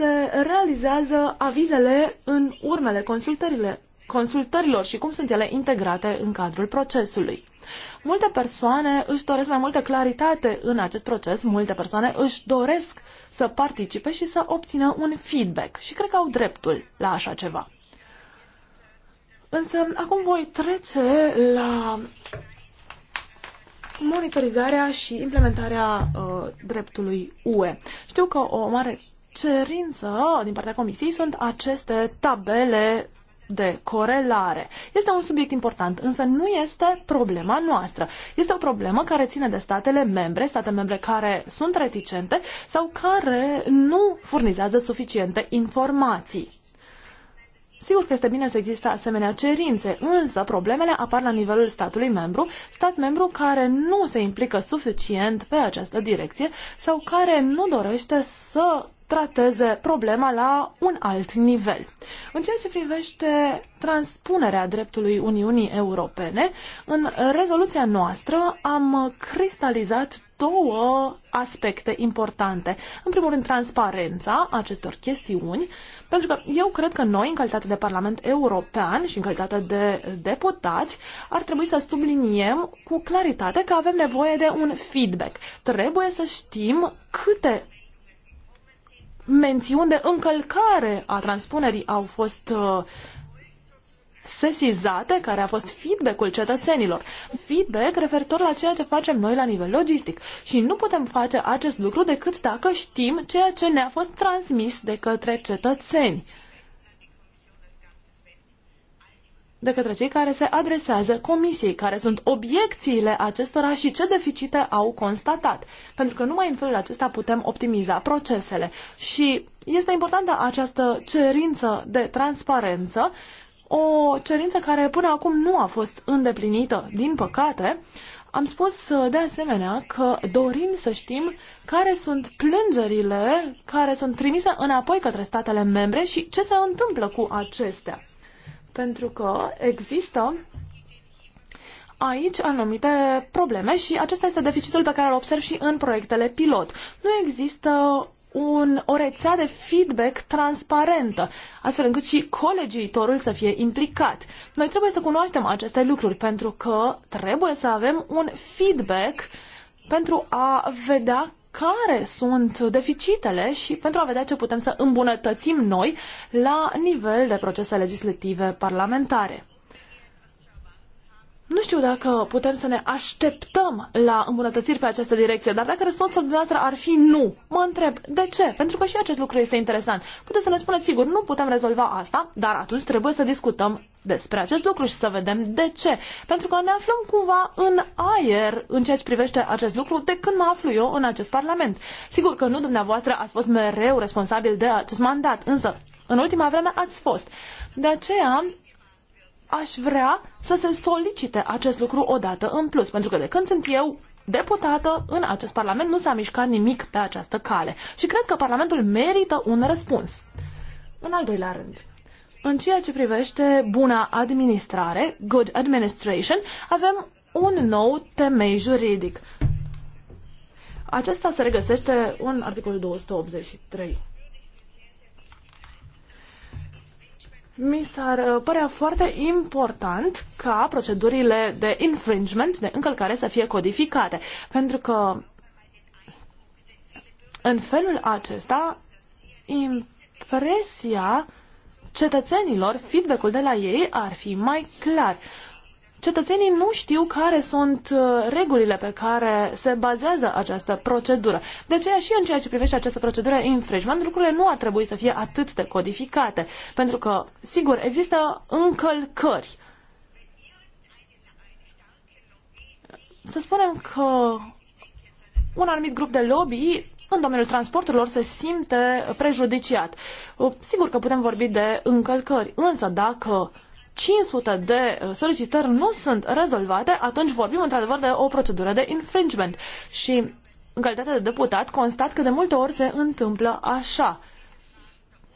se realizează avizele în urmele consultările, consultărilor și cum sunt ele integrate în cadrul procesului. Multe persoane își doresc mai multă claritate în acest proces, multe persoane își doresc să participe și să obțină un feedback și cred că au dreptul la așa ceva. Însă acum voi trece la monitorizarea și implementarea uh, dreptului UE. Știu că o mare cerință din partea Comisiei sunt aceste tabele de corelare. Este un subiect important, însă nu este problema noastră. Este o problemă care ține de statele membre, state membre care sunt reticente sau care nu furnizează suficiente informații. Sigur că este bine să existe asemenea cerințe, însă problemele apar la nivelul statului membru, stat membru care nu se implică suficient pe această direcție sau care nu dorește să trateze problema la un alt nivel. În ceea ce privește transpunerea dreptului Uniunii Europene, în rezoluția noastră am cristalizat două aspecte importante. În primul rând, transparența acestor chestiuni, pentru că eu cred că noi, în calitate de Parlament European și în calitate de deputați, ar trebui să subliniem cu claritate că avem nevoie de un feedback. Trebuie să știm câte mențiuni de încălcare a transpunerii au fost uh, sesizate, care a fost feedback-ul cetățenilor. Feedback referitor la ceea ce facem noi la nivel logistic. Și nu putem face acest lucru decât dacă știm ceea ce ne-a fost transmis de către cetățeni. de către cei care se adresează comisiei, care sunt obiecțiile acestora și ce deficite au constatat. Pentru că numai în felul acesta putem optimiza procesele. Și este importantă această cerință de transparență, o cerință care până acum nu a fost îndeplinită, din păcate. Am spus de asemenea că dorim să știm care sunt plângerile care sunt trimise înapoi către statele membre și ce se întâmplă cu acestea pentru că există aici anumite probleme și acesta este deficitul pe care îl observ și în proiectele pilot. Nu există un, o rețea de feedback transparentă, astfel încât și colegiitorul să fie implicat. Noi trebuie să cunoaștem aceste lucruri, pentru că trebuie să avem un feedback pentru a vedea care sunt deficitele și pentru a vedea ce putem să îmbunătățim noi la nivel de procese legislative parlamentare. Nu știu dacă putem să ne așteptăm la îmbunătățiri pe această direcție, dar dacă răspunsul dumneavoastră ar fi nu, mă întreb de ce? Pentru că și acest lucru este interesant. Puteți să ne spuneți, sigur, nu putem rezolva asta, dar atunci trebuie să discutăm despre acest lucru și să vedem de ce. Pentru că ne aflăm cumva în aer în ceea ce privește acest lucru de când mă aflu eu în acest Parlament. Sigur că nu dumneavoastră ați fost mereu responsabil de acest mandat, însă în ultima vreme ați fost. De aceea aș vrea să se solicite acest lucru odată în plus, pentru că de când sunt eu deputată în acest Parlament nu s-a mișcat nimic pe această cale și cred că Parlamentul merită un răspuns. În al doilea rând, în ceea ce privește buna administrare, good administration, avem un nou temei juridic. Acesta se regăsește în articolul 283. mi s-ar uh, părea foarte important ca procedurile de infringement, de încălcare, să fie codificate, pentru că în felul acesta impresia cetățenilor, feedback-ul de la ei ar fi mai clar cetățenii nu știu care sunt uh, regulile pe care se bazează această procedură. De aceea și în ceea ce privește această procedură infringement, lucrurile nu ar trebui să fie atât de codificate, pentru că, sigur, există încălcări. Să spunem că un anumit grup de lobby în domeniul transporturilor se simte prejudiciat. Uh, sigur că putem vorbi de încălcări, însă dacă uh, 500 de uh, solicitări nu sunt rezolvate, atunci vorbim într-adevăr de o procedură de infringement. Și în calitate de deputat constat că de multe ori se întâmplă așa.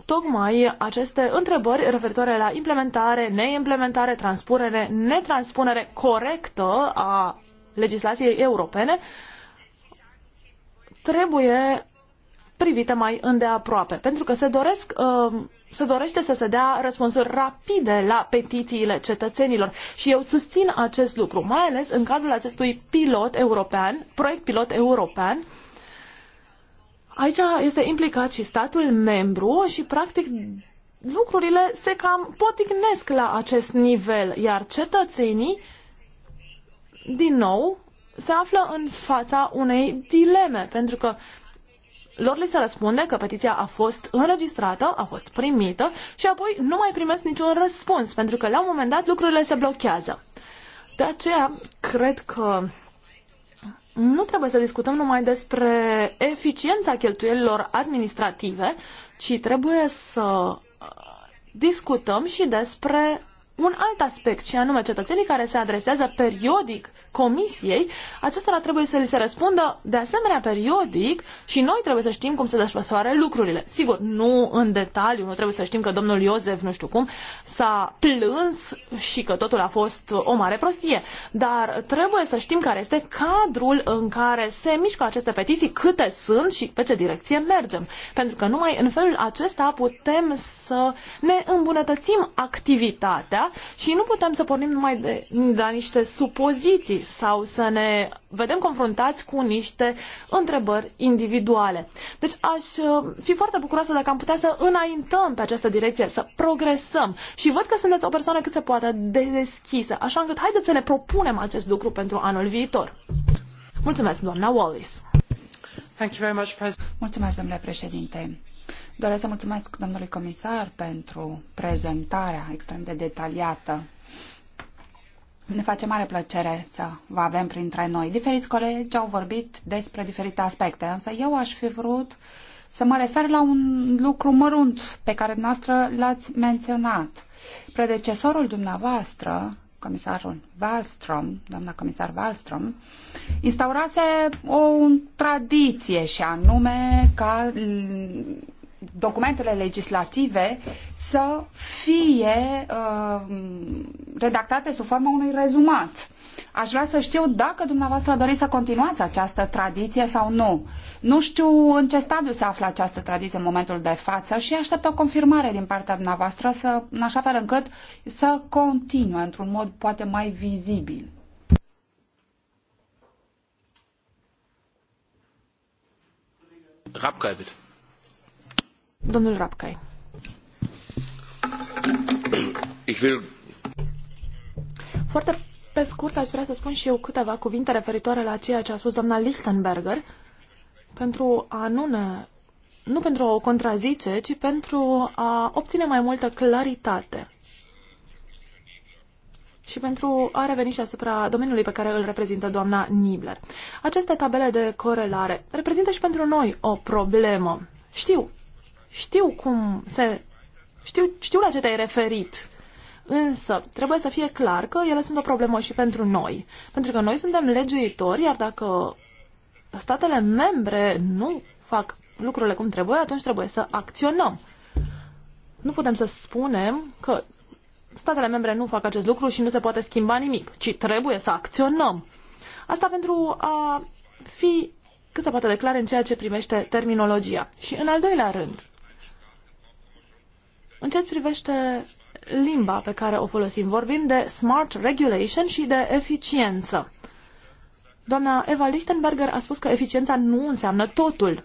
Tocmai aceste întrebări referitoare la implementare, neimplementare, transpunere, netranspunere corectă a legislației europene trebuie privite mai îndeaproape, pentru că se, doresc, uh, se dorește să se dea răspunsuri rapide la petițiile cetățenilor și eu susțin acest lucru, mai ales în cadrul acestui pilot european, proiect pilot european, Aici este implicat și statul membru și, practic, lucrurile se cam poticnesc la acest nivel, iar cetățenii, din nou, se află în fața unei dileme, pentru că lor li se răspunde că petiția a fost înregistrată, a fost primită și apoi nu mai primesc niciun răspuns, pentru că la un moment dat lucrurile se blochează. De aceea, cred că nu trebuie să discutăm numai despre eficiența cheltuielilor administrative, ci trebuie să uh, discutăm și despre un alt aspect, și anume cetățenii care se adresează periodic comisiei, acestora trebuie să li se răspundă de asemenea periodic și noi trebuie să știm cum se desfășoară lucrurile. Sigur, nu în detaliu, nu trebuie să știm că domnul Iosef, nu știu cum, s-a plâns și că totul a fost o mare prostie, dar trebuie să știm care este cadrul în care se mișcă aceste petiții, câte sunt și pe ce direcție mergem. Pentru că numai în felul acesta putem să ne îmbunătățim activitatea și nu putem să pornim numai de, de la niște supoziții sau să ne vedem confruntați cu niște întrebări individuale. Deci aș uh, fi foarte bucuroasă dacă am putea să înaintăm pe această direcție, să progresăm și văd că sunteți o persoană cât se poate de deschisă, așa încât haideți să ne propunem acest lucru pentru anul viitor. Mulțumesc, doamna Wallis. Thank you very much, Mulțumesc, domnule președinte. Doresc să mulțumesc domnului comisar pentru prezentarea extrem de detaliată ne face mare plăcere să vă avem printre noi. Diferiți colegi au vorbit despre diferite aspecte, însă eu aș fi vrut să mă refer la un lucru mărunt pe care dumneavoastră l-ați menționat. Predecesorul dumneavoastră, comisarul Wallström, doamna comisar Wallström, instaurase o tradiție și anume ca documentele legislative să fie uh, redactate sub forma unui rezumat. Aș vrea să știu dacă dumneavoastră doriți să continuați această tradiție sau nu. Nu știu în ce stadiu se află această tradiție în momentul de față și aștept o confirmare din partea dumneavoastră să, în așa fel încât să continue într-un mod poate mai vizibil. Rapkaivet. Domnul Rapcai. Ich will... Foarte pe scurt aș vrea să spun și eu câteva cuvinte referitoare la ceea ce a spus doamna Lichtenberger pentru a nu ne nu pentru a o contrazice, ci pentru a obține mai multă claritate și pentru a reveni și asupra domeniului pe care îl reprezintă doamna Nibler. Aceste tabele de corelare reprezintă și pentru noi o problemă. Știu, știu cum se... Știu, știu la ce te-ai referit. Însă, trebuie să fie clar că ele sunt o problemă și pentru noi. Pentru că noi suntem legiuitori, iar dacă statele membre nu fac lucrurile cum trebuie, atunci trebuie să acționăm. Nu putem să spunem că statele membre nu fac acest lucru și nu se poate schimba nimic, ci trebuie să acționăm. Asta pentru a fi cât se poate declare în ceea ce primește terminologia. Și în al doilea rând, în ce privește limba pe care o folosim, vorbim de smart regulation și de eficiență. Doamna Eva Lichtenberger a spus că eficiența nu înseamnă totul.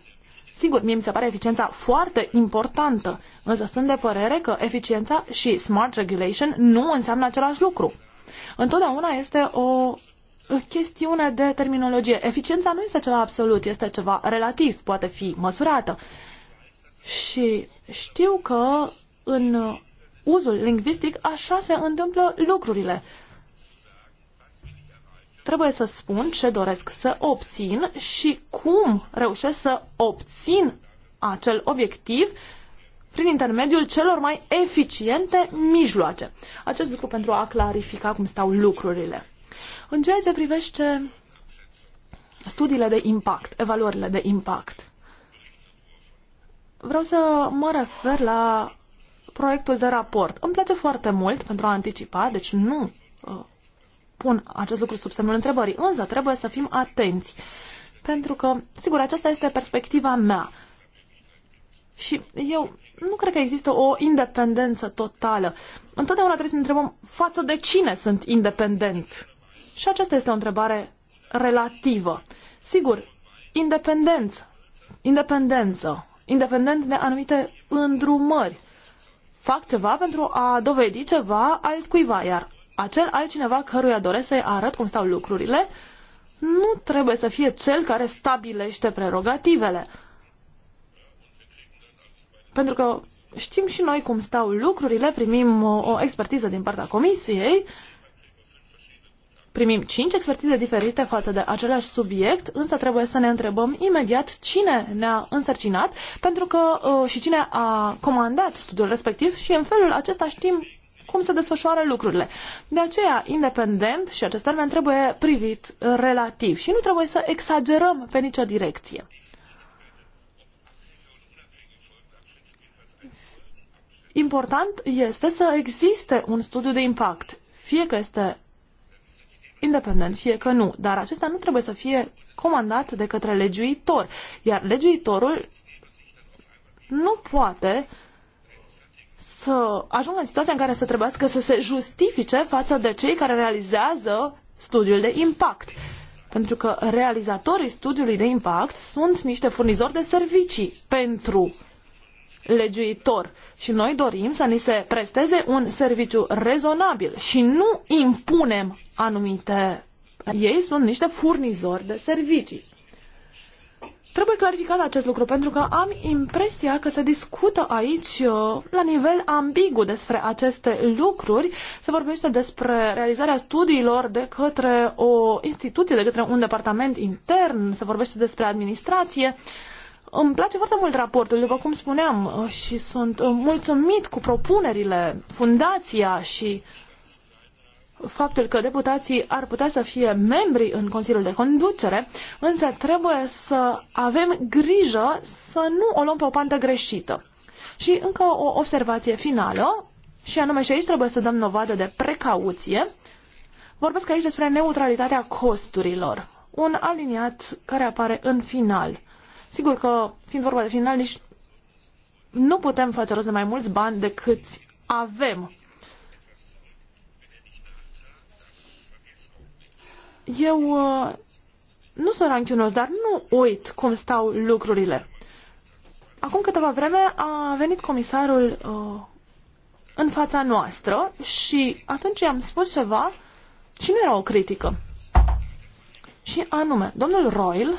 Sigur, mie mi se pare eficiența foarte importantă, însă sunt de părere că eficiența și smart regulation nu înseamnă același lucru. Întotdeauna este o chestiune de terminologie. Eficiența nu este ceva absolut, este ceva relativ, poate fi măsurată. Și știu că în uh, uzul lingvistic așa se întâmplă lucrurile. Trebuie să spun ce doresc să obțin și cum reușesc să obțin acel obiectiv prin intermediul celor mai eficiente mijloace. Acest lucru pentru a clarifica cum stau lucrurile. În ceea ce privește studiile de impact, evaluările de impact, vreau să mă refer la proiectul de raport. Îmi place foarte mult pentru a anticipa, deci nu uh, pun acest lucru sub semnul întrebării, însă trebuie să fim atenți. Pentru că, sigur, aceasta este perspectiva mea. Și eu nu cred că există o independență totală. Întotdeauna trebuie să ne întrebăm față de cine sunt independent. Și aceasta este o întrebare relativă. Sigur, independență, independență, independent de anumite îndrumări fac ceva pentru a dovedi ceva altcuiva, iar acel altcineva căruia doresc să-i arăt cum stau lucrurile, nu trebuie să fie cel care stabilește prerogativele. Pentru că știm și noi cum stau lucrurile, primim o, uh, o expertiză din partea comisiei Primim cinci expertize diferite față de același subiect, însă trebuie să ne întrebăm imediat cine ne-a însărcinat pentru că, uh, și cine a comandat studiul respectiv și în felul acesta știm cum se desfășoară lucrurile. De aceea, independent și acest termen trebuie privit relativ și nu trebuie să exagerăm pe nicio direcție. Important este să existe un studiu de impact, fie că este independent, fie că nu, dar acesta nu trebuie să fie comandat de către legiuitor, iar legiuitorul nu poate să ajungă în situația în care să trebuiască să se justifice față de cei care realizează studiul de impact. Pentru că realizatorii studiului de impact sunt niște furnizori de servicii pentru legiuitor și noi dorim să ni se presteze un serviciu rezonabil și nu impunem anumite... Ei sunt niște furnizori de servicii. Trebuie clarificat acest lucru pentru că am impresia că se discută aici uh, la nivel ambigu despre aceste lucruri. Se vorbește despre realizarea studiilor de către o instituție, de către un departament intern, se vorbește despre administrație. Uh, îmi place foarte mult raportul, după cum spuneam, uh, și sunt uh, mulțumit cu propunerile, fundația și faptul că deputații ar putea să fie membri în Consiliul de Conducere, însă trebuie să avem grijă să nu o luăm pe o pantă greșită. Și încă o observație finală, și anume și aici trebuie să dăm novadă de precauție. Vorbesc aici despre neutralitatea costurilor, un aliniat care apare în final. Sigur că, fiind vorba de final, nici nu putem face rost de mai mulți bani decât avem. Eu uh, nu sunt ranchiunos, dar nu uit cum stau lucrurile. Acum câteva vreme a venit comisarul uh, în fața noastră și atunci i-am spus ceva și nu era o critică. Și anume, domnul Royle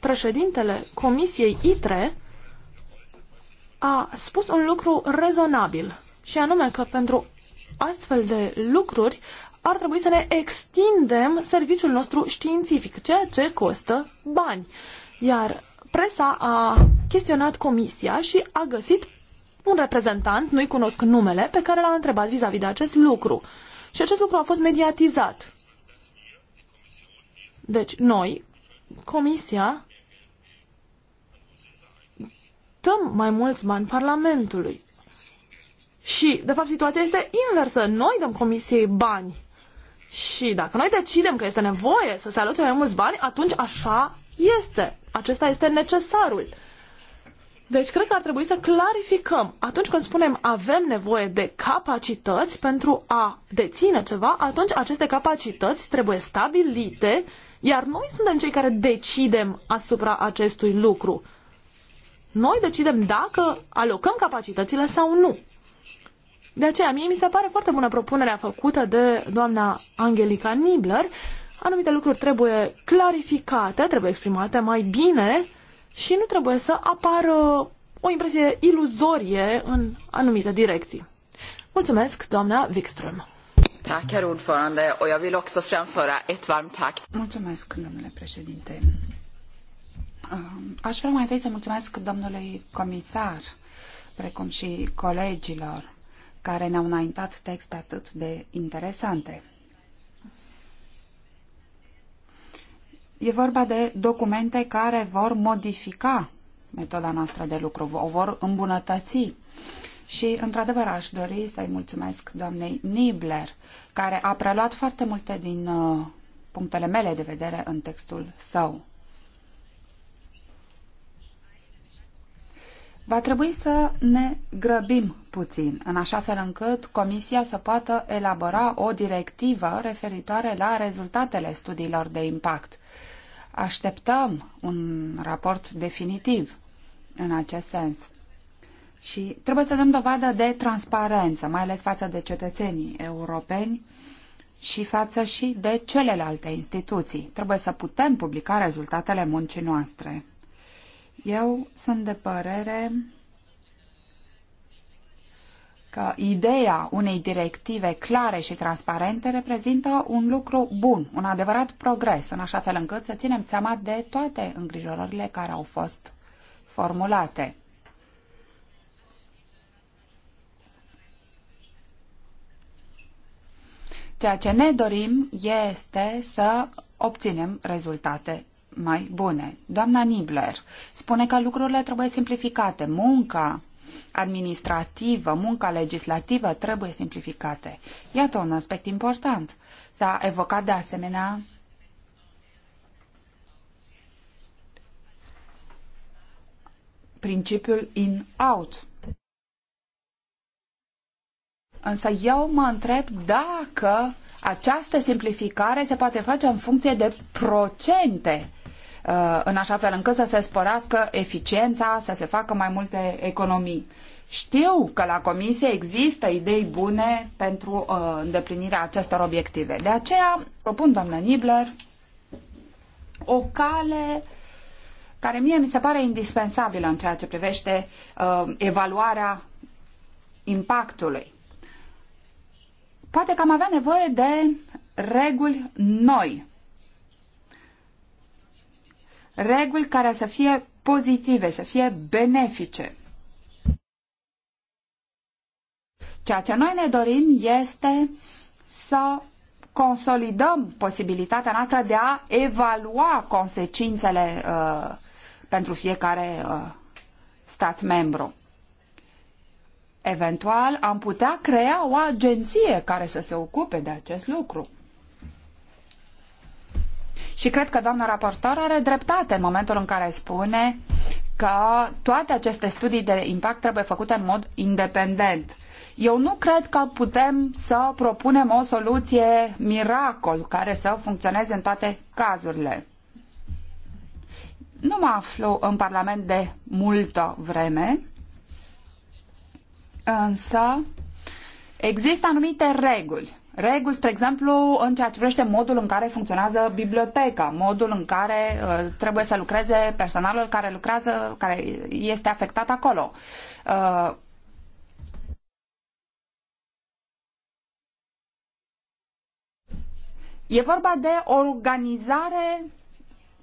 președintele Comisiei ITRE a spus un lucru rezonabil, și anume că pentru astfel de lucruri ar trebui să ne extindem serviciul nostru științific, ceea ce costă bani. Iar presa a chestionat comisia și a găsit un reprezentant, nu-i cunosc numele, pe care l-a întrebat vis-a-vis -vis de acest lucru. Și acest lucru a fost mediatizat. Deci noi, comisia, dăm mai mulți bani Parlamentului. Și, de fapt, situația este inversă. Noi dăm Comisiei bani. Și dacă noi decidem că este nevoie să se aloce mai mulți bani, atunci așa este. Acesta este necesarul. Deci cred că ar trebui să clarificăm. Atunci când spunem avem nevoie de capacități pentru a deține ceva, atunci aceste capacități trebuie stabilite, iar noi suntem cei care decidem asupra acestui lucru. Noi decidem dacă alocăm capacitățile sau nu. De aceea, mie mi se pare foarte bună propunerea făcută de doamna Angelica Nibler. Anumite lucruri trebuie clarificate, trebuie exprimate mai bine și nu trebuie să apară o impresie iluzorie în anumite direcții. Mulțumesc, doamna Wikström. Tack, herr ordförande, och jag vill också framföra ett varmt tack. Mulțumesc, domnule președinte. Aș vrea mai întâi să mulțumesc domnului comisar, precum și colegilor care ne-au înaintat texte atât de interesante. E vorba de documente care vor modifica metoda noastră de lucru, o vor îmbunătăți. Și, într-adevăr, aș dori să-i mulțumesc doamnei Nibler, care a preluat foarte multe din uh, punctele mele de vedere în textul său. Va trebui să ne grăbim puțin, în așa fel încât Comisia să poată elabora o directivă referitoare la rezultatele studiilor de impact. Așteptăm un raport definitiv în acest sens. Și trebuie să dăm dovadă de transparență, mai ales față de cetățenii europeni și față și de celelalte instituții. Trebuie să putem publica rezultatele muncii noastre. Eu sunt de părere că ideea unei directive clare și transparente reprezintă un lucru bun, un adevărat progres, în așa fel încât să ținem seama de toate îngrijorările care au fost formulate. Ceea ce ne dorim este să obținem rezultate mai bune. Doamna Nibler spune că lucrurile trebuie simplificate, munca administrativă, munca legislativă trebuie simplificate. Iată un aspect important. S-a evocat de asemenea principiul in-out. Însă eu mă întreb dacă această simplificare se poate face în funcție de procente Uh, în așa fel încât să se sporească eficiența, să se facă mai multe economii. Știu că la comisie există idei bune pentru uh, îndeplinirea acestor obiective. De aceea propun, doamnă Nibler, o cale care mie mi se pare indispensabilă în ceea ce privește uh, evaluarea impactului. Poate că am avea nevoie de reguli noi reguli care să fie pozitive, să fie benefice. Ceea ce noi ne dorim este să consolidăm posibilitatea noastră de a evalua consecințele uh, pentru fiecare uh, stat membru. Eventual, am putea crea o agenție care să se ocupe de acest lucru. Și cred că doamna raportor are dreptate în momentul în care spune că toate aceste studii de impact trebuie făcute în mod independent. Eu nu cred că putem să propunem o soluție miracol care să funcționeze în toate cazurile. Nu mă aflu în Parlament de multă vreme, însă există anumite reguli reguli, spre exemplu, în ceea ce privește modul în care funcționează biblioteca, modul în care uh, trebuie să lucreze personalul care lucrează, care este afectat acolo. Uh, e vorba de organizare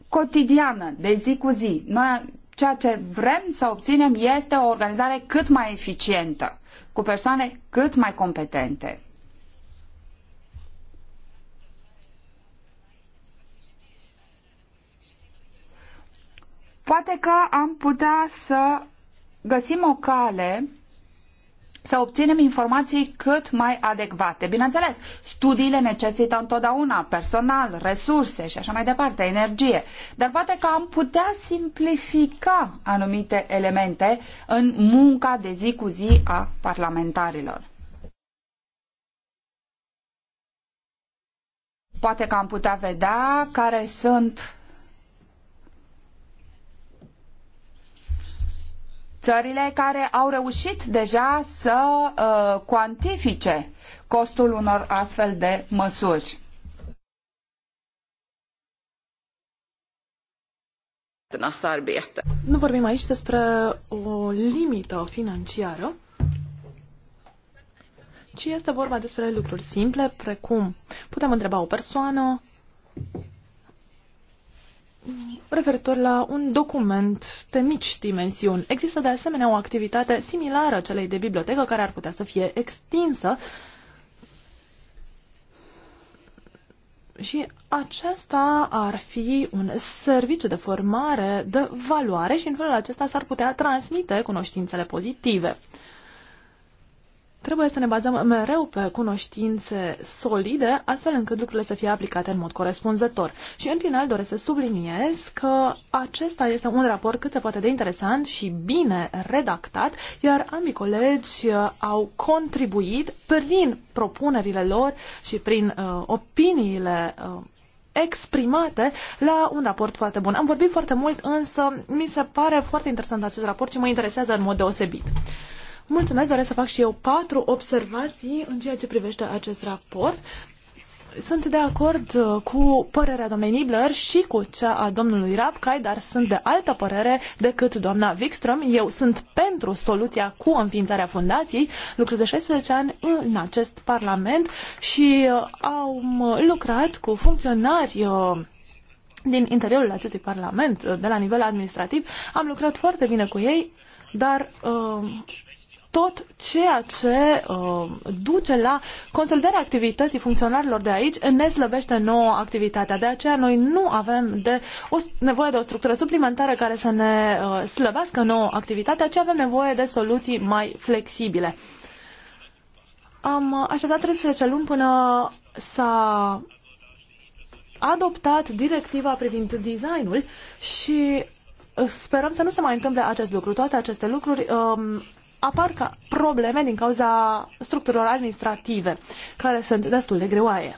cotidiană, de zi cu zi. Noi ceea ce vrem să obținem este o organizare cât mai eficientă, cu persoane cât mai competente. Poate că am putea să găsim o cale să obținem informații cât mai adecvate. Bineînțeles, studiile necesită întotdeauna personal, resurse și așa mai departe, energie. Dar poate că am putea simplifica anumite elemente în munca de zi cu zi a parlamentarilor. Poate că am putea vedea care sunt țările care au reușit deja să uh, cuantifice costul unor astfel de măsuri. Nu vorbim aici despre o limită financiară, ci este vorba despre lucruri simple, precum putem întreba o persoană referitor la un document de mici dimensiuni. Există de asemenea o activitate similară celei de bibliotecă care ar putea să fie extinsă și aceasta ar fi un serviciu de formare de valoare și în felul acesta s-ar putea transmite cunoștințele pozitive. Trebuie să ne bazăm mereu pe cunoștințe solide, astfel încât lucrurile să fie aplicate în mod corespunzător. Și în final doresc să subliniez că acesta este un raport cât se poate de interesant și bine redactat, iar ambii colegi uh, au contribuit prin propunerile lor și prin uh, opiniile uh, exprimate la un raport foarte bun. Am vorbit foarte mult, însă mi se pare foarte interesant acest raport și mă interesează în mod deosebit. Mulțumesc, doresc să fac și eu patru observații în ceea ce privește acest raport. Sunt de acord uh, cu părerea doamnei Nibler și cu cea a domnului Rapcai, dar sunt de altă părere decât doamna Wikström. Eu sunt pentru soluția cu înființarea fundației. Lucrez de 16 ani în acest parlament și uh, am uh, lucrat cu funcționari din interiorul acestui parlament, de la nivel administrativ. Am lucrat foarte bine cu ei, dar uh, tot ceea ce uh, duce la consolidarea activității funcționarilor de aici ne slăbește nouă activitatea. De aceea noi nu avem de o, nevoie de o structură suplimentară care să ne uh, slăbească nouă activitatea, ci avem nevoie de soluții mai flexibile. Am uh, așteptat 13 luni până s-a adoptat directiva privind designul și uh, sperăm să nu se mai întâmple acest lucru. Toate aceste lucruri um, apar ca probleme din cauza structurilor administrative, care sunt destul de greoaie.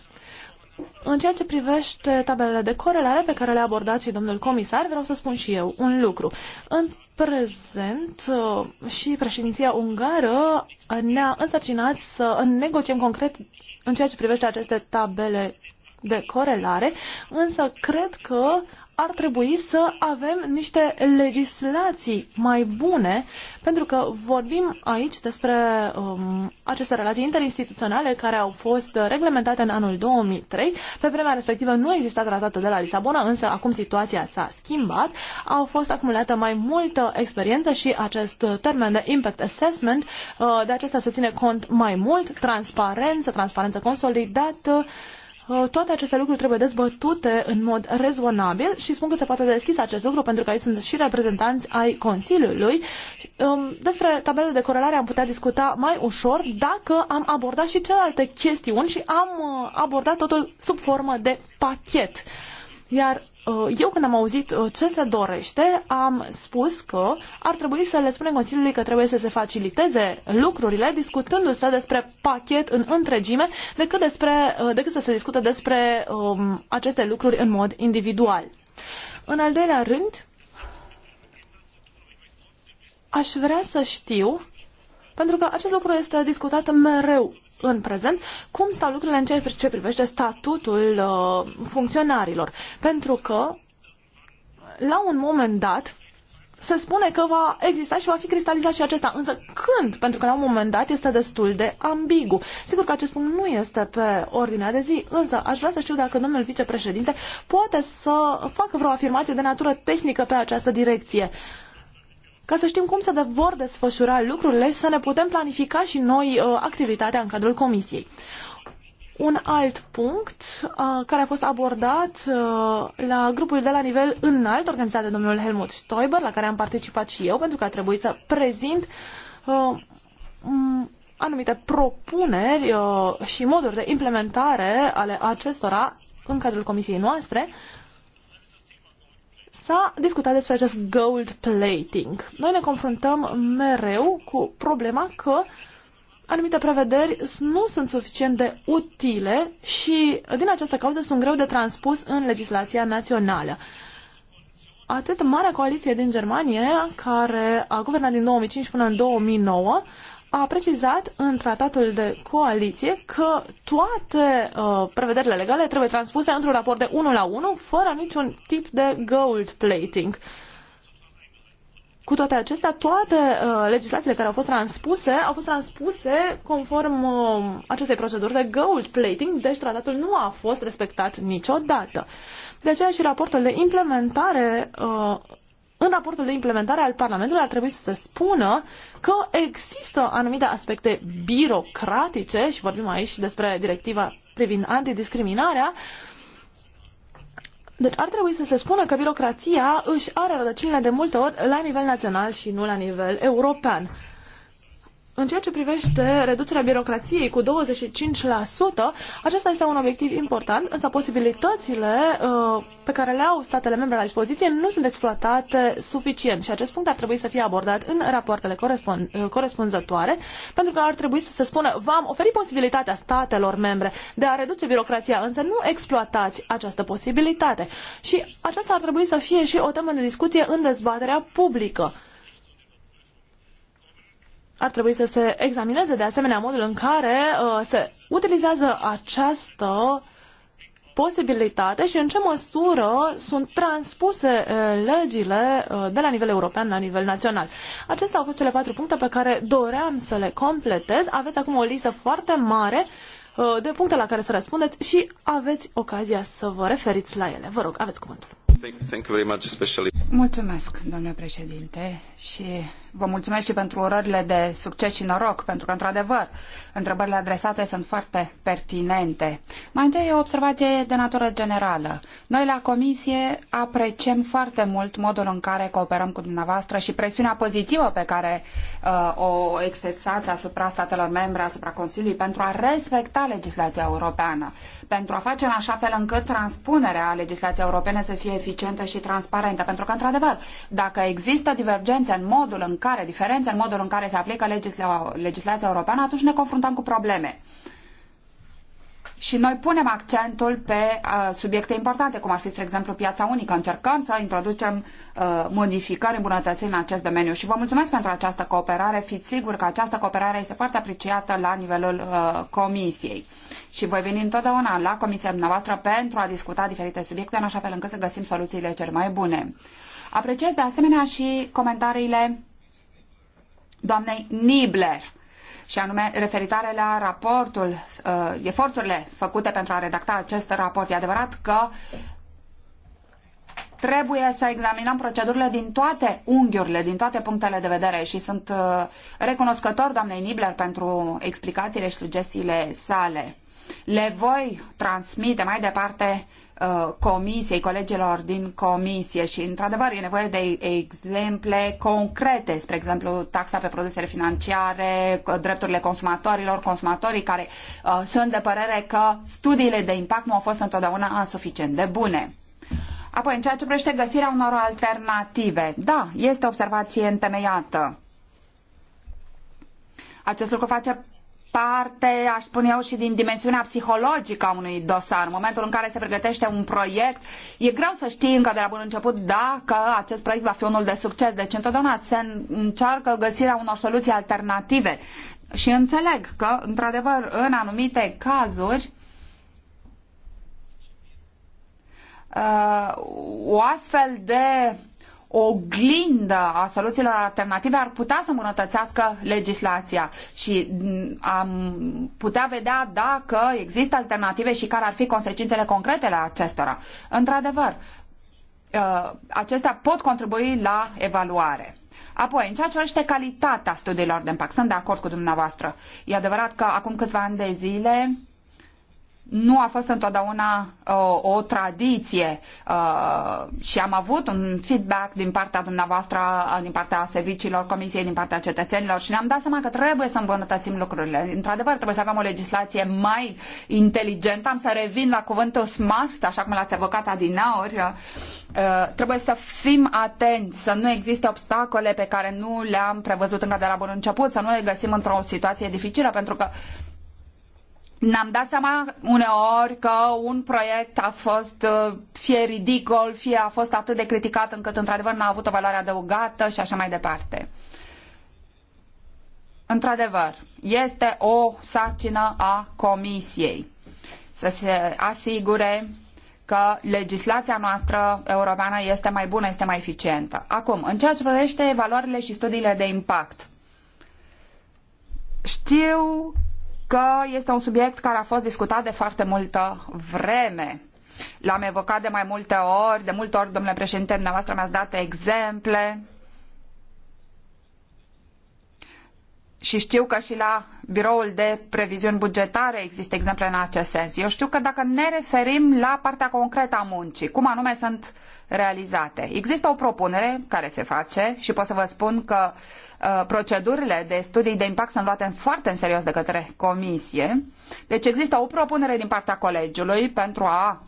În ceea ce privește tabelele de corelare pe care le abordați și domnul comisar, vreau să spun și eu un lucru. În prezent uh, și președinția ungară ne-a însărcinat să negociem concret în ceea ce privește aceste tabele de corelare, însă cred că ar trebui să avem niște legislații mai bune, pentru că vorbim aici despre um, aceste relații interinstituționale care au fost reglementate în anul 2003. Pe vremea respectivă nu exista tratatul de la Lisabona, însă acum situația s-a schimbat. Au fost acumulată mai multă experiență și acest termen de impact assessment, uh, de acesta se ține cont mai mult, transparență, transparență consolidată, uh, Uh, toate aceste lucruri trebuie dezbătute în mod rezonabil și spun că se poate deschis acest lucru pentru că aici sunt și reprezentanți ai Consiliului. Um, despre tabelele de corelare am putea discuta mai ușor dacă am abordat și celelalte chestiuni și am uh, abordat totul sub formă de pachet. Iar uh, eu când am auzit uh, ce se dorește, am spus că ar trebui să le spunem Consiliului că trebuie să se faciliteze lucrurile discutându-se despre pachet în întregime decât, despre, uh, decât să se discute despre um, aceste lucruri în mod individual. În al doilea rând, aș vrea să știu, pentru că acest lucru este discutat mereu în prezent, cum stau lucrurile în ceea ce privește statutul uh, funcționarilor. Pentru că, la un moment dat, se spune că va exista și va fi cristalizat și acesta. Însă când? Pentru că la un moment dat este destul de ambigu. Sigur că acest punct nu este pe ordinea de zi, însă aș vrea să știu dacă domnul vicepreședinte poate să facă vreo afirmație de natură tehnică pe această direcție. Uh, ca să știm cum se de vor desfășura lucrurile și să ne putem planifica și noi uh, activitatea în cadrul comisiei. Un alt punct uh, care a fost abordat uh, la grupul de la nivel înalt organizat de domnul Helmut Stoiber, la care am participat și eu, pentru că a trebuit să prezint uh, anumite propuneri uh, și moduri de implementare ale acestora în cadrul comisiei noastre, uh, S-a discutat despre acest gold plating. Noi ne confruntăm mereu cu problema că anumite prevederi nu sunt suficient de utile și din această cauză sunt greu de transpus în legislația națională. Atât Marea Coaliție din Germania, care a guvernat din 2005 până în 2009, a precizat în tratatul de coaliție că toate uh, prevederile legale trebuie transpuse într-un raport de 1 la 1, fără niciun tip de gold plating. Cu toate acestea, toate uh, legislațiile care au fost transpuse au fost transpuse conform uh, acestei proceduri de gold plating, deci tratatul nu a fost respectat niciodată. De aceea și raportul de implementare uh, în raportul de implementare al Parlamentului ar trebui să se spună că există anumite aspecte birocratice, și vorbim aici despre directiva privind antidiscriminarea, deci ar trebui să se spună că birocrația își are rădăcinile de multe ori la nivel național și nu la nivel european. În ceea ce privește reducerea birocrației cu 25%, acesta este un obiectiv important, însă posibilitățile uh, pe care le au statele membre la dispoziție nu sunt exploatate suficient și acest punct ar trebui să fie abordat în rapoartele uh, corespunzătoare, pentru că ar trebui să se spună, v-am oferit posibilitatea statelor membre de a reduce birocrația, însă nu exploatați această posibilitate. Și aceasta ar trebui să fie și o temă de discuție în dezbaterea publică ar trebui să se examineze de asemenea modul în care uh, se utilizează această posibilitate și în ce măsură sunt transpuse uh, legile uh, de la nivel european la nivel național. Acestea au fost cele patru puncte pe care doream să le completez. Aveți acum o listă foarte mare uh, de puncte la care să răspundeți și aveți ocazia să vă referiți la ele. Vă rog, aveți cuvântul. Mulțumesc, domnule președinte, și Vă mulțumesc și pentru urările de succes și noroc, pentru că, într-adevăr, întrebările adresate sunt foarte pertinente. Mai întâi, o observație de natură generală. Noi, la Comisie, apreciem foarte mult modul în care cooperăm cu dumneavoastră și presiunea pozitivă pe care uh, o exersați asupra statelor membre, asupra Consiliului, pentru a respecta legislația europeană pentru a face în așa fel încât transpunerea legislației europene să fie eficientă și transparentă. Pentru că, într-adevăr, dacă există divergențe în modul în care, diferențe în modul în care se aplică legisla, legislația europeană, atunci ne confruntăm cu probleme și noi punem accentul pe uh, subiecte importante, cum ar fi, spre exemplu, piața unică. Încercăm să introducem uh, modificări, îmbunătățiri în acest domeniu și vă mulțumesc pentru această cooperare. Fiți sigur că această cooperare este foarte apreciată la nivelul uh, comisiei. Și voi veni întotdeauna la comisia noastră pentru a discuta diferite subiecte, în așa fel încât să găsim soluțiile cele mai bune. Apreciez de asemenea și comentariile doamnei Nibler și anume referitare la raportul, uh, eforturile făcute pentru a redacta acest raport. E adevărat că trebuie să examinăm procedurile din toate unghiurile, din toate punctele de vedere și sunt uh, recunoscător doamnei Nibler pentru explicațiile și sugestiile sale. Le voi transmite mai departe Uh, comisiei, colegilor din comisie și, într-adevăr, e nevoie de exemple concrete, spre exemplu, taxa pe produsele financiare, uh, drepturile consumatorilor, consumatorii care uh, sunt de părere că studiile de impact nu au fost întotdeauna suficient de bune. Apoi, în ceea ce privește găsirea unor alternative, da, este o observație întemeiată. Acest lucru face parte, aș spune eu, și din dimensiunea psihologică a unui dosar. În momentul în care se pregătește un proiect, e greu să știi încă de la bun început dacă acest proiect va fi unul de succes. Deci întotdeauna se încearcă găsirea unor soluții alternative. Și înțeleg că, într-adevăr, în anumite cazuri, uh, o astfel de oglindă a soluțiilor alternative ar putea să îmbunătățească legislația și mm, am putea vedea dacă există alternative și care ar fi consecințele concrete la acestora. Într-adevăr, uh, acestea pot contribui la evaluare. Apoi, în ceea ce privește calitatea studiilor de impact, sunt de acord cu dumneavoastră. E adevărat că acum câțiva ani de zile nu a fost întotdeauna uh, o tradiție uh, și am avut un feedback din partea dumneavoastră, uh, din partea serviciilor Comisiei, din partea cetățenilor și ne-am dat seama că trebuie să îmbunătățim lucrurile. Într-adevăr, trebuie să avem o legislație mai inteligentă. Am să revin la cuvântul smart, așa cum l-ați evocat adineori. Uh, trebuie să fim atenți, să nu existe obstacole pe care nu le-am prevăzut încă de la bun început, să nu le găsim într-o situație dificilă, pentru că ne-am dat seama uneori că un proiect a fost uh, fie ridicol, fie a fost atât de criticat încât într-adevăr n-a avut o valoare adăugată și așa mai departe. Într-adevăr, este o sarcină a Comisiei să se asigure că legislația noastră europeană este mai bună, este mai eficientă. Acum, în ceea ce privește valorile și studiile de impact, știu că este un subiect care a fost discutat de foarte multă vreme. L-am evocat de mai multe ori, de multe ori, domnule președinte, dumneavoastră mi-ați dat exemple. și știu că și la biroul de previziuni bugetare există exemple în acest sens. Eu știu că dacă ne referim la partea concretă a muncii, cum anume sunt realizate, există o propunere care se face și pot să vă spun că Uh, procedurile de studii de impact sunt luate foarte în serios de către comisie. Deci există o propunere din partea colegiului pentru a,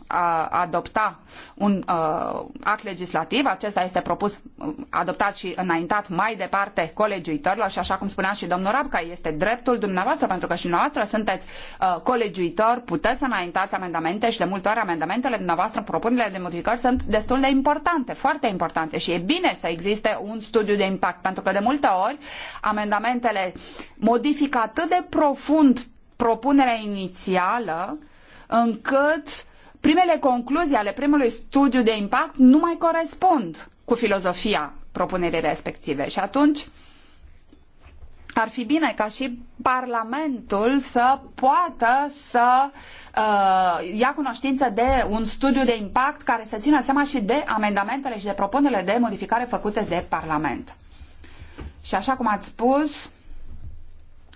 adopta un uh, act legislativ. Acesta este propus, uh, adoptat și înaintat mai departe colegiuitorilor și așa cum spunea și domnul Rabca, este dreptul dumneavoastră pentru că și dumneavoastră sunteți uh, colegiuitor, puteți să înaintați amendamente și de multe ori amendamentele dumneavoastră, propunerile de modificări sunt destul de importante, foarte importante și e bine să existe un studiu de impact pentru că de multe ori ori, amendamentele modifică atât de profund propunerea inițială, încât primele concluzii ale primului studiu de impact nu mai corespund cu filozofia propunerii respective. Și atunci ar fi bine ca și Parlamentul să poată să uh, ia cunoștință de un studiu de impact care să țină seama și de amendamentele și de propunerile de modificare făcute de Parlament. Și așa cum ați spus,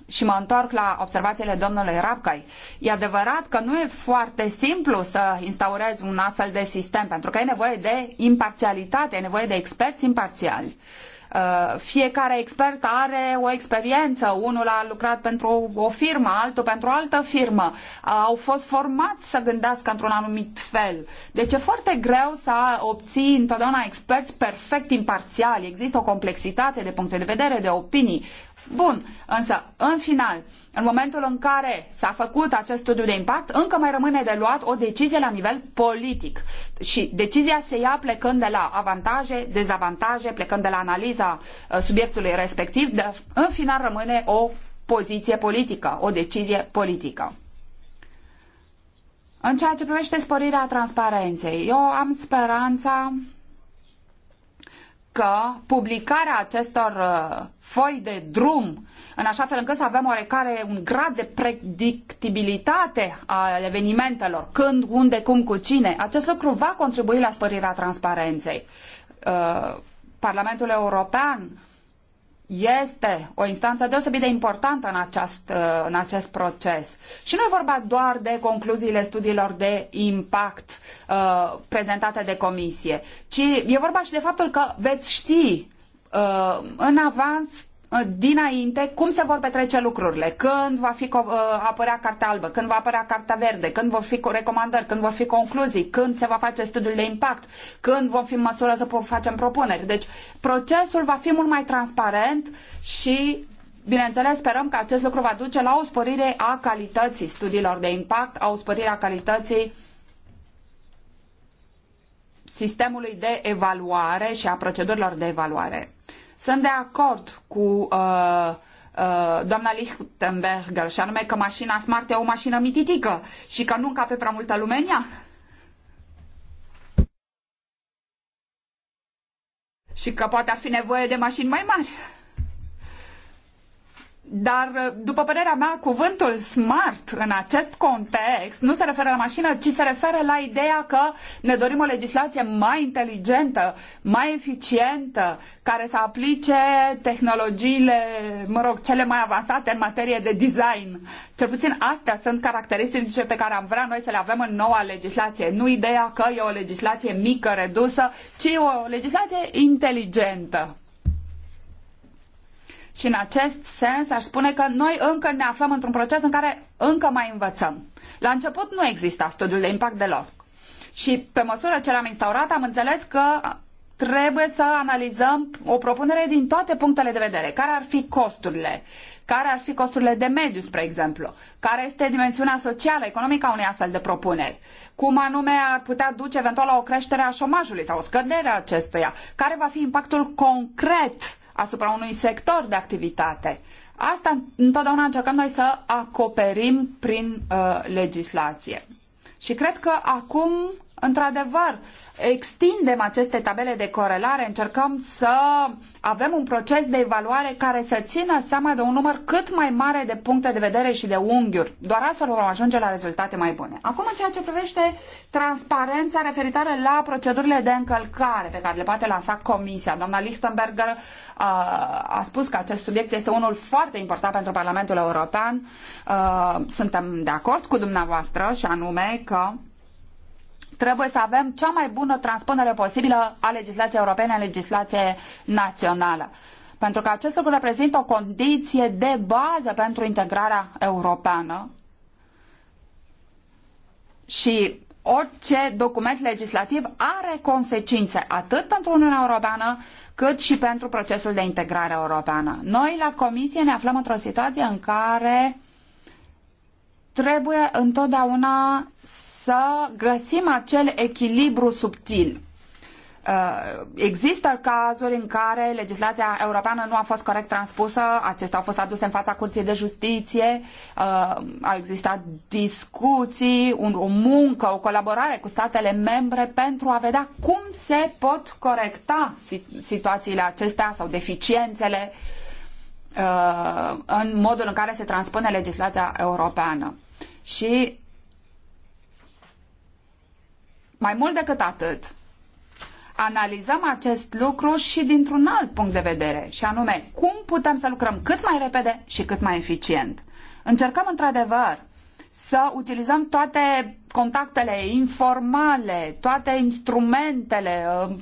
și mă întorc la observațiile domnului Rapcai, e adevărat că nu e foarte simplu să instaurezi un astfel de sistem, pentru că e nevoie de imparțialitate, e nevoie de experți imparțiali. Uh, fiecare expert are o experiență, unul a lucrat pentru o firmă, altul pentru o altă firmă, uh, au fost formați să gândească într-un anumit fel. Deci e foarte greu să obții întotdeauna experți perfect imparțiali. Există o complexitate de puncte de vedere, de opinii. Bun, însă, în final, în momentul în care s-a făcut acest studiu de impact, încă mai rămâne de luat o decizie la nivel politic. Și decizia se ia plecând de la avantaje, dezavantaje, plecând de la analiza uh, subiectului respectiv, dar în final rămâne o poziție politică, o decizie politică. În ceea ce privește sporirea transparenței, eu am speranța că publicarea acestor uh, foi de drum, în așa fel încât să avem oarecare un grad de predictibilitate al evenimentelor, când, unde, cum, cu cine, acest lucru va contribui la spărirea transparenței. Uh, Parlamentul European este o instanță deosebit de importantă în acest, uh, în acest proces. Și nu e vorba doar de concluziile studiilor de impact uh, prezentate de comisie, ci e vorba și de faptul că veți ști uh, în avans Uh, dinainte cum se vor petrece lucrurile, când va fi uh, apărea cartea albă, când va apărea cartea verde, când vor fi recomandări, când vor fi concluzii, când se va face studiul de impact, când vom fi în măsură să facem propuneri. Deci procesul va fi mult mai transparent și Bineînțeles, sperăm că acest lucru va duce la o sporire a calității studiilor de impact, a o sporire a calității sistemului de evaluare și a procedurilor de evaluare. Sunt de acord cu uh, uh, doamna Lichtenberger, și anume că mașina smart e o mașină mititică și că nu încape prea multă lume în ea. Și că poate ar fi nevoie de mașini mai mari. Dar, după părerea mea, cuvântul smart în acest context nu se referă la mașină, ci se referă la ideea că ne dorim o legislație mai inteligentă, mai eficientă, care să aplice tehnologiile, mă rog, cele mai avansate în materie de design. Cel puțin astea sunt caracteristicile pe care am vrea noi să le avem în noua legislație. Nu ideea că e o legislație mică, redusă, ci o legislație inteligentă. Și în acest sens aș spune că noi încă ne aflăm într-un proces în care încă mai învățăm. La început nu exista studiul de impact deloc. Și pe măsură ce l-am instaurat am înțeles că trebuie să analizăm o propunere din toate punctele de vedere. Care ar fi costurile? Care ar fi costurile de mediu, spre exemplu? Care este dimensiunea socială, economică a unei astfel de propuneri? Cum anume ar putea duce eventual la o creștere a șomajului sau o scădere a acestuia? Care va fi impactul concret asupra unui sector de activitate. Asta întotdeauna încercăm noi să acoperim prin uh, legislație. Și cred că acum într-adevăr, extindem aceste tabele de corelare, încercăm să avem un proces de evaluare care să țină seama de un număr cât mai mare de puncte de vedere și de unghiuri. Doar astfel vom ajunge la rezultate mai bune. Acum, în ceea ce privește transparența referitoare la procedurile de încălcare pe care le poate lansa Comisia. Doamna Lichtenberger a, uh, a spus că acest subiect este unul foarte important pentru Parlamentul European. A, uh, suntem de acord cu dumneavoastră și anume că trebuie să avem cea mai bună transpunere posibilă a legislației europene în legislație națională. Pentru că acest lucru reprezintă o condiție de bază pentru integrarea europeană și orice document legislativ are consecințe atât pentru Uniunea Europeană cât și pentru procesul de integrare europeană. Noi la Comisie ne aflăm într-o situație în care trebuie întotdeauna să găsim acel echilibru subtil. Uh, există cazuri în care legislația europeană nu a fost corect transpusă, acestea au fost aduse în fața Curții de Justiție, uh, au existat discuții, o muncă, o colaborare cu statele membre pentru a vedea cum se pot corecta situațiile acestea sau deficiențele uh, în modul în care se transpune legislația europeană. Și mai mult decât atât, analizăm acest lucru și dintr-un alt punct de vedere, și anume cum putem să lucrăm cât mai repede și cât mai eficient. Încercăm într-adevăr să utilizăm toate contactele informale, toate instrumentele, uh,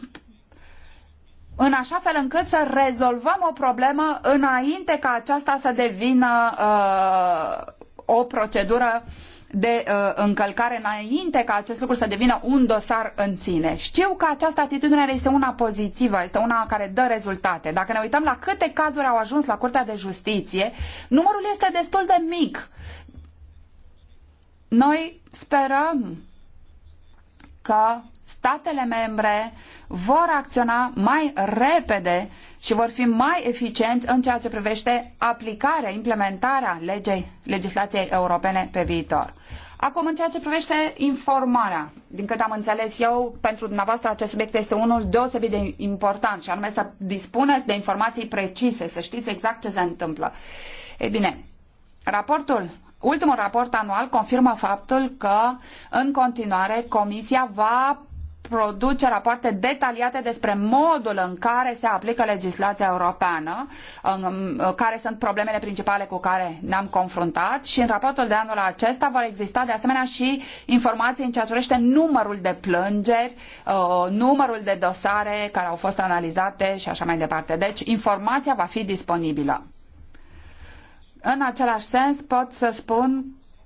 în așa fel încât să rezolvăm o problemă înainte ca aceasta să devină uh, o procedură uh, de uh, încălcare înainte ca acest lucru să devină un dosar în sine. Știu că această atitudine este una pozitivă, este una care dă rezultate. Dacă ne uităm la câte cazuri au ajuns la Curtea de Justiție, numărul este destul de mic. Noi sperăm că statele membre vor acționa mai repede și vor fi mai eficienți în ceea ce privește aplicarea, implementarea legei, legislației europene pe viitor. Acum, în ceea ce privește informarea, din câte am înțeles eu, pentru dumneavoastră acest subiect este unul deosebit de important și anume să dispuneți de informații precise, să știți exact ce se întâmplă. Ei bine, raportul Ultimul raport anual confirmă faptul că, în continuare, Comisia va produce rapoarte detaliate despre modul în care se aplică legislația europeană, care sunt problemele principale cu care ne-am confruntat și în raportul de anul acesta vor exista de asemenea și informații în ceea ce privește numărul de plângeri, uh, numărul de dosare care au fost analizate și așa mai departe. Deci informația va fi disponibilă. În același sens pot să spun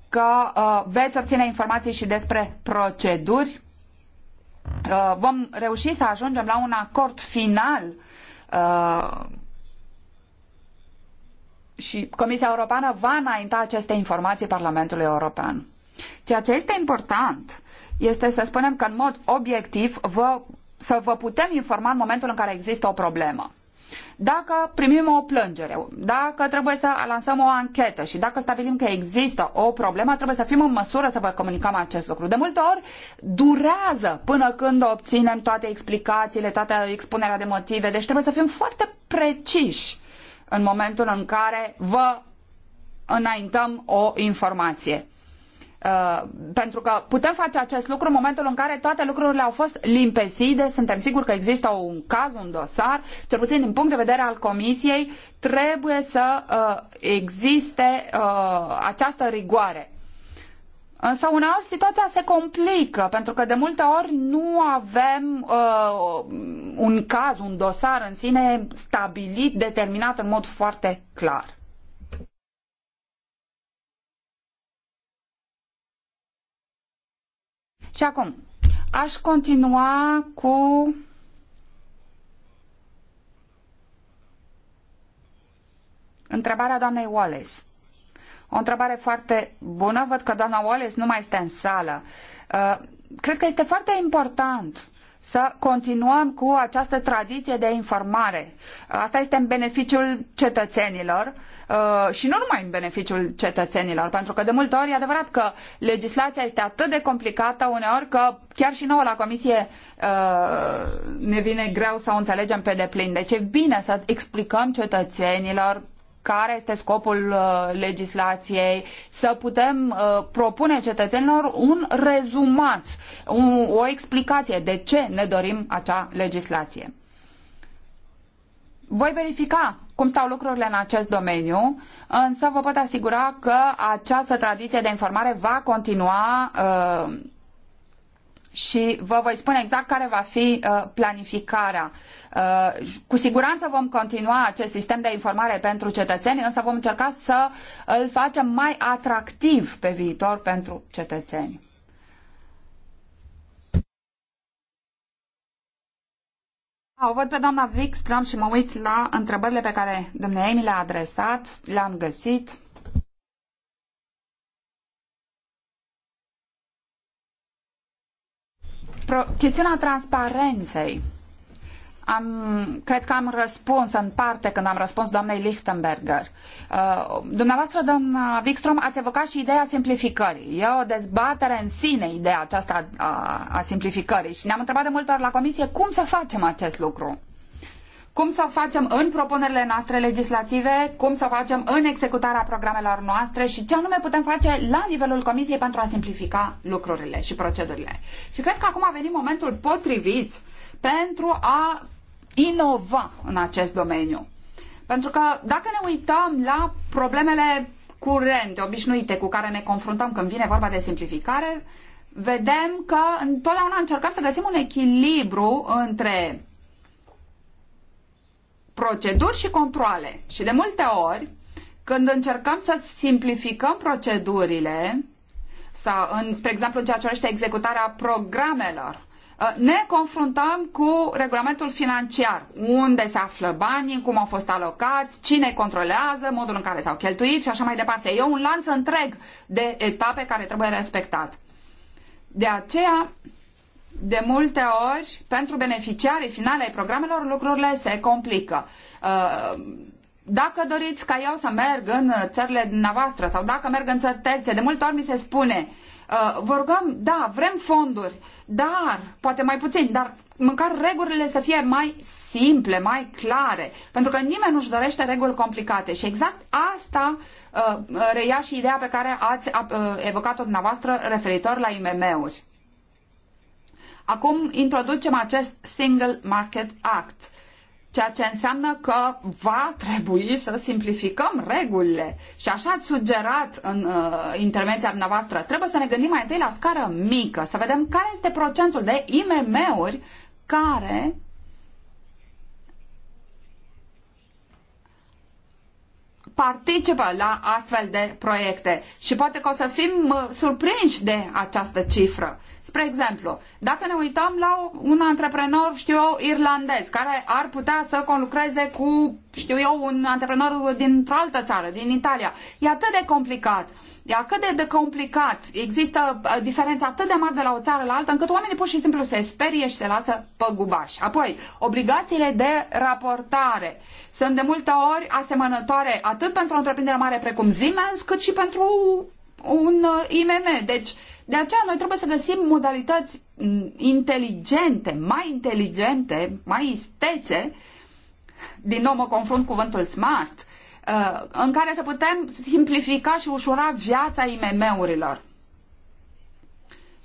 că uh, veți obține informații și despre proceduri Uh, vom reuși să ajungem la un acord final uh, și Comisia Europeană va înainta aceste informații Parlamentului European. Ceea ce este important este să spunem că în mod obiectiv vă, să vă putem informa în momentul în care există o problemă. Dacă primim o plângere, dacă trebuie să lansăm o anchetă și dacă stabilim că există o problemă, trebuie să fim în măsură să vă comunicăm acest lucru. De multe ori durează până când obținem toate explicațiile, toată expunerea de motive, deci trebuie să fim foarte preciși în momentul în care vă înaintăm o informație. Uh, pentru că putem face acest lucru în momentul în care toate lucrurile au fost limpeside, suntem siguri că există un caz, un dosar, cel puțin din punct de vedere al comisiei, trebuie să uh, existe uh, această rigoare. Însă uneori situația se complică, pentru că de multe ori nu avem uh, un caz, un dosar în sine stabilit, determinat în mod foarte clar. Și acum, aș continua cu întrebarea doamnei Wallace. O întrebare foarte bună. Văd că doamna Wallace nu mai este în sală. Uh, cred că este foarte important să continuăm cu această tradiție de informare. Asta este în beneficiul cetățenilor uh, și nu numai în beneficiul cetățenilor, pentru că de multe ori e adevărat că legislația este atât de complicată uneori că chiar și nouă la comisie uh, ne vine greu să o înțelegem pe deplin. Deci e bine să explicăm cetățenilor care este scopul uh, legislației, să putem uh, propune cetățenilor un rezumat, un, o explicație de ce ne dorim acea legislație. Voi verifica cum stau lucrurile în acest domeniu, însă vă pot asigura că această tradiție de informare va continua uh, și vă voi spune exact care va fi uh, planificarea. Uh, cu siguranță vom continua acest sistem de informare pentru cetățeni, însă vom încerca să îl facem mai atractiv pe viitor pentru cetățeni. Ah, o văd pe doamna Wikström și mă uit la întrebările pe care dumneavoastră mi le-a adresat, le-am găsit. Pro, chestiunea transparenței. Am, cred că am răspuns în parte când am răspuns doamnei Lichtenberger. Uh, dumneavoastră, doamna Wikström, ați evocat și ideea simplificării. E o dezbatere în sine ideea aceasta a, a simplificării și ne-am întrebat de multe ori la comisie cum să facem acest lucru cum să facem în propunerile noastre legislative, cum să facem în executarea programelor noastre și ce anume putem face la nivelul Comisiei pentru a simplifica lucrurile și procedurile. Și cred că acum a venit momentul potrivit pentru a inova în acest domeniu. Pentru că dacă ne uităm la problemele curente, obișnuite, cu care ne confruntăm când vine vorba de simplificare, vedem că întotdeauna încercăm să găsim un echilibru între proceduri și controle. Și de multe ori, când încercăm să simplificăm procedurile, sau, în, spre exemplu, în ceea ce privește executarea programelor, ă, ne confruntăm cu regulamentul financiar, unde se află banii, cum au fost alocați, cine controlează, modul în care s-au cheltuit și așa mai departe. E un lanț întreg de etape care trebuie respectat. De aceea, de multe ori, pentru beneficiarii finale ai programelor, lucrurile se complică. Uh, dacă doriți ca eu să merg în țările dumneavoastră sau dacă merg în țări terțe, de multe ori mi se spune uh, vă rugăm, da, vrem fonduri, dar, poate mai puțin, dar măcar regulile să fie mai simple, mai clare, pentru că nimeni nu-și dorește reguli complicate și exact asta uh, reia și ideea pe care ați uh, evocat-o dumneavoastră referitor la IMM-uri. Acum introducem acest Single Market Act, ceea ce înseamnă că va trebui să simplificăm regulile. Și așa ați sugerat în uh, intervenția dumneavoastră, trebuie să ne gândim mai întâi la scară mică, să vedem care este procentul de IMM-uri care participă la astfel de proiecte și poate că o să fim uh, surprinși de această cifră. Spre exemplu, dacă ne uităm la un antreprenor, știu eu, irlandez, care ar putea să conlucreze cu, știu eu, un antreprenor dintr-o altă țară, din Italia, e atât de complicat. E atât de, complicat, există uh, diferența atât de mare de la o țară la alta, încât oamenii pur și simplu se sperie și se lasă păgubași. Apoi, obligațiile de raportare sunt de multe ori asemănătoare atât pentru o întreprindere mare precum Siemens, cât și pentru un uh, IMM. Deci, de aceea noi trebuie să găsim modalități mm, inteligente, mai inteligente, mai istețe, din nou mă confrunt cuvântul smart, uh, în care să putem simplifica și ușura viața IMM-urilor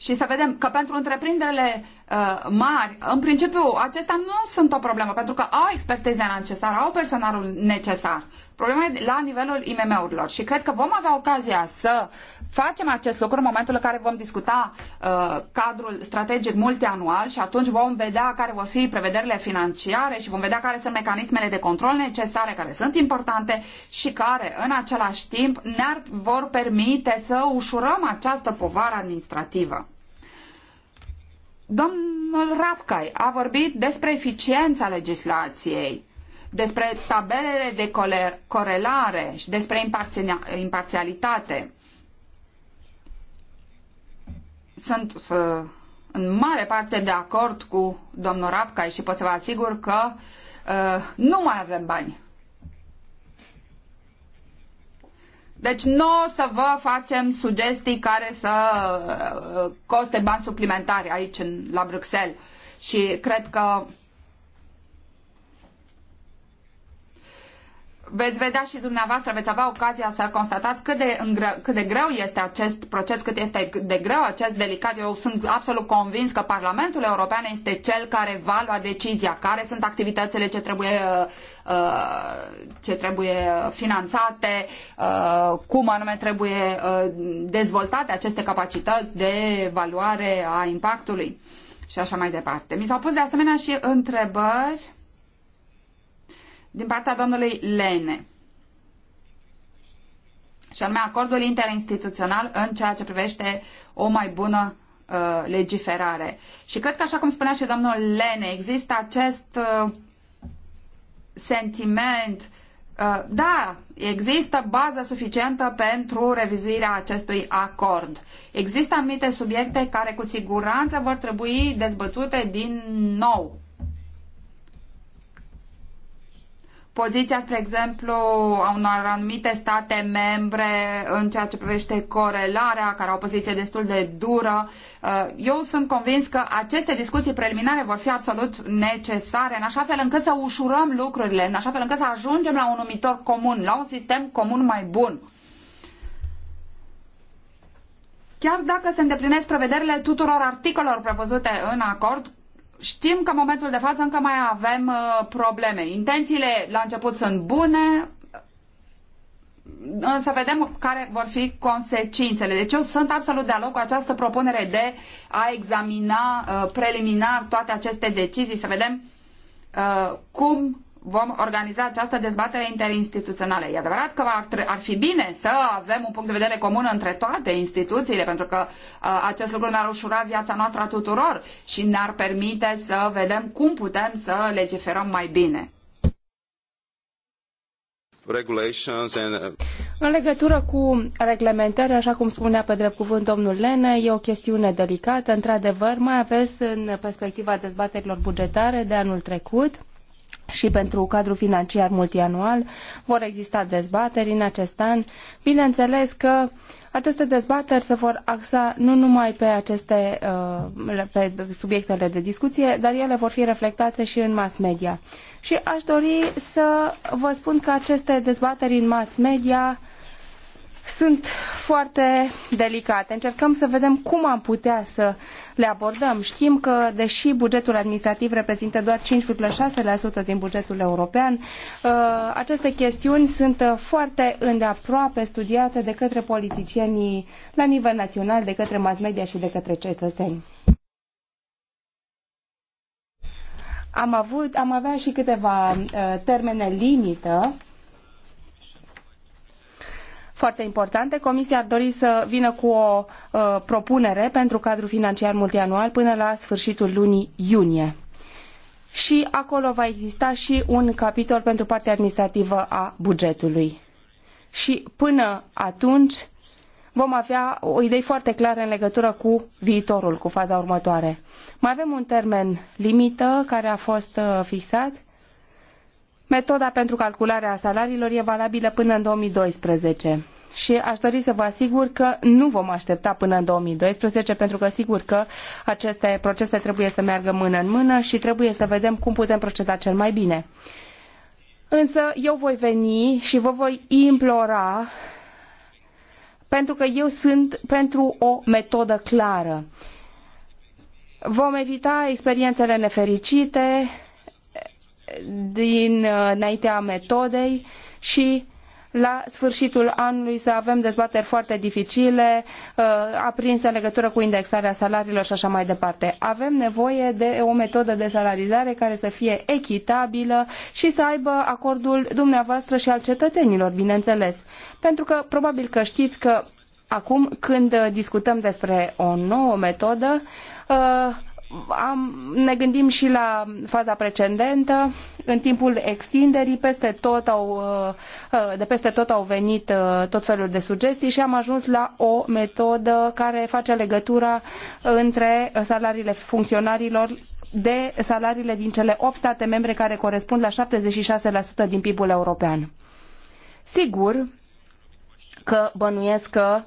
și să vedem că pentru întreprinderile uh, mari, în principiu, acestea nu sunt o problemă, pentru că au expertiza necesară, au personalul necesar. Problema e la nivelul IMM-urilor și cred că vom avea ocazia să facem acest lucru în momentul în care vom discuta uh, cadrul strategic multianual și atunci vom vedea care vor fi prevederile financiare și vom vedea care sunt mecanismele de control necesare, care sunt importante și care, în același timp, ne-ar vor permite să ușurăm această povară administrativă. Domnul Rapcai a vorbit despre eficiența legislației, despre tabelele de corelare și despre imparțialitate. Sunt uh, în mare parte de acord cu domnul Rapcai și pot să vă asigur că uh, nu mai avem bani Deci nu o să vă facem sugestii care să uh, coste bani suplimentari aici în, la Bruxelles. Și cred că veți vedea și dumneavoastră, veți avea ocazia să constatați cât de, îngre- cât de greu este acest proces, cât este de greu acest delicat. Eu sunt absolut convins că Parlamentul European este cel care va lua decizia, care sunt activitățile ce trebuie, uh, uh, ce trebuie finanțate, uh, cum anume trebuie dezvoltate aceste capacități de evaluare a impactului și așa mai departe. Mi s-au pus de asemenea și întrebări din partea domnului Lene și anume acordul interinstituțional în ceea ce privește o mai bună uh, legiferare. Și cred că, așa cum spunea și domnul Lene, există acest uh, sentiment uh, da, există bază suficientă pentru revizuirea acestui acord. Există anumite subiecte care cu siguranță vor trebui dezbătute din nou poziția, spre exemplu, a unor anumite state membre în ceea ce privește corelarea, care au o poziție destul de dură. Uh, eu sunt convins că aceste discuții preliminare vor fi absolut necesare, în așa fel încât să ușurăm lucrurile, în așa fel încât să ajungem la un numitor comun, la un sistem comun mai bun chiar dacă se îndeplinesc prevederile tuturor articolelor prevăzute în acord, știm că în momentul de față încă mai avem uh, probleme. Intențiile la început sunt bune, însă vedem care vor fi consecințele. Deci eu sunt absolut de aloc cu această propunere de a examina uh, preliminar toate aceste decizii, să vedem uh, cum vom organiza această dezbatere interinstituțională. E adevărat că ar, ar fi bine să avem un punct de vedere comun între toate instituțiile, pentru că uh, acest lucru ne-ar ușura viața noastră a tuturor și ne-ar permite să vedem cum putem să legiferăm mai bine. And... Uh, în legătură cu reglementări, așa cum spunea pe drept cuvânt domnul Lene, e o chestiune delicată. Într-adevăr, mai ales în perspectiva dezbaterilor bugetare de anul trecut, și pentru cadrul financiar multianual. Vor exista dezbateri în acest an. Bineînțeles că aceste dezbateri se vor axa nu numai pe aceste uh, pe subiectele de discuție, dar ele vor fi reflectate și în mass media. Și aș dori să vă spun că aceste dezbateri în mass media sunt foarte delicate. Încercăm să vedem cum am putea să le abordăm. Știm că, deși bugetul administrativ reprezintă doar 5,6% din bugetul european, uh, aceste chestiuni sunt uh, foarte îndeaproape studiate de către politicienii la nivel național, de către mass media și de către cetățeni. Am, avut, am avea și câteva uh, termene limită foarte importante. Comisia ar dori să vină cu o uh, propunere pentru cadrul financiar multianual până la sfârșitul lunii iunie. Și acolo va exista și un capitol pentru partea administrativă a bugetului. Și până atunci vom avea o idei foarte clare în legătură cu viitorul, cu faza următoare. Mai avem un termen limită care a fost uh, fixat Metoda pentru calcularea salariilor e valabilă până în 2012 și aș dori să vă asigur că nu vom aștepta până în 2012 pentru că sigur că aceste procese trebuie să meargă mână în mână și trebuie să vedem cum putem proceda cel mai bine. Însă eu voi veni și vă voi implora pentru că eu sunt pentru o metodă clară. Vom evita experiențele nefericite, din, uh, înaintea metodei și la sfârșitul anului să avem dezbateri foarte dificile, uh, aprinse în legătură cu indexarea salariilor și așa mai departe. Avem nevoie de o metodă de salarizare care să fie echitabilă și să aibă acordul dumneavoastră și al cetățenilor, bineînțeles. Pentru că probabil că știți că acum când discutăm despre o nouă metodă, uh, am, ne gândim și la faza precedentă. În timpul extinderii, peste tot au, uh, de peste tot au venit uh, tot felul de sugestii și am ajuns la o metodă care face legătura între salariile funcționarilor de salariile din cele opt state membre care corespund la 76% din PIB-ul european. Sigur că bănuiesc că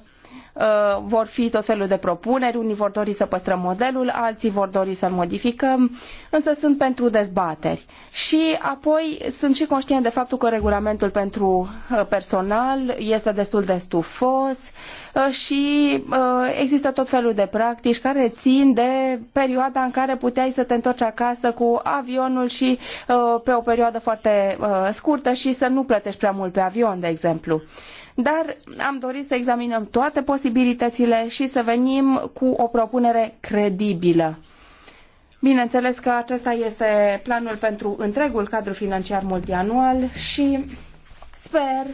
Uh, vor fi tot felul de propuneri, unii vor dori să păstrăm modelul, alții vor dori să-l modificăm, însă sunt pentru dezbateri. Și apoi sunt și conștient de faptul că regulamentul pentru uh, personal este destul de stufos uh, și există tot felul de practici care țin de perioada în care puteai să te întorci acasă cu avionul și pe o perioadă foarte scurtă și să nu plătești prea mult pe avion, de exemplu dar am dorit să examinăm toate posibilitățile și să venim cu o propunere credibilă. Bineînțeles că acesta este planul pentru întregul cadru financiar multianual și sper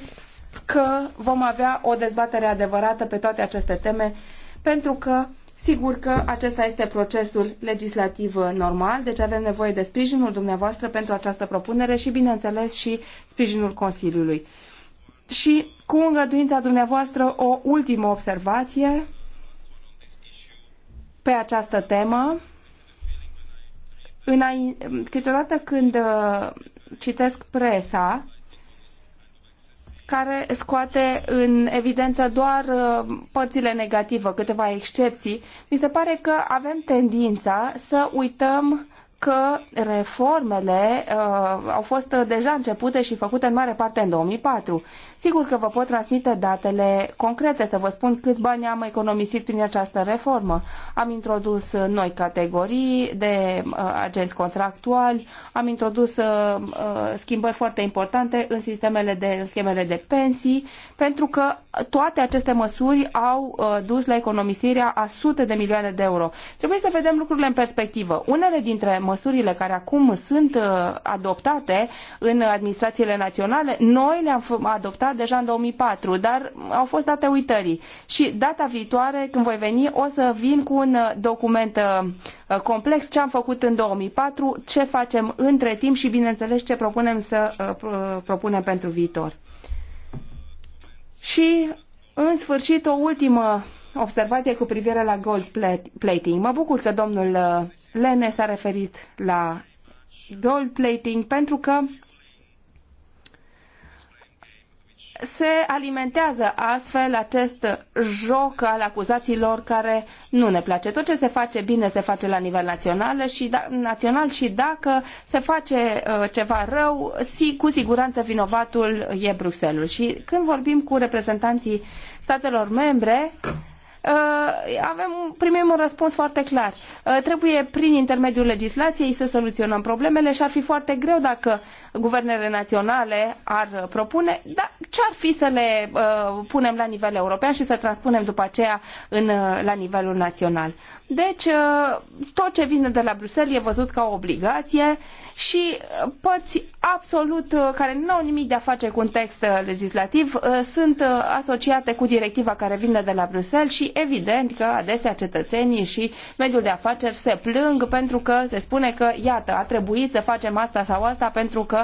că vom avea o dezbatere adevărată pe toate aceste teme, pentru că sigur că acesta este procesul legislativ normal, deci avem nevoie de sprijinul dumneavoastră pentru această propunere și, bineînțeles, și sprijinul Consiliului. Și cu îngăduința dumneavoastră o ultimă observație pe această temă. Câteodată când uh, citesc presa, care scoate în evidență doar uh, părțile negative, câteva excepții, mi se pare că avem tendința să uităm că reformele uh, au fost deja începute și făcute în mare parte în 2004. Sigur că vă pot transmite datele concrete, să vă spun câți bani am economisit prin această reformă. Am introdus noi categorii de uh, agenți contractuali, am introdus uh, uh, schimbări foarte importante în sistemele de, în schemele de pensii, pentru că toate aceste măsuri au uh, dus la economisirea a sute de milioane de euro. Trebuie să vedem lucrurile în perspectivă. Unele dintre măsurile care acum sunt uh, adoptate în administrațiile naționale, noi le-am adoptat deja în 2004, dar au fost date uitării. Și data viitoare, când voi veni, o să vin cu un uh, document uh, complex, ce am făcut în 2004, ce facem între timp și, bineînțeles, ce propunem să propunem pentru viitor. Și, în sfârșit, o ultimă observație cu privire la gold plating. Mă bucur că domnul uh, Lene s-a referit la gold plating pentru că se alimentează astfel acest joc al acuzațiilor care nu ne place. Tot ce se face bine se face la nivel național și, da, național și dacă se face uh, ceva rău, si, cu siguranță vinovatul e Bruxelles. Și când vorbim cu reprezentanții statelor membre, Uh, avem, primim un răspuns foarte clar. Uh, trebuie prin intermediul legislației să soluționăm problemele și ar fi foarte greu dacă guvernele naționale ar propune, dar ce ar fi să le uh, punem la nivel european și să transpunem după aceea în, la nivelul național. Deci, tot ce vine de la Bruxelles e văzut ca o obligație și uh, părți absolut uh, care nu au nimic de a face cu un text uh, legislativ sunt asociate cu directiva care vine de la Bruxelles și evident că adesea cetățenii și mediul de afaceri se plâng pentru că se spune că iată, a trebuit să facem asta sau asta pentru că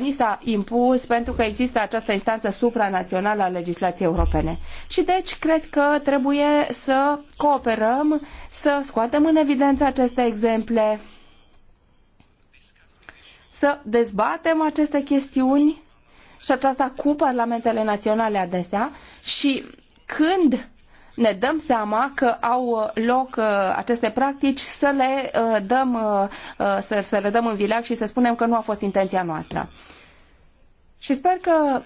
ni s-a impus, pentru că există această instanță supranațională a legislației europene. Și deci cred că trebuie să cooperăm, să scoatem în evidență aceste exemple să dezbatem aceste chestiuni și aceasta cu parlamentele naționale adesea și când ne dăm seama că au uh, loc uh, aceste practici să le uh, dăm, să, să le dăm în vileag și să spunem că nu a fost intenția noastră. Și sper că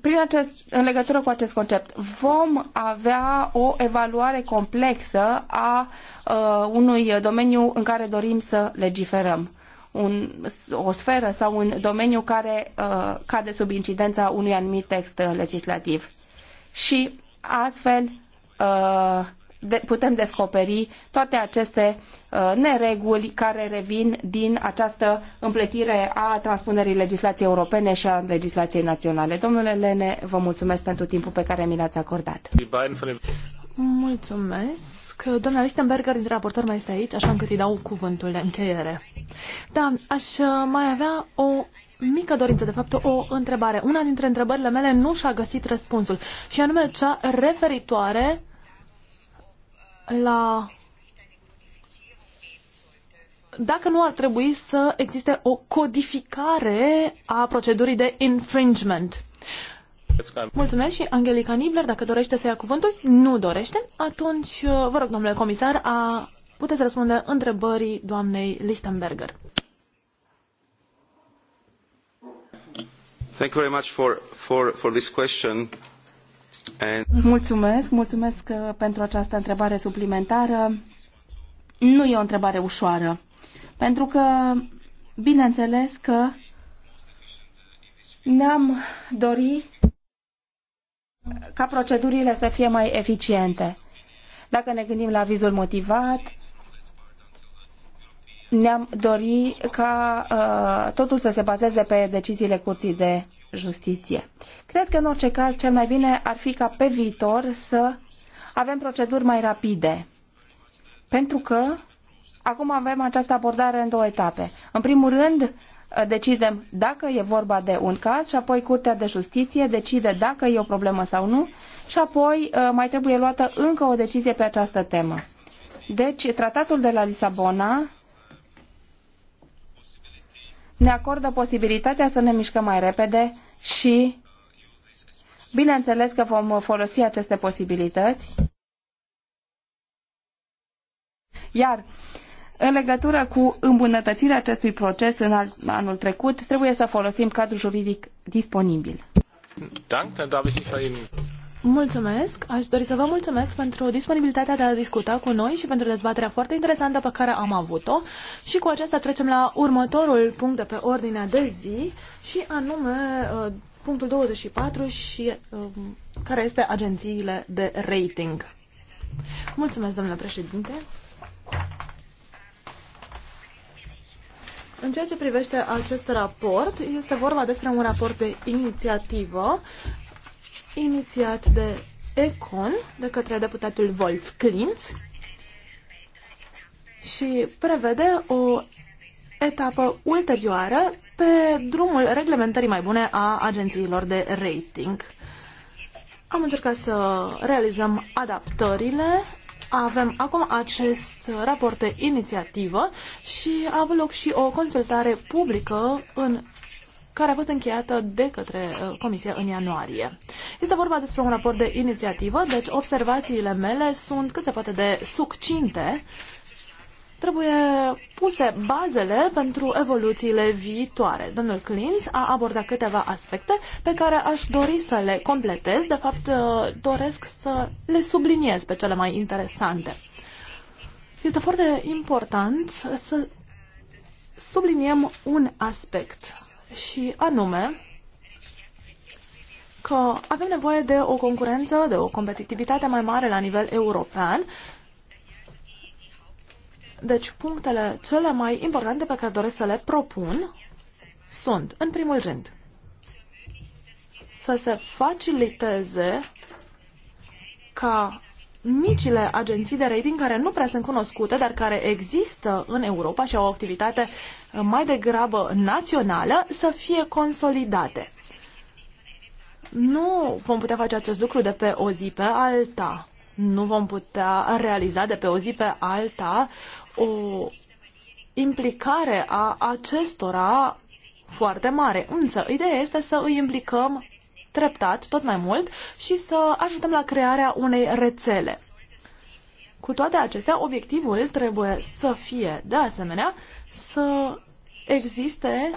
prin acest, în legătură cu acest concept, vom avea o evaluare complexă a uh, unui domeniu în care dorim să legiferăm un, o sferă sau un domeniu care uh, cade sub incidența unui anumit text uh, legislativ. Și astfel uh, de, putem descoperi toate aceste uh, nereguli care revin din această împletire a transpunerii legislației europene și a legislației naționale. Domnule Lene, vă mulțumesc pentru timpul pe care mi l-ați acordat. Mulțumesc. Mulțumesc. Doamna Lichtenberger, dintre raportor, mai este aici, așa încât îi dau cuvântul de încheiere. Da, aș uh, mai avea o mică dorință, de fapt o întrebare. Una dintre întrebările mele nu și-a găsit răspunsul, și anume cea referitoare la dacă nu ar trebui să existe o codificare a procedurii de infringement. Mulțumesc și Angelica Nibler, dacă dorește să ia cuvântul, nu dorește. Atunci, uh, vă rog, domnule comisar, a... puteți răspunde întrebării doamnei Lichtenberger. Thank you very much for, for, for this question. And... Mulțumesc, mulțumesc uh, pentru această întrebare suplimentară. Nu e o întrebare ușoară, pentru că, bineînțeles că ne-am dorit ca procedurile să fie mai eficiente. Dacă ne gândim la vizul motivat, ne-am dori ca uh, totul să se bazeze pe deciziile Curții de Justiție. Cred că, în orice caz, cel mai bine ar fi ca pe viitor să avem proceduri mai rapide. Pentru că acum avem această abordare în două etape. În primul rând, Eh, decidem dacă e vorba de un caz și apoi Curtea de Justiție decide dacă e o problemă sau nu și apoi eh, mai trebuie luată încă o decizie pe această temă. Deci, tratatul de la Lisabona ne acordă posibilitatea să ne mișcăm mai repede și bineînțeles că vom folosi aceste posibilități. Iar în legătură cu îmbunătățirea acestui proces în anul trecut, trebuie să folosim cadrul juridic disponibil. Mulțumesc! Aș dori să vă mulțumesc pentru disponibilitatea de a discuta cu noi și pentru dezbaterea foarte interesantă pe care am avut-o. Și cu aceasta trecem la următorul punct de pe ordinea de zi și anume uh, punctul 24 și um, care este agențiile de rating. Mulțumesc, domnule președinte! În ceea ce privește acest raport, este vorba despre un raport de inițiativă inițiat de Econ, de către deputatul Wolf Klintz și prevede o etapă ulterioară pe drumul reglementării mai bune a agențiilor de rating. Am încercat să realizăm adaptările avem acum acest raport de inițiativă și a avut loc și o consultare publică în care a fost încheiată de către uh, Comisie în ianuarie. Este vorba despre un raport de inițiativă, deci observațiile mele sunt cât se poate de succinte trebuie puse bazele pentru evoluțiile viitoare. Domnul Clint a abordat câteva aspecte pe care aș dori să le completez, de fapt uh, doresc să le subliniez pe cele mai interesante. Este foarte important să subliniem un aspect și anume că avem nevoie de o concurență, de o competitivitate mai mare la nivel european deci, punctele cele mai importante pe care doresc să le propun sunt, în primul rând, să se faciliteze ca micile agenții de rating care nu prea sunt cunoscute, dar care există în Europa și au o activitate mai degrabă națională, să fie consolidate. Nu vom putea face acest lucru de pe o zi pe alta. Nu vom putea realiza de pe o zi pe alta o implicare a acestora foarte mare. Însă, ideea este să îi implicăm treptat, tot mai mult, și să ajutăm la crearea unei rețele. Cu toate acestea, obiectivul trebuie să fie, de asemenea, să existe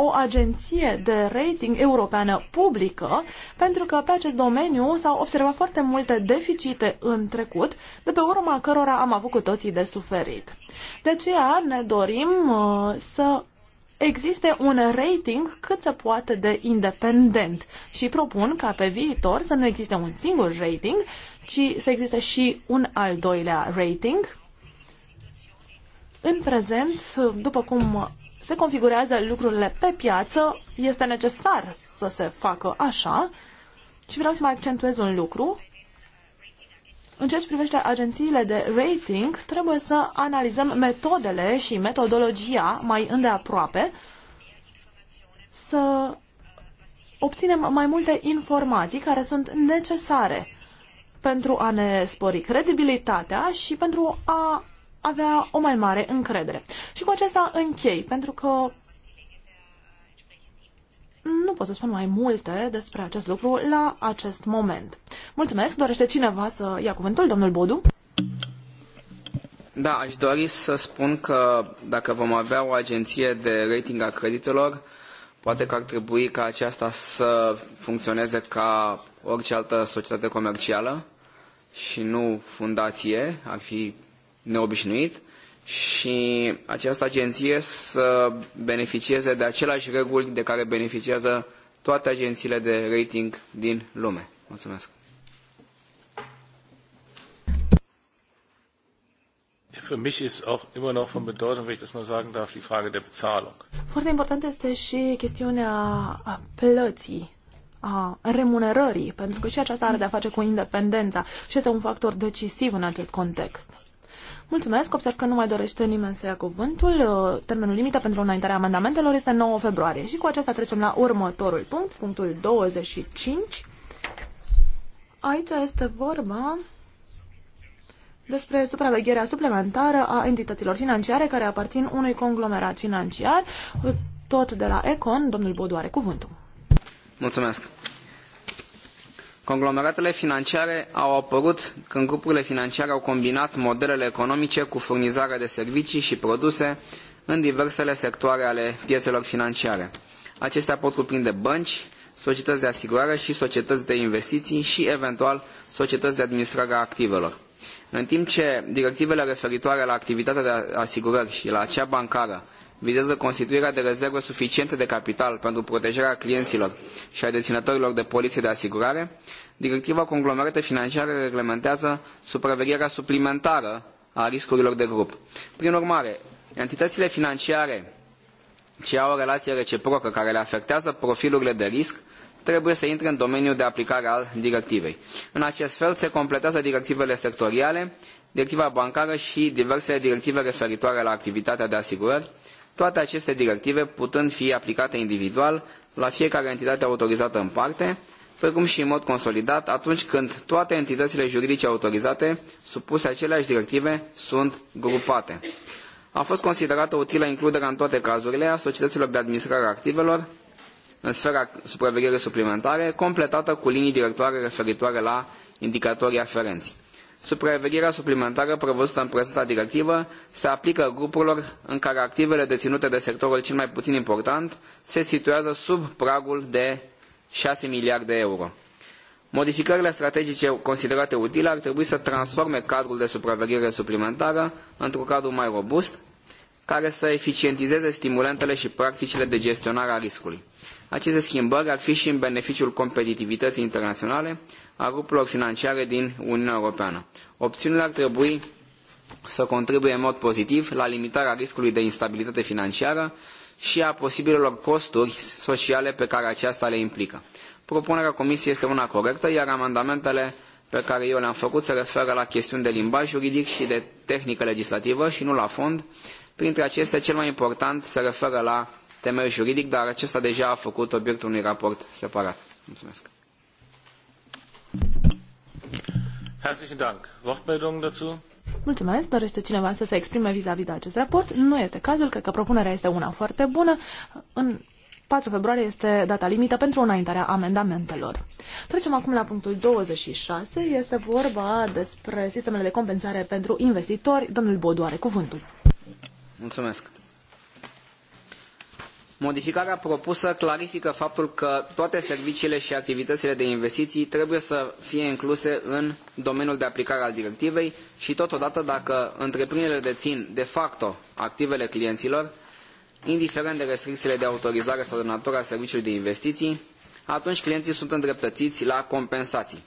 o agenție de rating europeană publică, pentru că pe acest domeniu s-au observat foarte multe deficite în trecut, de pe urma cărora am avut cu toții de suferit. De aceea ne dorim uh, să existe un rating cât se poate de independent și propun ca pe viitor să nu existe un singur rating, ci să existe și un al doilea rating. În prezent, după cum se configurează lucrurile pe piață, este necesar să se facă așa. Și vreau să mai accentuez un lucru. În ceea ce privește agențiile de rating, trebuie să analizăm metodele și metodologia mai îndeaproape, să obținem mai multe informații care sunt necesare pentru a ne spori credibilitatea și pentru a avea o mai mare încredere. Și cu acesta închei, pentru că nu pot să spun mai multe despre acest lucru la acest moment. Mulțumesc. Dorește cineva să ia cuvântul, domnul Bodu? Da, aș dori să spun că dacă vom avea o agenție de rating a creditelor, poate că ar trebui ca aceasta să funcționeze ca orice altă societate comercială și nu fundație. Ar fi neobișnuit și această agenție să beneficieze de aceleași reguli de care beneficiază toate agențiile de rating din lume. Mulțumesc! Für mich ist auch immer noch von Bedeutung, wenn ich das mal sagen darf, die Frage der Bezahlung. Foarte importantă este și chestiunea plății, a remunerării, pentru că și aceasta are de-a face cu independența și este un factor decisiv în acest context. Mulțumesc, observ că nu mai dorește nimeni să ia cuvântul. Uh, termenul limită pentru înaintarea amendamentelor este 9 februarie și cu acesta trecem la următorul punct, punctul 25. Aici este vorba despre supravegherea suplimentară a entităților financiare care aparțin unui conglomerat financiar, tot de la Econ, domnul Bodu are cuvântul. Mulțumesc. Conglomeratele financiare au apărut când grupurile financiare au combinat modelele economice cu furnizarea de servicii și produse în diversele sectoare ale piețelor financiare. Acestea pot cuprinde bănci, societăți de asigurare și societăți de investiții și, eventual, societăți de administrare a activelor. În timp ce directivele referitoare la activitatea de asigurări și la cea bancară vizează constituirea de rezerve suficiente de capital pentru protejarea clienților și a deținătorilor de poliție de asigurare, directiva conglomerate financiare reglementează supravegherea suplimentară a riscurilor de grup. Prin urmare, entitățile financiare ce au o relație reciprocă care le afectează profilurile de risc trebuie să intre în domeniul de aplicare al directivei. În acest fel se completează directivele sectoriale, directiva bancară și diversele directive referitoare la activitatea de asigurări, toate aceste directive putând fi aplicate individual la fiecare entitate autorizată în parte, precum și în mod consolidat atunci când toate entitățile juridice autorizate supuse aceleași directive sunt grupate. A fost considerată utilă includerea în toate cazurile a societăților de administrare a activelor în sfera supraveghere suplimentare, completată cu linii directoare referitoare la indicatorii aferenți. Supravegherea suplimentară prevăzută în prezenta directivă se aplică grupurilor în care activele deținute de sectorul cel mai puțin important se situează sub pragul de 6 miliarde de euro. Modificările strategice considerate utile ar trebui să transforme cadrul de supraveghere suplimentară într-un cadru mai robust, care să eficientizeze stimulentele și practicile de gestionare a riscului. Aceste schimbări ar fi și în beneficiul competitivității internaționale, a grupurilor financiare din Uniunea Europeană. Opțiunile ar trebui să contribuie în mod pozitiv la limitarea riscului de instabilitate financiară și a posibilelor costuri sociale pe care aceasta le implică. Propunerea Comisiei este una corectă, iar amendamentele pe care eu le-am făcut se referă la chestiuni de limbaj juridic și de tehnică legislativă și nu la fond. Printre acestea, cel mai important se referă la temeiul juridic, dar acesta deja a făcut obiectul unui raport separat. Mulțumesc. Herzlichen Dank. Wortmeldungen dazu? Mulțumesc. Dorește cineva să se exprime vis-a-vis de acest raport? Nu este cazul. Cred că propunerea este una foarte bună. În 4 februarie este data limită pentru înaintarea amendamentelor. Trecem acum la punctul 26. Este vorba despre sistemele de compensare pentru investitori. Domnul Bodu are cuvântul. Mulțumesc. Modificarea propusă clarifică faptul că toate serviciile și activitățile de investiții trebuie să fie incluse în domeniul de aplicare al directivei și totodată dacă întreprinderile dețin de facto activele clienților, indiferent de restricțiile de autorizare sau de natura serviciului de investiții, atunci clienții sunt îndreptățiți la compensații.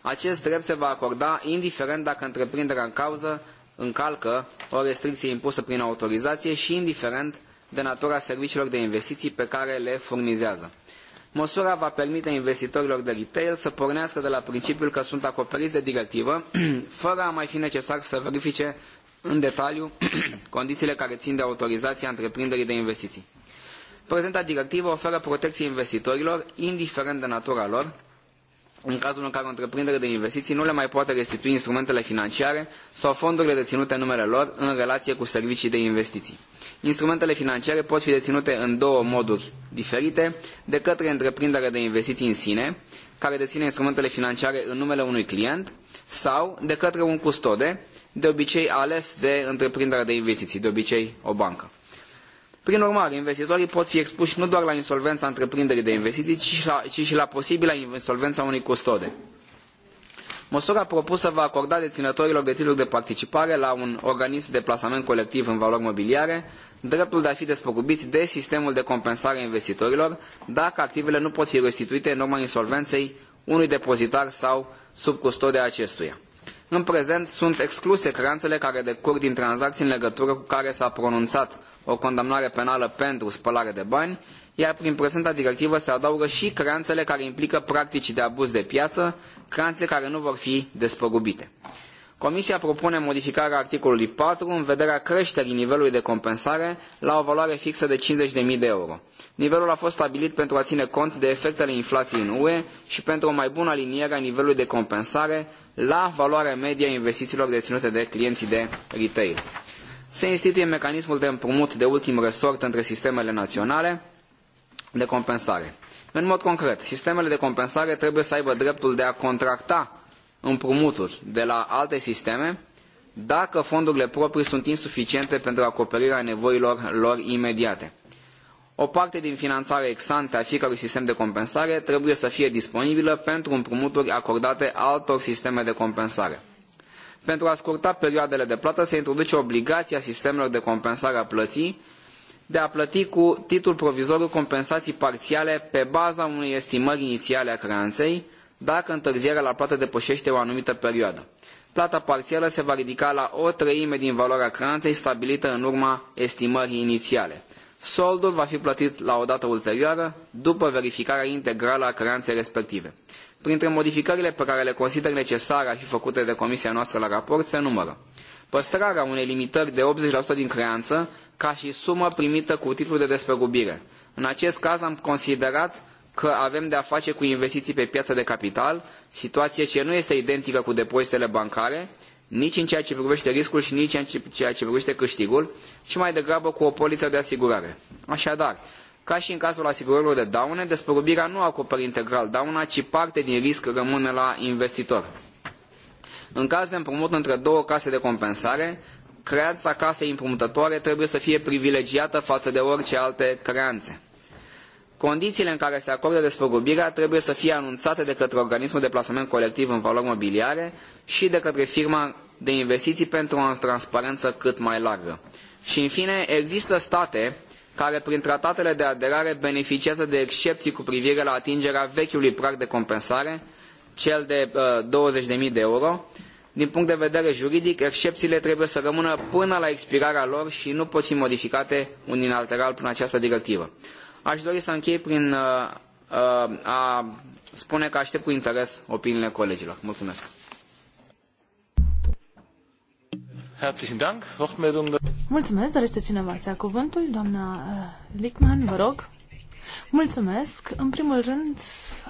Acest drept se va acorda indiferent dacă întreprinderea în cauză încalcă o restricție impusă prin autorizație și indiferent de natura serviciilor de investiții pe care le furnizează. Măsura va permite investitorilor de retail să pornească de la principiul că sunt acoperiți de directivă, <clears throat> fără a mai fi necesar să verifice în detaliu <clears throat> condițiile care țin de autorizația întreprinderii de investiții. Prezenta directivă oferă protecție investitorilor, indiferent de natura lor, în cazul în care o întreprindere de investiții nu le mai poate restitui instrumentele financiare sau fondurile deținute în numele lor în relație cu servicii de investiții. Instrumentele financiare pot fi deținute în două moduri diferite, de către întreprinderea de investiții în sine, care deține instrumentele financiare în numele unui client, sau de către un custode, de obicei ales de întreprinderea de investiții, de obicei o bancă. Prin urmare, investitorii pot fi expuși nu doar la insolvența întreprinderii de investiții, ci și la, ci și la posibila insolvența unui custode. Măsura propusă va acorda deținătorilor de titluri de participare la un organism de plasament colectiv în valori mobiliare dreptul de a fi despăgubiți de sistemul de compensare a investitorilor dacă activele nu pot fi restituite în urma insolvenței unui depozitar sau sub custodia acestuia. În prezent sunt excluse creanțele care decurg din tranzacții în legătură cu care s-a pronunțat o condamnare penală pentru spălare de bani, iar prin prezenta directivă se adaugă și creanțele care implică practici de abuz de piață, creanțe care nu vor fi despăgubite. Comisia propune modificarea articolului 4 în vederea creșterii nivelului de compensare la o valoare fixă de 50.000 de euro. Nivelul a fost stabilit pentru a ține cont de efectele inflației în UE și pentru o mai bună aliniere a nivelului de compensare la valoarea medie a investițiilor deținute de clienții de retail. Se instituie mecanismul de împrumut de ultim resort între sistemele naționale de compensare. În mod concret, sistemele de compensare trebuie să aibă dreptul de a contracta împrumuturi de la alte sisteme dacă fondurile proprii sunt insuficiente pentru acoperirea nevoilor lor imediate. O parte din finanțarea ex-ante a fiecărui sistem de compensare trebuie să fie disponibilă pentru împrumuturi acordate altor sisteme de compensare. Pentru a scurta perioadele de plată se introduce obligația sistemelor de compensare a plății de a plăti cu titlul provizoriu compensații parțiale pe baza unei estimări inițiale a creanței, dacă întârzierea la plată depășește o anumită perioadă. Plata parțială se va ridica la o treime din valoarea creanței stabilită în urma estimării inițiale. Soldul va fi plătit la o dată ulterioară, după verificarea integrală a creanței respective. Printre modificările pe care le consider necesare a fi făcute de comisia noastră la raport se numără păstrarea unei limitări de 80% din creanță ca și sumă primită cu titlul de despăgubire. În acest caz am considerat că avem de a face cu investiții pe piața de capital, situație ce nu este identică cu depozitele bancare, nici în ceea ce privește riscul și nici în ceea ce privește câștigul, ci mai degrabă cu o poliță de asigurare. Așadar, ca și în cazul asigurărilor de daune, despăgubirea nu acoperă integral dauna, ci parte din risc rămâne la investitor. În caz de împrumut între două case de compensare, creanța casei împrumutătoare trebuie să fie privilegiată față de orice alte creanțe. Condițiile în care se acordă despăgubirea trebuie să fie anunțate de către organismul de plasament colectiv în valori mobiliare și de către firma de investiții pentru o transparență cât mai largă. Și în fine, există state care prin tratatele de aderare beneficiază de excepții cu privire la atingerea vechiului prag de compensare, cel de uh, 20.000 de euro. Din punct de vedere juridic, excepțiile trebuie să rămână până la expirarea lor și nu pot fi modificate unilateral prin această directivă. Aș dori să închei prin uh, uh, a spune că aștept cu interes opiniile colegilor. Mulțumesc! Herzlichen Dank. Wortmeldung. Mulțumesc. Dorește cineva să ia cuvântul? Doamna uh, Lickman, vă rog. Mulțumesc. În primul rând,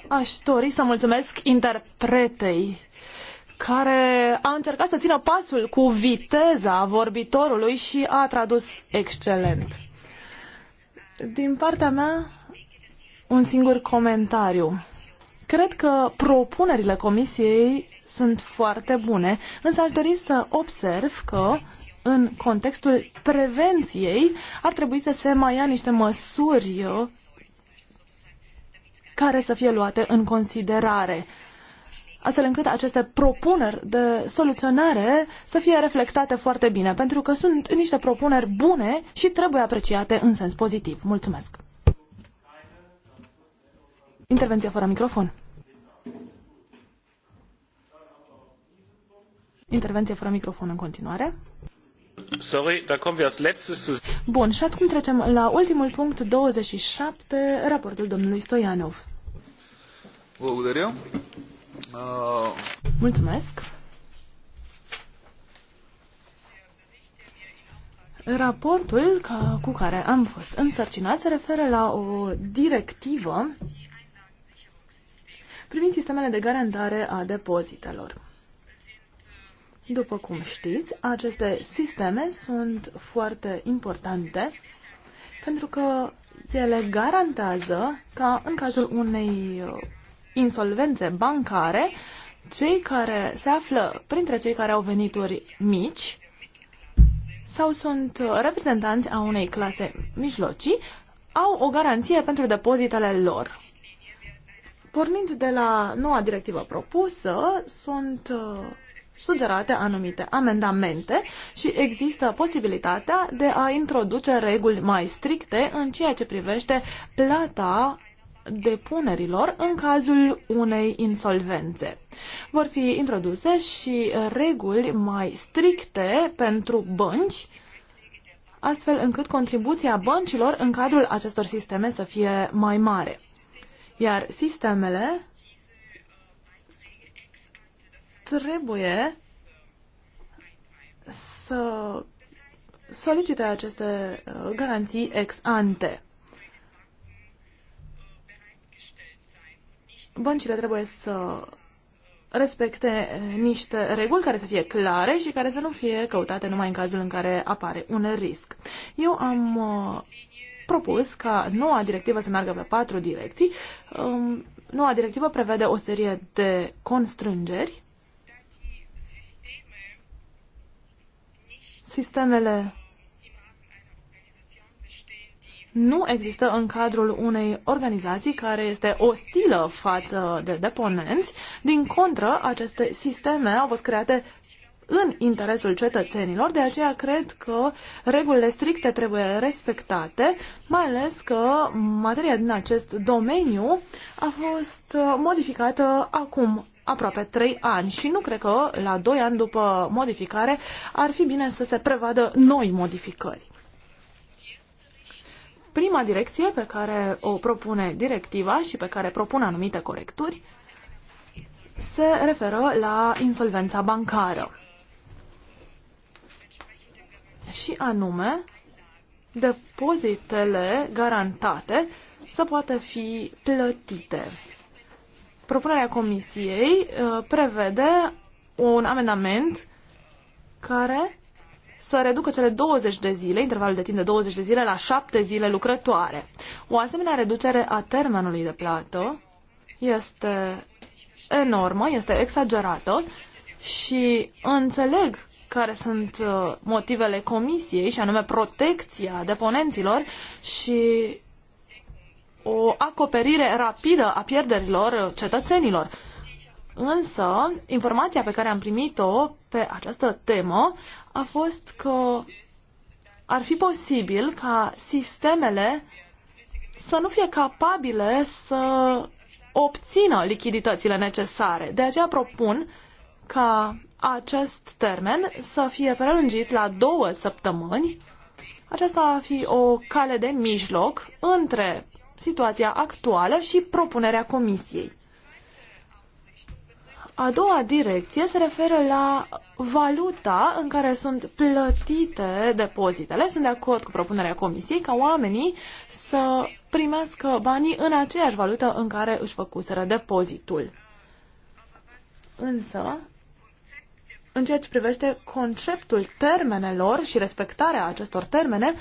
aș dori să mulțumesc interpretei care a încercat să țină pasul cu viteza vorbitorului și a tradus excelent. Din partea mea, un singur comentariu. Cred că propunerile comisiei sunt foarte bune, însă aș dori să observ că în contextul prevenției ar trebui să se mai ia niște măsuri uh, care să fie luate în considerare astfel încât aceste propuneri de soluționare să fie reflectate foarte bine, pentru că sunt niște propuneri bune și trebuie apreciate în sens pozitiv. Mulțumesc! Intervenție fără microfon. Intervenție fără microfon în continuare. Sorry, da kommen wir als letztes Bun, și acum trecem la ultimul punct 27, raportul domnului Stoianov. Vă благодаря. Mulțumesc. Raportul ca, cu care am fost însărcinat se referă la o directivă privind sistemele de garantare a depozitelor. După cum știți, aceste sisteme sunt foarte importante pentru că ele garantează ca în cazul unei uh, insolvențe bancare, cei care se află printre cei care au venituri mici sau sunt uh, reprezentanți a unei clase mijlocii, au o garanție pentru depozitele lor. Pornind de la noua directivă propusă, sunt uh, sugerate anumite amendamente și există posibilitatea de a introduce reguli mai stricte în ceea ce privește plata depunerilor în cazul unei insolvențe. Vor fi introduse și reguli mai stricte pentru bănci, astfel încât contribuția băncilor în cadrul acestor sisteme să fie mai mare. Iar sistemele trebuie să solicite aceste uh, garanții ex ante. Băncile trebuie să respecte niște reguli care să fie clare și care să nu fie căutate numai în cazul în care apare un risc. Eu am uh, propus ca noua directivă să meargă pe patru direcții. Um, noua directivă prevede o serie de constrângeri Sistemele nu există în cadrul unei organizații care este ostilă față de deponenți. Din contră, aceste sisteme au fost create în interesul cetățenilor, de aceea cred că regulile stricte trebuie respectate, mai ales că materia din acest domeniu a fost uh, modificată acum aproape 3 ani și nu cred că la 2 ani după modificare ar fi bine să se prevadă noi modificări. Prima direcție pe care o propune directiva și pe care propune anumite corecturi se referă la insolvența bancară. Și anume, depozitele garantate să poată fi plătite propunerea comisiei uh, prevede un amendament care să reducă cele 20 de zile, intervalul de timp de 20 de zile, la 7 zile lucrătoare. O asemenea reducere a termenului de plată este enormă, este exagerată și înțeleg care sunt uh, motivele comisiei și anume protecția deponenților și o acoperire rapidă a pierderilor cetățenilor. Însă, informația pe care am primit-o pe această temă a fost că ar fi posibil ca sistemele să nu fie capabile să obțină lichiditățile necesare. De aceea propun ca acest termen să fie prelungit la două săptămâni. Aceasta ar fi o cale de mijloc între situația actuală și propunerea Comisiei. A doua direcție se referă la valuta în care sunt plătite depozitele. Sunt de acord cu propunerea Comisiei ca oamenii să primească banii în aceeași valută în care își făcuseră depozitul. Însă, în ceea ce privește conceptul termenelor și respectarea acestor termene,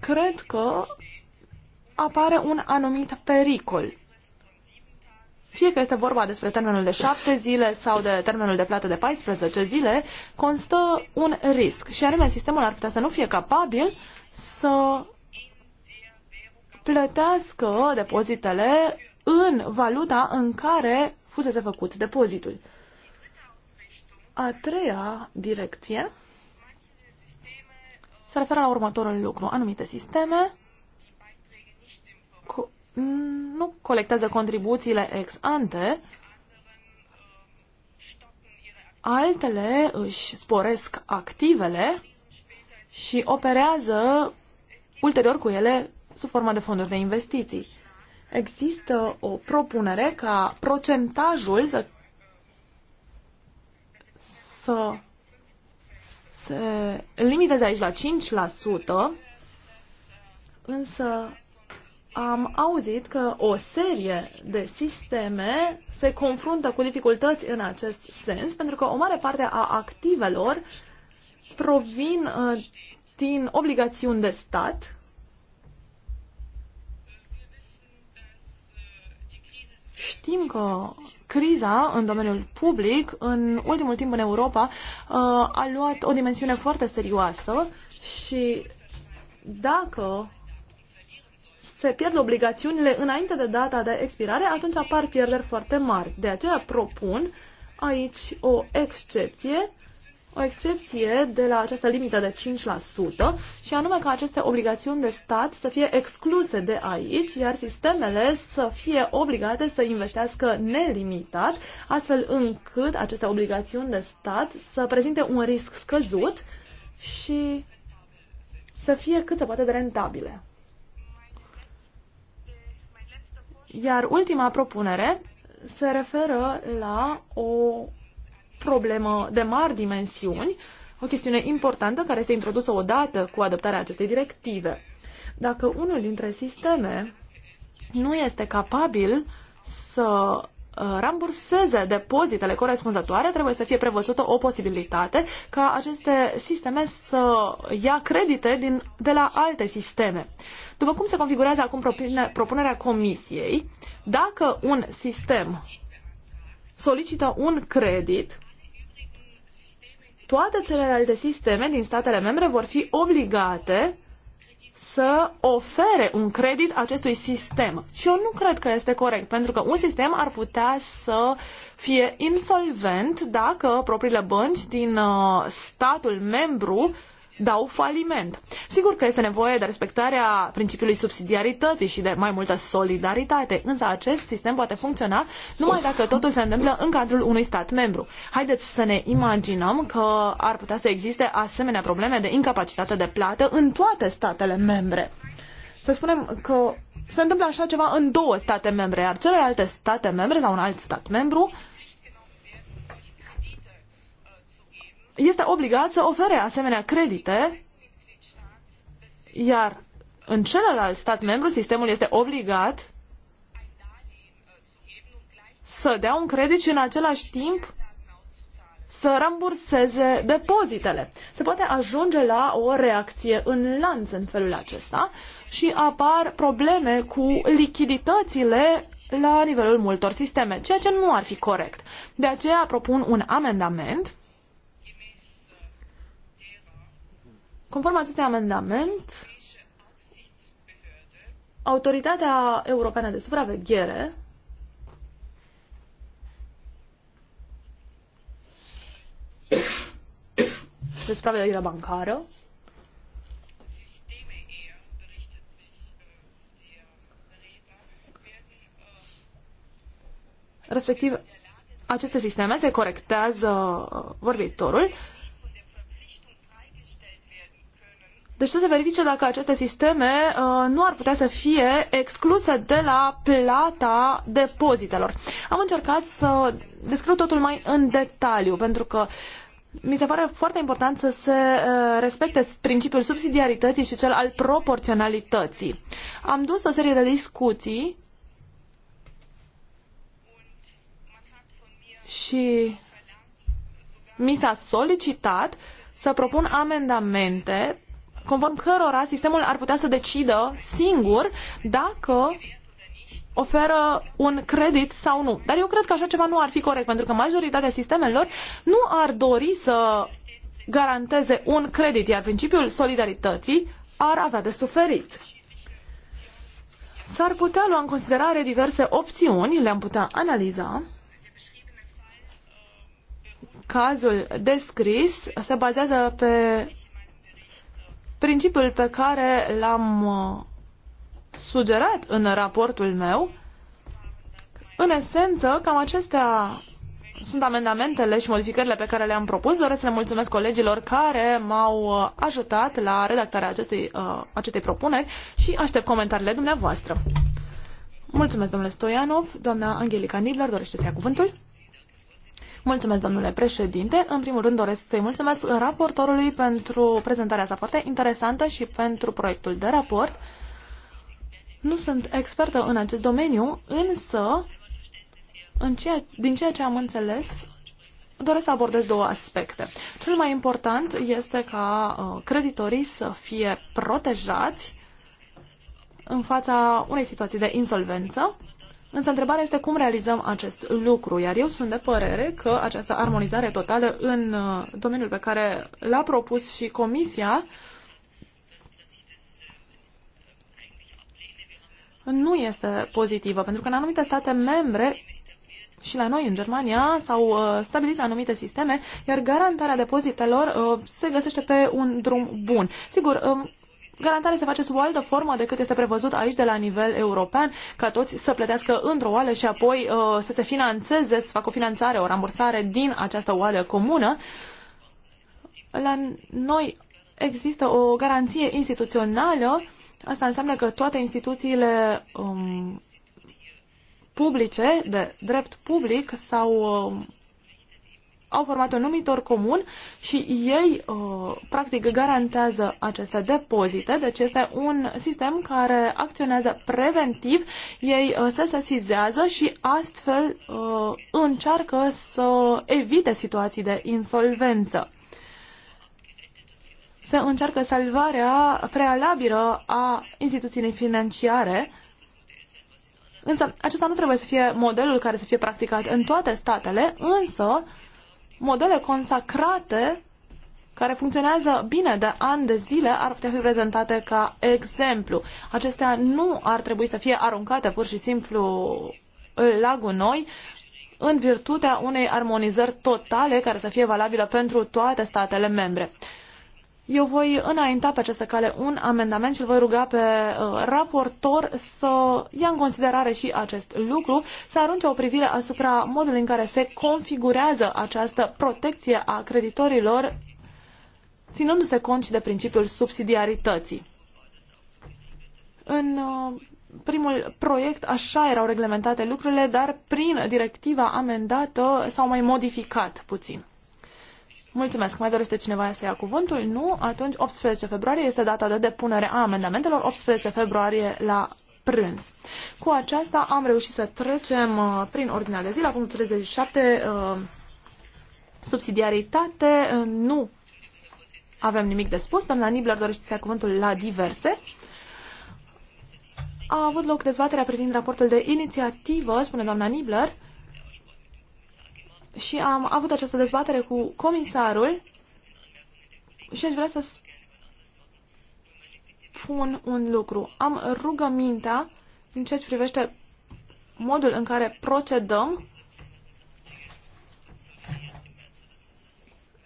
cred că apare un anumit pericol. Fie că este vorba despre termenul de 7 zile sau de termenul de plată de 14 zile, constă un risc și anume sistemul ar putea să nu fie capabil să plătească depozitele în valuta în care fusese făcut depozitul. A treia direcție se referă la următorul lucru. Anumite sisteme co nu colectează contribuțiile ex ante, altele își sporesc activele și operează ulterior cu ele sub forma de fonduri de investiții. Există o propunere ca procentajul să, să se limiteze aici la 5%, însă am auzit că o serie de sisteme se confruntă cu dificultăți în acest sens, pentru că o mare parte a activelor provin uh, din obligațiuni de stat. Știm că criza în domeniul public în ultimul timp în Europa uh, a luat o dimensiune foarte serioasă și dacă se pierd obligațiunile înainte de data de expirare, atunci apar pierderi foarte mari. De aceea propun aici o excepție o excepție de la această limită de 5% și anume ca aceste obligațiuni de stat să fie excluse de aici, iar sistemele să fie obligate să investească nelimitat, astfel încât aceste obligațiuni de stat să prezinte un risc scăzut și să fie cât se poate de rentabile. Iar ultima propunere se referă la o problemă de mari dimensiuni, o chestiune importantă care este introdusă odată cu adoptarea acestei directive. Dacă unul dintre sisteme nu este capabil să Uh, ramburseze depozitele corespunzătoare, trebuie să fie prevăzută o posibilitate ca aceste sisteme să ia credite din, de la alte sisteme. După cum se configurează acum propunerea comisiei, dacă un sistem solicită un credit, toate celelalte sisteme din statele membre vor fi obligate să ofere un credit acestui sistem. Și eu nu cred că este corect, pentru că un sistem ar putea să fie insolvent dacă propriile bănci din uh, statul membru dau faliment. Sigur că este nevoie de respectarea principiului subsidiarității și de mai multă solidaritate, însă acest sistem poate funcționa numai dacă totul se întâmplă în cadrul unui stat membru. Haideți să ne imaginăm că ar putea să existe asemenea probleme de incapacitate de plată în toate statele membre. Să spunem că se întâmplă așa ceva în două state membre, iar celelalte state membre sau un alt stat membru este obligat să ofere asemenea credite, iar în celălalt stat membru sistemul este obligat să dea un credit și în același timp să ramburseze depozitele. Se poate ajunge la o reacție în lanț în felul acesta și apar probleme cu lichiditățile la nivelul multor sisteme, ceea ce nu ar fi corect. De aceea propun un amendament Conform acestui amendament, Autoritatea Europeană de Supraveghere de supraveghere bancară respectiv aceste sisteme se corectează vorbitorul Deci să se verifice dacă aceste sisteme uh, nu ar putea să fie excluse de la plata depozitelor. Am încercat să descriu totul mai în detaliu, pentru că mi se pare foarte important să se uh, respecte principiul subsidiarității și cel al proporționalității. Am dus o serie de discuții și mi s-a solicitat să propun amendamente conform cărora sistemul ar putea să decidă singur dacă oferă un credit sau nu. Dar eu cred că așa ceva nu ar fi corect, pentru că majoritatea sistemelor nu ar dori să garanteze un credit, iar principiul solidarității ar avea de suferit. S-ar putea lua în considerare diverse opțiuni, le-am putea analiza. Cazul descris se bazează pe Principiul pe care l-am uh, sugerat în raportul meu, în esență, cam acestea sunt amendamentele și modificările pe care le-am propus. Doresc să le mulțumesc colegilor care m-au uh, ajutat la redactarea acestui, uh, acestei propuneri și aștept comentariile dumneavoastră. Mulțumesc, domnule Stoianov. Doamna Angelica Nibler dorește să ia cuvântul. Mulțumesc, domnule președinte. În primul rând doresc să-i mulțumesc raportorului pentru prezentarea sa foarte interesantă și pentru proiectul de raport. Nu sunt expertă în acest domeniu, însă, în ceea, din ceea ce am înțeles, doresc să abordez două aspecte. Cel mai important este ca uh, creditorii să fie protejați în fața unei situații de insolvență Însă întrebarea este cum realizăm acest lucru, iar eu sunt de părere că această armonizare totală în uh, domeniul pe care l-a propus și Comisia nu este pozitivă, pentru că în anumite state membre și la noi în Germania s-au uh, stabilit anumite sisteme, iar garantarea depozitelor uh, se găsește pe un drum bun. Sigur, um, garantare se face sub o altă formă decât este prevăzut aici de la nivel european, ca toți să plătească într-o oală și apoi uh, să se financeze, să facă o finanțare, o rambursare din această oală comună. La noi există o garanție instituțională, asta înseamnă că toate instituțiile um, publice, de drept public sau um, au format un numitor comun și ei uh, practic garantează aceste depozite, deci este un sistem care acționează preventiv, ei uh, se sesizează și astfel uh, încearcă să evite situații de insolvență. Se încearcă salvarea prealabilă a instituției financiare Însă, acesta nu trebuie să fie modelul care să fie practicat în toate statele, însă modele consacrate care funcționează bine de ani de zile ar putea fi prezentate ca exemplu. Acestea nu ar trebui să fie aruncate pur și simplu la gunoi în virtutea unei armonizări totale care să fie valabilă pentru toate statele membre. Eu voi înainta pe această cale un amendament și îl voi ruga pe uh, raportor să ia în considerare și acest lucru, să arunce o privire asupra modului în care se configurează această protecție a creditorilor, ținându-se cont și de principiul subsidiarității. În uh, primul proiect așa erau reglementate lucrurile, dar prin directiva amendată s-au mai modificat puțin. Mulțumesc. Mai dorește cineva să ia cuvântul? Nu? Atunci 18 februarie este data de depunere a amendamentelor. 18 februarie la prânz. Cu aceasta am reușit să trecem uh, prin ordinea de zi la punctul 37 uh, subsidiaritate. Uh, nu avem nimic de spus. Doamna Nibler dorește să ia cuvântul la diverse. A avut loc dezbaterea privind raportul de inițiativă, spune doamna Nibler, și am avut această dezbatere cu comisarul și aș vrea să spun un lucru. Am rugămintea în ceea ce privește modul în care procedăm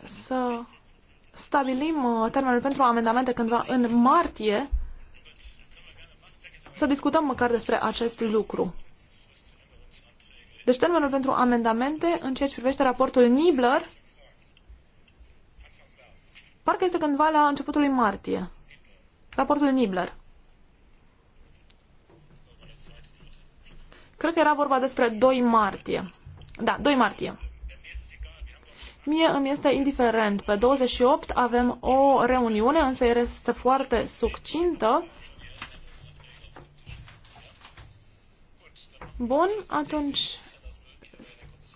să stabilim uh, termenul pentru amendamente cândva în martie, să discutăm măcar despre acest lucru. Deci termenul pentru amendamente în ceea ce privește raportul Nibler parcă este cândva la începutul lui martie. Raportul Nibler. Cred că era vorba despre 2 martie. Da, 2 martie. Mie îmi este indiferent. Pe 28 avem o reuniune, însă este foarte succintă. Bun, atunci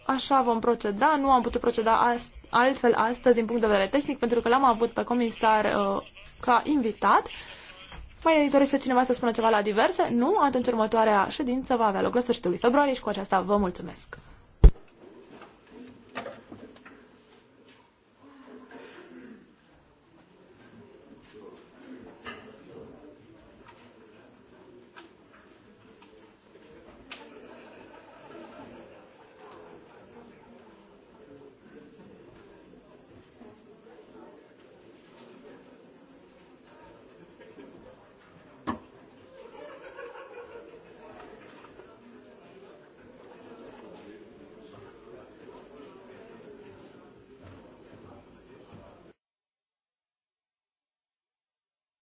așa vom proceda. Nu am putut proceda ast- altfel astăzi din punct de vedere tehnic, pentru că l-am avut pe comisar uh, ca invitat. Mai dorește cineva să spună ceva la diverse? Nu? Atunci următoarea ședință va avea loc la sfârșitul lui februarie și cu aceasta vă mulțumesc.